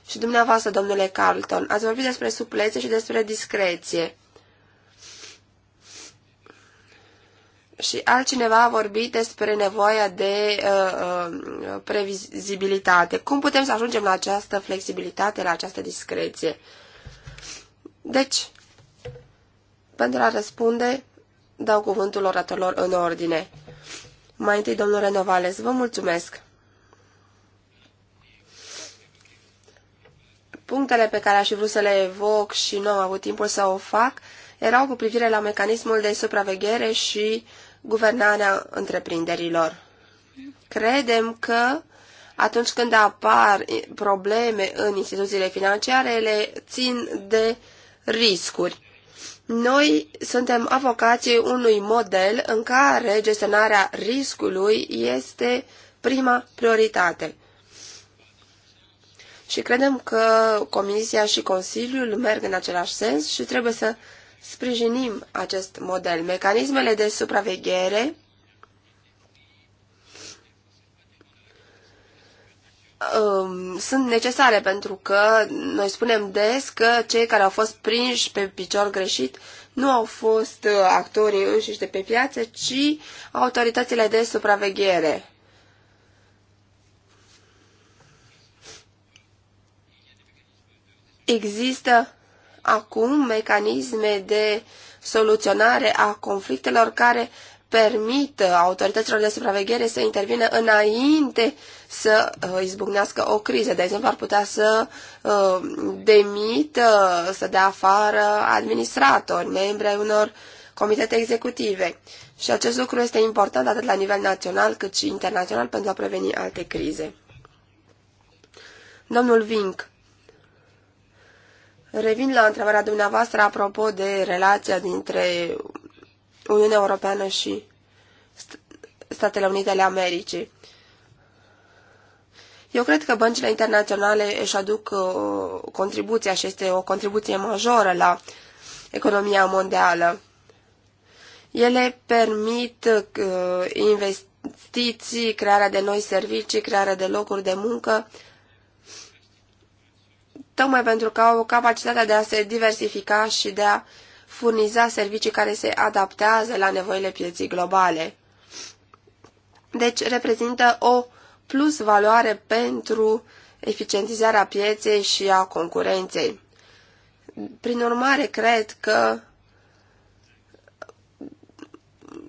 S1: Și dumneavoastră, domnule Carlton, ați vorbit despre suplețe și despre discreție. și altcineva a vorbit despre nevoia de uh, uh, previzibilitate. Cum putem să ajungem la această flexibilitate, la această discreție? Deci, pentru a răspunde, dau cuvântul oratorilor în ordine. Mai întâi, domnul Renovales, vă mulțumesc. Punctele pe care aș fi vrut să le evoc și nu am avut timpul să o fac, uh, erau cu privire la mecanismul de supraveghere și guvernarea întreprinderilor. Credem că atunci când apar probleme în instituțiile financiare, ele țin de riscuri. Noi suntem avocații unui model în care gestionarea riscului este prima prioritate. Și credem că Comisia și Consiliul merg în același sens și trebuie să sprijinim acest model. Mecanismele de supraveghere um, sunt necesare pentru că noi spunem des că cei care au fost prinși pe picior greșit nu au fost uh, actorii înșiși de pe piață, ci autoritățile de supraveghere. Există acum mecanisme de soluționare a conflictelor care permit autorităților de supraveghere să intervină înainte să uh, izbucnească o criză. De exemplu, ar putea să uh, demită, să dea afară administratori, membri ai unor comitete executive. Și acest lucru este important atât la nivel național cât și internațional pentru a preveni alte crize. Domnul Vink Revin la întrebarea dumneavoastră apropo de relația dintre Uniunea Europeană și Statele Unite ale Americii. Eu cred că băncile internaționale își aduc uh, contribuția și este o contribuție majoră la economia mondială. Ele permit uh, investiții, crearea de noi servicii, crearea de locuri de muncă, tocmai pentru că au capacitatea de a se diversifica și de a furniza servicii care se adaptează la nevoile pieții globale. Deci reprezintă o plus valoare pentru eficientizarea pieței și a concurenței. Prin urmare, cred că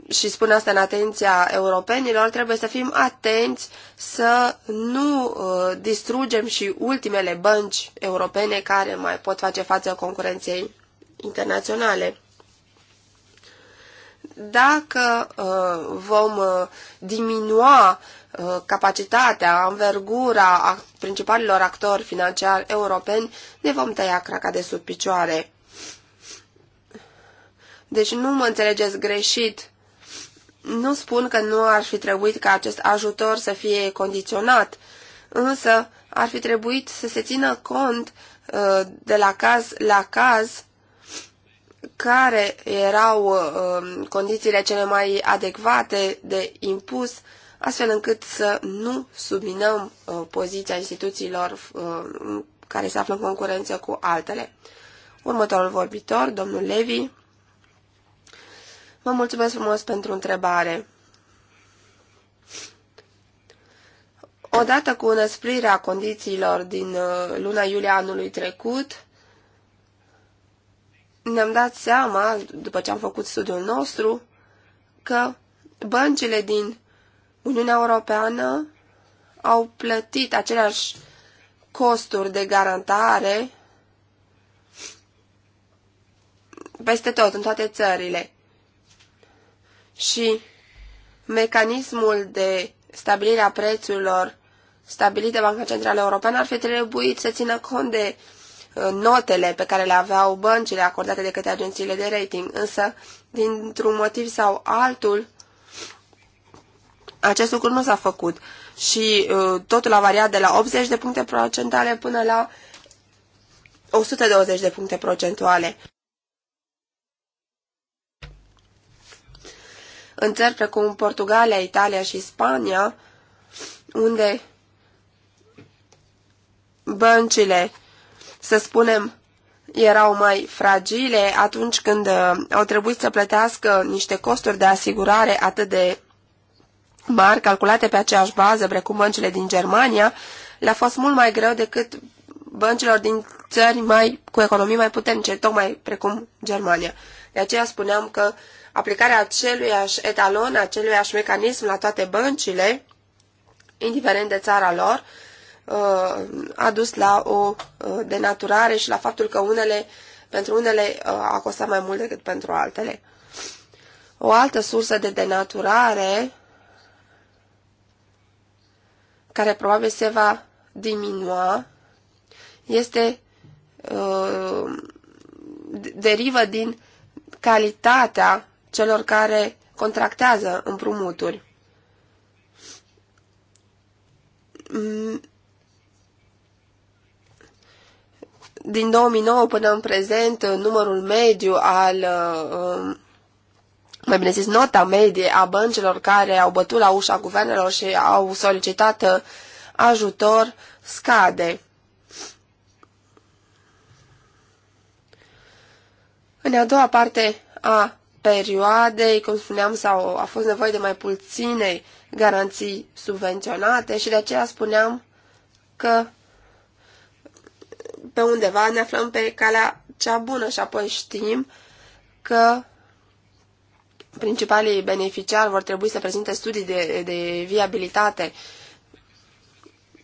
S1: și spun asta în atenția europenilor, trebuie să fim atenți să nu uh, distrugem și ultimele bănci europene care mai pot face față concurenței internaționale. Dacă uh, vom uh, diminua capacitatea, învergura principalilor actori financiari europeni, ne vom tăia craca de sub picioare. Deci nu mă înțelegeți greșit nu spun că nu ar fi trebuit ca acest ajutor să fie condiționat, însă ar fi trebuit să se țină cont uh, de la caz la caz care erau uh, condițiile cele mai adecvate de impus, astfel încât să nu subminăm uh, poziția instituțiilor care se află în concurență cu altele. Următorul vorbitor, domnul Levi. Vă mulțumesc frumos pentru întrebare. Odată cu înăsprirea condițiilor din uh, luna iulie anului trecut, ne-am dat seama, după ce am făcut studiul nostru, că băncile din Uniunea Europeană au plătit aceleași costuri de garantare peste tot, în toate țările și mecanismul de stabilire a prețurilor stabilit de Banca Centrală Europeană ar fi trebuit să țină cont de uh, notele pe care le aveau băncile acordate de către agențiile de rating, însă, dintr-un motiv sau altul, acest lucru nu s-a făcut și uh, totul a variat de la 80 de puncte procentuale până la 120 de puncte procentuale. în țări precum Portugalia, Italia și Spania, unde băncile, să spunem, erau mai fragile atunci când uh, au trebuit să plătească niște costuri de asigurare atât de mari, calculate pe aceeași bază, precum băncile din Germania, le-a fost mult mai greu decât băncilor din țări mai, cu economii mai puternice, tocmai precum Germania. De aceea spuneam că aplicarea aceluiași etalon, aceluiași mecanism la toate băncile, indiferent de țara lor, uh, a dus la o uh, denaturare și la faptul că unele, pentru unele uh, a costat mai mult decât pentru altele. O altă sursă de denaturare care probabil se va diminua este uh, derivă din calitatea celor care contractează împrumuturi. Din 2009 până în prezent, numărul mediu al, uh, mai bine zis, nota medie a băncilor care au bătut la ușa guvernelor și au solicitat uh, ajutor scade. În a doua parte a perioadei, cum spuneam, sau a fost nevoie de mai puține garanții subvenționate și de aceea spuneam că pe undeva ne aflăm pe calea cea bună și apoi știm că principalii beneficiari vor trebui să prezinte studii de, de viabilitate.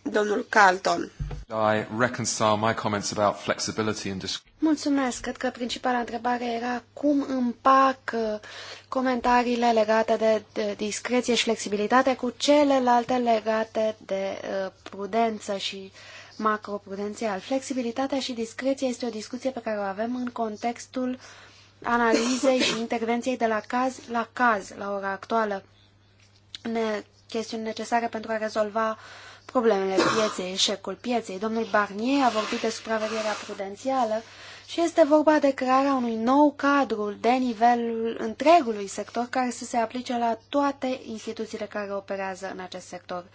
S1: Domnul Carlton.
S2: I reconcile my comments about
S3: flexibility and
S2: Mulțumesc. Cred că principala întrebare era cum împac uh, comentariile legate de, de discreție și flexibilitate cu celelalte legate de uh, prudență și macroprudențial. Flexibilitatea și discreția este o discuție pe care o avem în contextul analizei și intervenției de la caz la caz la ora actuală. Ne chestiuni necesare pentru a rezolva problemele pieței, eșecul pieței. Domnul Barnier a vorbit de supravegherea prudențială și este vorba de crearea unui nou cadru de nivelul întregului sector care să se aplice la toate instituțiile care operează în acest sector.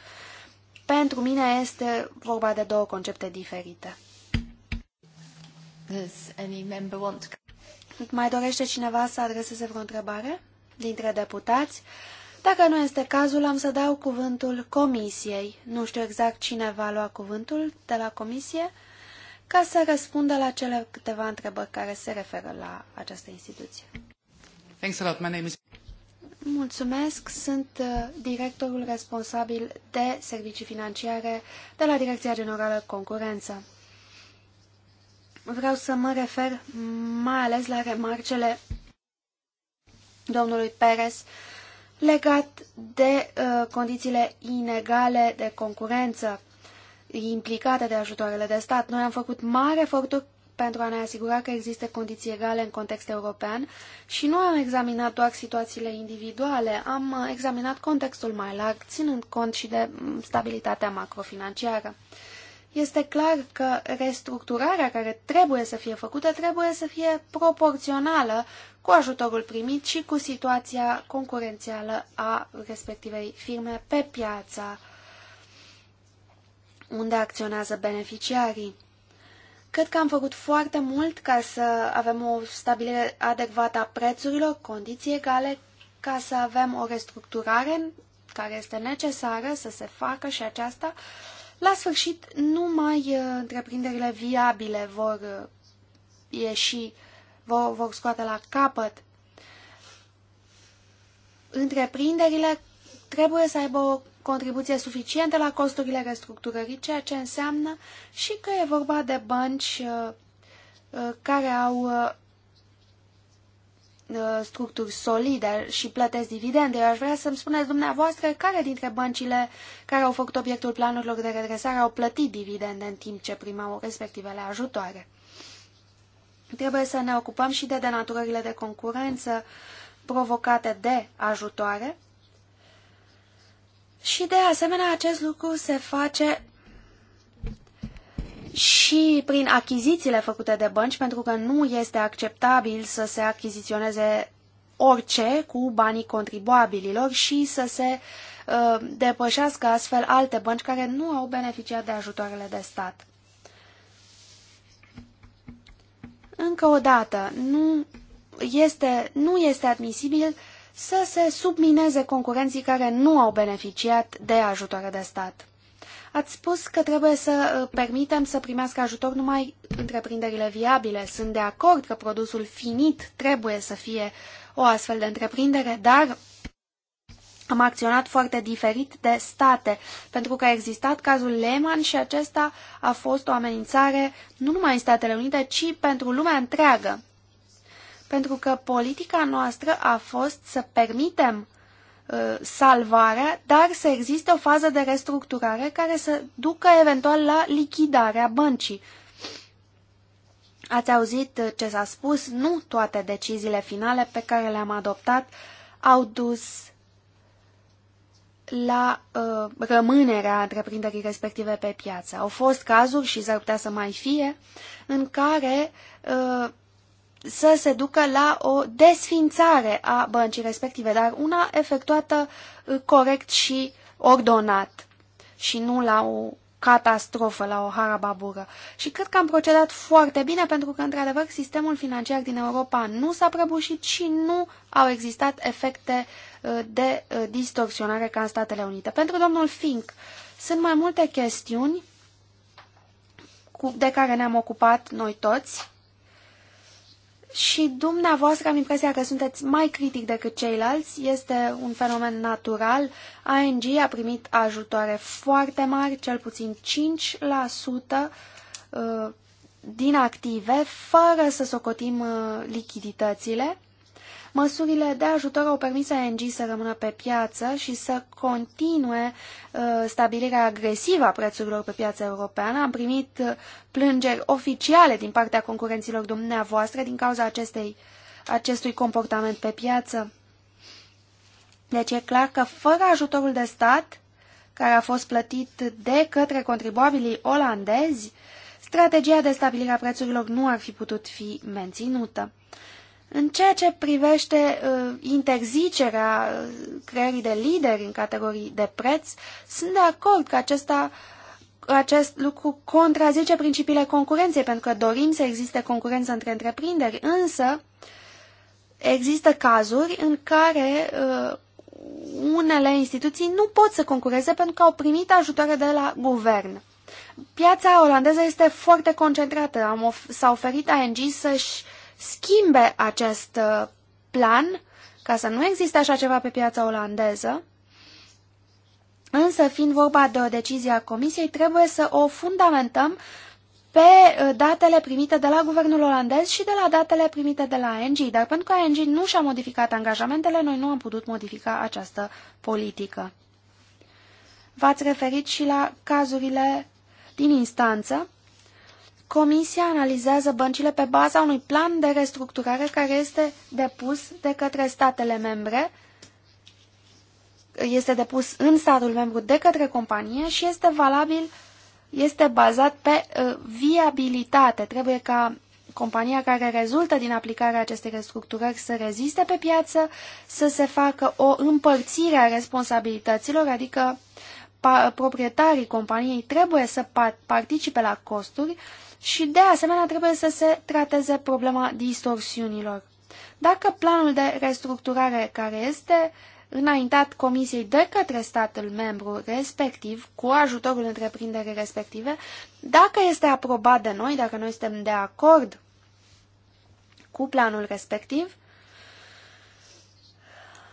S2: Pentru mine este vorba de două concepte diferite. Mai dorește cineva să adreseze vreo întrebare dintre deputați? Dacă nu este cazul, am să dau cuvântul comisiei. Nu știu exact cine va lua cuvântul de la comisie ca să răspundă la cele câteva întrebări care se referă la această instituție. Thanks a lot. My name is... Mulțumesc, sunt uh, directorul responsabil de servicii financiare de la Direcția Generală Concurență. Vreau să mă refer mai ales la remarcele domnului Perez legat de uh, condițiile inegale de concurență implicate de ajutoarele de stat. Noi am făcut mari eforturi pentru a ne asigura că există condiții egale în context european și nu am examinat doar situațiile individuale, am uh, examinat contextul mai larg, ținând cont și de mm, stabilitatea macrofinanciară. Este clar că restructurarea care trebuie să fie făcută trebuie să fie proporțională cu ajutorul primit și cu situația concurențială a respectivei firme pe piața unde acționează beneficiarii. Cred că am făcut foarte mult ca să avem o stabilire adecvată a prețurilor, condiții egale, ca să avem o restructurare care este necesară să se facă și aceasta. La sfârșit, numai uh, întreprinderile viabile vor uh, ieși vă, vor scoate la capăt. Întreprinderile trebuie să aibă o contribuție suficientă la costurile restructurării, ceea ce înseamnă și că e vorba de bănci uh, uh, care au uh, structuri solide și plătesc dividende. Eu aș vrea să-mi spuneți dumneavoastră care dintre băncile care au făcut obiectul planurilor de redresare au plătit dividende în timp ce primau respectivele ajutoare. Trebuie să ne ocupăm și de denaturările de concurență provocate de ajutoare și de asemenea acest lucru se face și prin achizițiile făcute de bănci, pentru că nu este acceptabil să se achiziționeze orice cu banii contribuabililor și să se uh, depășească astfel alte bănci care nu au beneficiat de ajutoarele de stat. Încă o dată, nu este, nu este admisibil să se submineze concurenții care nu au beneficiat de ajutoare de stat. Ați spus că trebuie să uh, permitem să primească ajutor numai întreprinderile viabile. Sunt de acord că produsul finit trebuie să fie o astfel de întreprindere, dar am acționat foarte diferit de state, pentru că a existat cazul Lehman și acesta a fost o amenințare nu numai în Statele Unite, ci pentru lumea întreagă. Pentru că politica noastră a fost să permitem uh, salvarea, dar să existe o fază de restructurare care să ducă eventual la lichidarea băncii. Ați auzit ce s-a spus? Nu toate deciziile finale pe care le-am adoptat au dus la uh, rămânerea întreprinderii respective pe piață. Au fost cazuri, și s-ar putea să mai fie, în care uh, să se ducă la o desfințare a băncii respective, dar una efectuată uh, corect și ordonat și nu la o catastrofă, la o harababură. Și cred că am procedat foarte bine pentru că, într-adevăr, sistemul financiar din Europa nu s-a prăbușit și nu au existat efecte uh, Uh, de uh, distorsionare ca în Statele Unite. Pentru domnul Fink, sunt mai multe chestiuni de care ne-am ocupat noi toți și dumneavoastră am impresia că sunteți mai critic decât ceilalți. Este un fenomen natural. ANG a primit ajutoare foarte mari, cel puțin 5% uh, din active, fără să socotim lichiditățile. Măsurile de ajutor au permis ANG să rămână pe piață și să continue uh, stabilirea agresivă a prețurilor pe piața europeană. Am primit uh, plângeri oficiale din partea concurenților dumneavoastră din cauza acestei, acestui comportament pe piață. Deci e clar că fără ajutorul de stat, care a fost plătit de către contribuabilii olandezi, strategia de stabilire a prețurilor nu ar fi putut fi menținută. În ceea ce privește uh, interzicerea uh, creării de lideri în categorii de preț, sunt de acord că acesta, acest lucru contrazice principiile concurenței, pentru că dorim să existe concurență între întreprinderi, însă există cazuri în care uh, unele instituții nu pot să concureze pentru că au primit ajutoare de la guvern. Piața olandeză este foarte concentrată. s-a oferit ANG să-și uh, schimbe acest uh, plan ca să nu existe așa ceva pe piața olandeză, însă fiind vorba de o decizie a Comisiei, trebuie să o fundamentăm pe uh, datele primite de la guvernul olandez și de la datele primite de la ANG, dar pentru că ANG nu și-a modificat angajamentele, noi nu am putut modifica această politică. V-ați referit și la cazurile din instanță Comisia analizează băncile pe baza unui plan de restructurare care este depus de către statele membre, este depus în statul membru de către companie și este valabil, este bazat pe uh, viabilitate. Trebuie ca compania care rezultă din aplicarea acestei restructurări să reziste pe piață, să se facă o împărțire a responsabilităților, adică proprietarii companiei trebuie să participe la costuri și de asemenea trebuie să se trateze problema distorsiunilor. Dacă planul de restructurare care este înaintat Comisiei de către statul membru respectiv, cu ajutorul întreprinderii respective, dacă este aprobat de noi, dacă noi suntem de acord cu planul respectiv,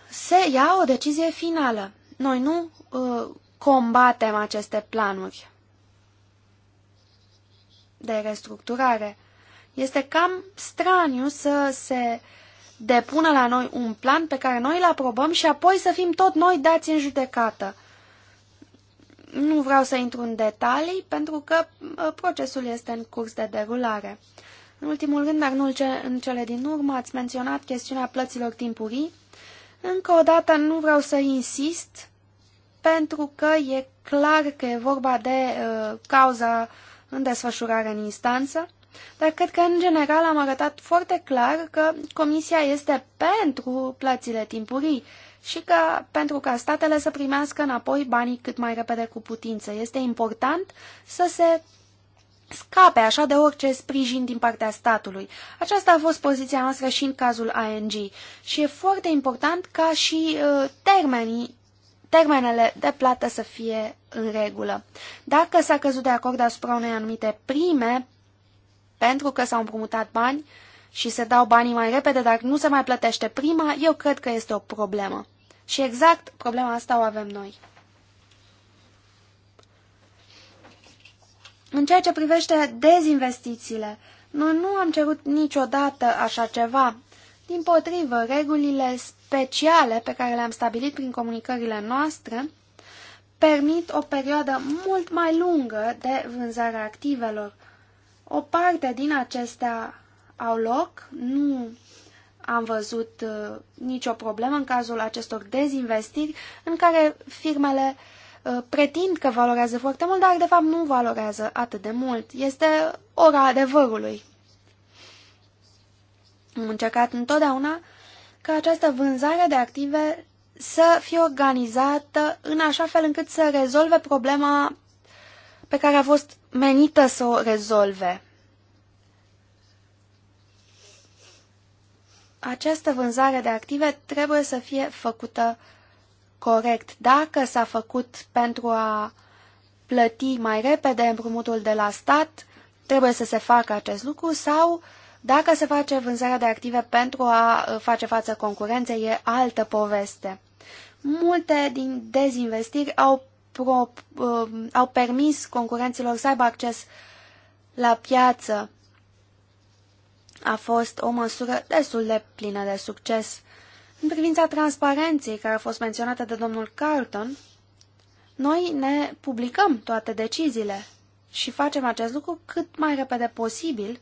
S2: se ia o decizie finală. Noi nu uh, combatem aceste planuri de restructurare. Este cam straniu să se depună la noi un plan pe care noi îl aprobăm și apoi să fim tot noi dați în judecată. Nu vreau să intru în detalii pentru că uh, procesul este în curs de derulare. În ultimul rând, dar nu în cele din urmă, ați menționat chestiunea plăților timpurii. Încă o dată nu vreau să insist pentru că e clar că e vorba de uh, cauza în desfășurare în instanță, dar cred că, în general, am arătat foarte clar că Comisia este pentru plățile timpurii și că pentru ca statele să primească înapoi banii cât mai repede cu putință. Este important să se scape așa de orice sprijin din partea statului. Aceasta a fost poziția noastră și în cazul ANG și e foarte important ca și uh, termenii, termenele de plată să fie în regulă. Dacă s-a căzut de acord asupra unei anumite prime, pentru că s-au împrumutat bani și se dau banii mai repede, dar nu se mai plătește prima, eu cred că este o problemă. Și exact problema asta o avem noi. În ceea ce privește dezinvestițiile, noi nu am cerut niciodată așa ceva. Din potrivă, regulile speciale pe care le-am stabilit prin comunicările noastre permit o perioadă mult mai lungă de vânzare a activelor. O parte din acestea au loc, nu am văzut uh, nicio problemă în cazul acestor dezinvestiri în care firmele uh, pretind că valorează foarte mult, dar de fapt nu valorează atât de mult. Este ora adevărului. Am încercat întotdeauna ca această vânzare de active să fie organizată în așa fel încât să rezolve problema pe care a fost menită să o rezolve. Această vânzare de active trebuie să fie făcută corect. Dacă s-a făcut pentru a plăti mai repede împrumutul de la stat, trebuie să se facă acest lucru sau dacă se face vânzarea de active pentru a face față concurenței, e altă poveste. Multe din dezinvestiri au, pro, uh, au permis concurenților să aibă acces la piață. A fost o măsură destul de plină de succes. În privința transparenței, care a fost menționată de domnul Carlton, noi ne publicăm toate deciziile și facem acest lucru cât mai repede posibil,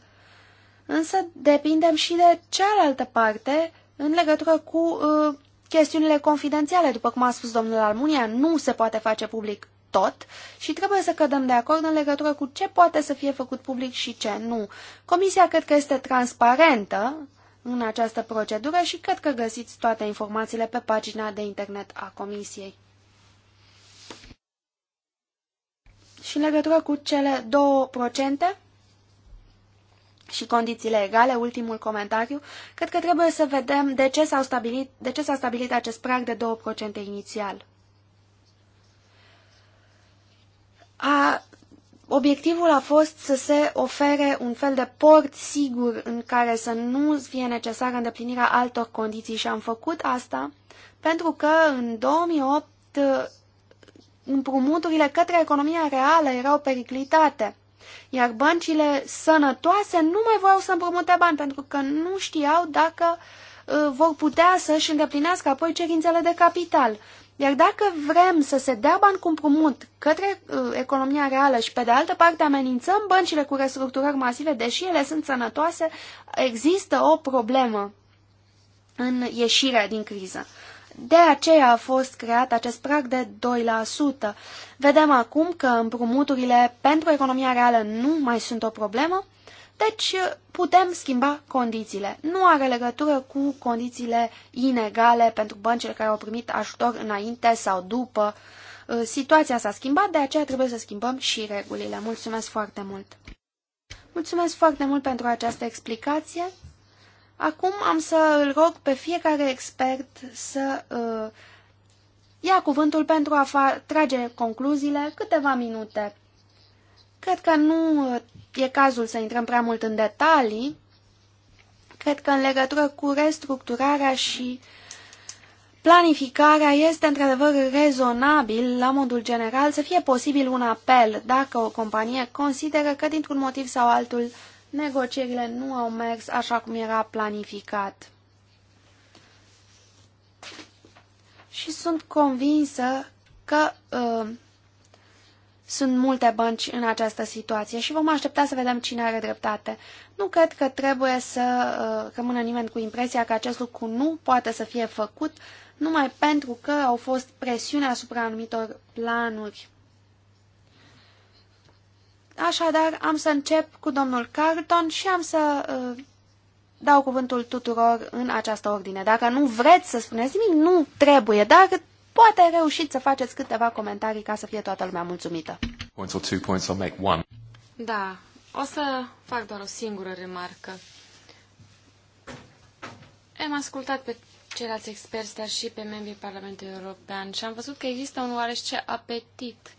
S2: însă depindem și de cealaltă parte în legătură cu uh, Chestiunile confidențiale, după cum a spus domnul Almunia, nu se poate face public tot și trebuie să cădem de acord în legătură cu ce poate să fie făcut public și ce nu. Comisia cred că este transparentă în această procedură și cred că găsiți toate informațiile pe pagina de internet a Comisiei. Și în legătură cu cele două procente, și condițiile egale, ultimul comentariu, cred că trebuie să vedem de ce s-a stabilit, de ce s-a stabilit acest prag de 2% inițial. A, obiectivul a fost să se ofere un fel de port sigur în care să nu fie necesară îndeplinirea altor condiții și am făcut asta pentru că în 2008 uh, împrumuturile către economia reală erau periclitate iar băncile sănătoase nu mai voiau să împrumute bani pentru că nu știau dacă uh, vor putea să-și îndeplinească apoi cerințele de capital. Iar dacă vrem să se dea bani cu împrumut către uh, economia reală și pe de altă parte amenințăm băncile cu restructurări masive, deși ele sunt sănătoase, există o problemă în ieșirea din criză. De aceea a fost creat acest prag de 2%. Vedem acum că împrumuturile pentru economia reală nu mai sunt o problemă, deci putem schimba condițiile. Nu are legătură cu condițiile inegale pentru băncile care au primit ajutor înainte sau după. Uh, situația s-a schimbat, de aceea trebuie să schimbăm și regulile. Mulțumesc foarte mult! Mulțumesc foarte mult pentru această explicație. Acum am să îl rog pe fiecare expert să uh, ia cuvântul pentru a trage concluziile câteva minute. Cred că nu e cazul să intrăm prea mult în detalii. Cred că în legătură cu restructurarea și planificarea este într-adevăr rezonabil, la modul general, să fie posibil un apel dacă o companie consideră că dintr-un motiv sau altul negocierile nu au mers așa cum era planificat. Și sunt convinsă că uh, sunt multe bănci în această situație și vom aștepta să vedem cine are dreptate. Nu cred că trebuie să uh, rămână nimeni cu impresia că acest lucru nu poate să fie făcut numai pentru că au fost presiuni asupra anumitor planuri. Așadar, am să încep cu domnul Carton și am să uh, dau cuvântul tuturor în această ordine. Dacă nu vreți să spuneți nimic, nu trebuie, dar poate reușiți să faceți câteva comentarii ca să fie toată lumea mulțumită. Points or two points, make one. Da,
S3: o să fac doar o singură remarcă. Am ascultat pe ceilalți experți, dar și pe membrii Parlamentului European și am văzut că există un oarește apetit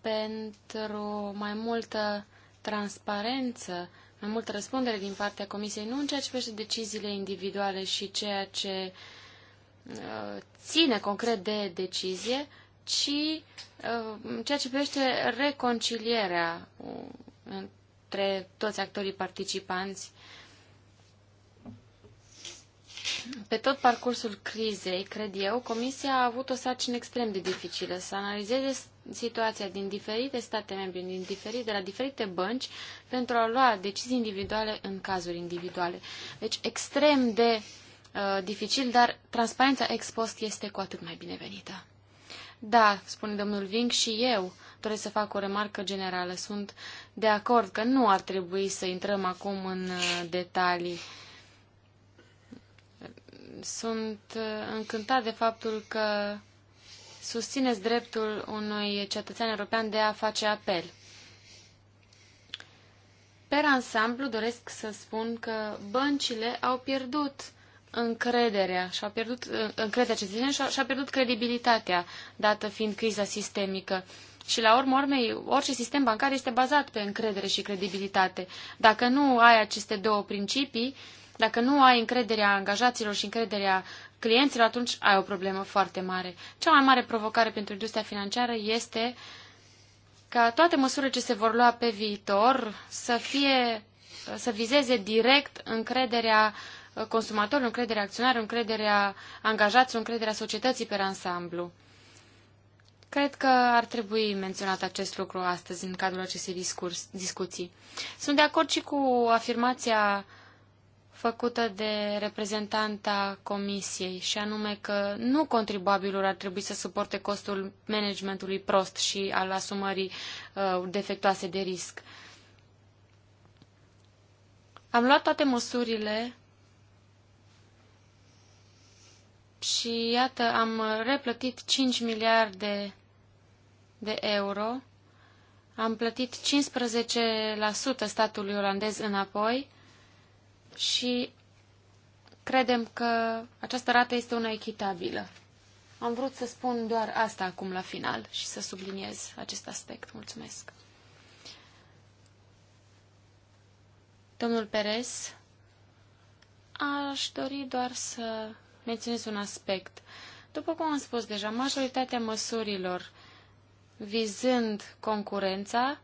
S3: pentru mai multă transparență, mai multă răspundere din partea Comisiei, nu în ceea ce privește deciziile individuale și ceea ce uh, ține concret de decizie, ci uh, în ceea ce privește reconcilierea uh, între toți actorii participanți pe tot parcursul crizei, cred eu, Comisia a avut o sarcină extrem de dificilă să analizeze situația din diferite state membre, din diferite, de la diferite bănci, pentru a lua decizii individuale în cazuri individuale. Deci, extrem de uh, dificil, dar transparența ex post este cu atât mai binevenită. Da, spune domnul Vink, și eu doresc să fac o remarcă generală. Sunt de acord că nu ar trebui să intrăm acum în uh, detalii uh, sunt uh, încântat de faptul că susțineți dreptul unui cetățean european de a face apel. Per ansamblu doresc să spun că băncile au pierdut încrederea și au pierdut uh, încrederea cetățenilor și au pierdut credibilitatea, dată fiind criza sistemică. Și la urmă urmei, orice sistem bancar este bazat pe încredere și credibilitate. Dacă nu ai aceste două principii, uh, dacă nu ai încrederea angajaților și încrederea clienților, atunci ai o problemă foarte mare. Cea mai mare provocare pentru industria financiară este ca toate măsurile ce se vor lua pe viitor să fie să vizeze direct încrederea consumatorului, încrederea acționarului, încrederea angajaților, încrederea societății pe ansamblu. Cred că ar trebui menționat acest lucru astăzi în cadrul acestei discurs, discuții. Sunt de acord și cu afirmația făcută de reprezentanta comisiei, și anume că nu contribuabilul ar trebui să suporte costul managementului prost și al asumării uh, defectoase de risc. Am luat toate măsurile și iată, am replătit 5 miliarde de euro, am plătit 15% statului olandez înapoi, și credem că această rată este una echitabilă. Am vrut să spun doar asta acum la final și să subliniez acest aspect. Mulțumesc. Domnul Perez, aș dori doar să menționez un aspect. După cum am spus deja, majoritatea măsurilor vizând concurența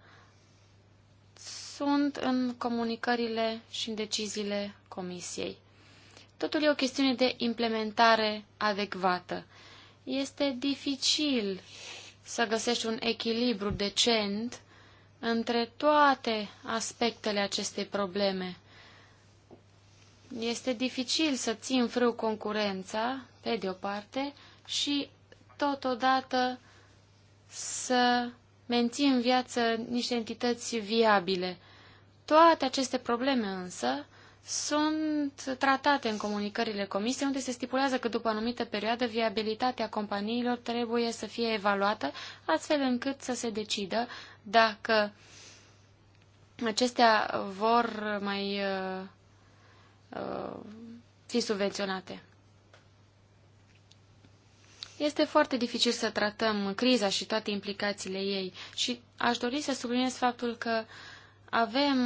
S3: sunt în comunicările și în deciziile Comisiei. Totul e o chestiune de implementare adecvată. Este dificil să găsești un echilibru decent între toate aspectele acestei probleme. Este dificil să ții în frâu concurența, pe de o parte, și totodată să menții în viață niște entități viabile. Toate aceste probleme însă sunt tratate în comunicările comisiei, unde se stipulează că după o anumită perioadă viabilitatea companiilor trebuie să fie evaluată, astfel încât să se decidă dacă acestea vor mai uh, uh, fi subvenționate. Este foarte dificil să tratăm criza și toate implicațiile ei și aș dori să subliniez faptul că avem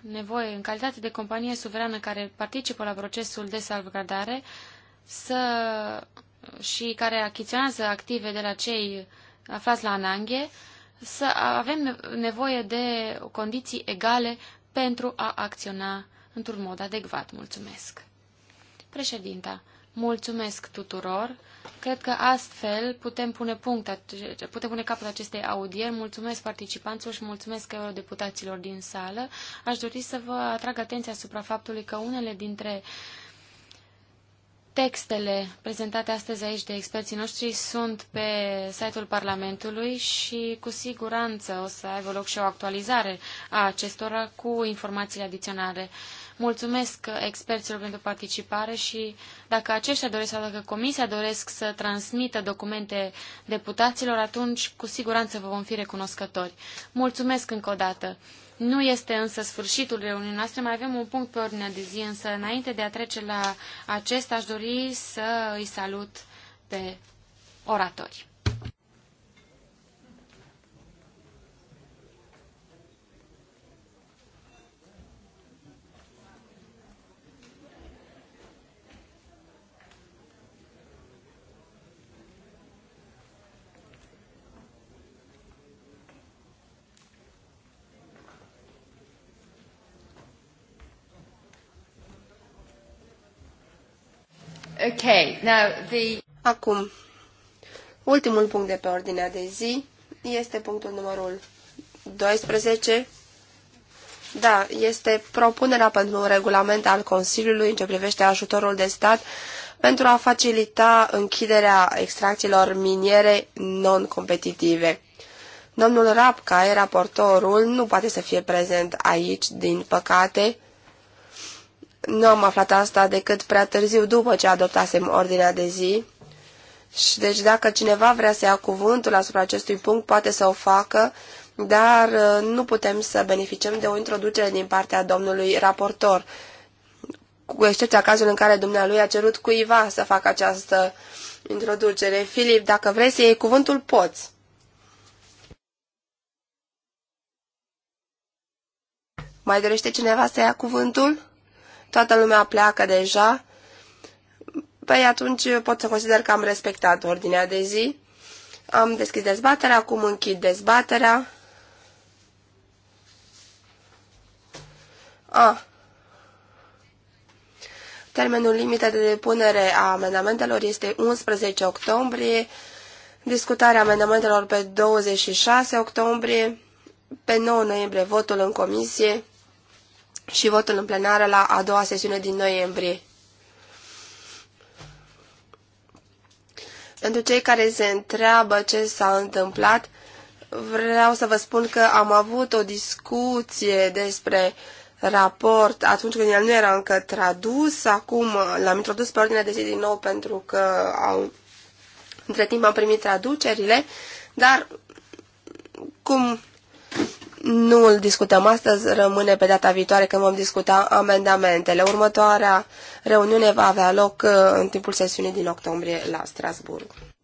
S3: nevoie, în calitate de companie suverană care participă la procesul de salvgardare să, și care achiziționează active de la cei aflați la ananghe, să avem nevoie de condiții egale pentru a acționa într-un mod adecvat. Mulțumesc. Președinta, mulțumesc tuturor. Cred că astfel putem pune, punct, putem pune capăt acestei audieri. Mulțumesc participanților și mulțumesc eurodeputaților din sală. Aș dori să vă atrag atenția asupra faptului că unele dintre uh, Textele prezentate astăzi aici de experții noștri sunt pe site-ul Parlamentului și cu siguranță o să aibă loc și o actualizare a acestora cu informații adiționale. Mulțumesc experților pentru participare și dacă aceștia doresc sau dacă comisia doresc să transmită documente deputaților, atunci cu siguranță vă vom fi recunoscători. Mulțumesc încă o dată. Nu este însă sfârșitul reuniunii noastre, mai avem un punct pe ordinea de zi, însă înainte de a trece la acesta aș dori să îi salut pe oratori.
S1: Okay, now the... Acum, ultimul punct de pe ordinea de zi este punctul numărul 12. Da, este propunerea pentru un regulament al Consiliului în ce privește ajutorul de stat pentru a facilita închiderea extracțiilor miniere non-competitive. Domnul Rapca, raportorul, nu poate să fie prezent aici, din păcate, nu am aflat asta decât prea târziu după ce adoptasem ordinea de zi. Și deci dacă cineva vrea să ia cuvântul asupra acestui punct, poate să o facă, dar uh, nu putem să beneficiem de o introducere din partea domnului raportor, cu excepția cazului în care dumnealui a cerut cuiva să facă această introducere. Filip, dacă vrei să iei cuvântul, poți. Mai dorește cineva să ia cuvântul? toată lumea pleacă deja, păi atunci pot să consider că am respectat ordinea de zi. Am deschis dezbaterea, acum închid dezbaterea. A. Termenul limită de depunere a amendamentelor este 11 octombrie, discutarea amendamentelor pe 26 octombrie, pe 9 noiembrie votul în comisie, și votul în plenară la a doua sesiune din noiembrie. Pentru cei care se întreabă ce s-a întâmplat, vreau să vă spun că am avut o discuție despre raport atunci când el nu era încă tradus, acum l-am introdus pe ordinea de zi din nou pentru că au, între timp am primit traducerile, dar cum nu îl discutăm astăzi, rămâne pe data viitoare când vom discuta amendamentele. Următoarea reuniune va avea loc uh, în timpul sesiunii din octombrie la Strasburg.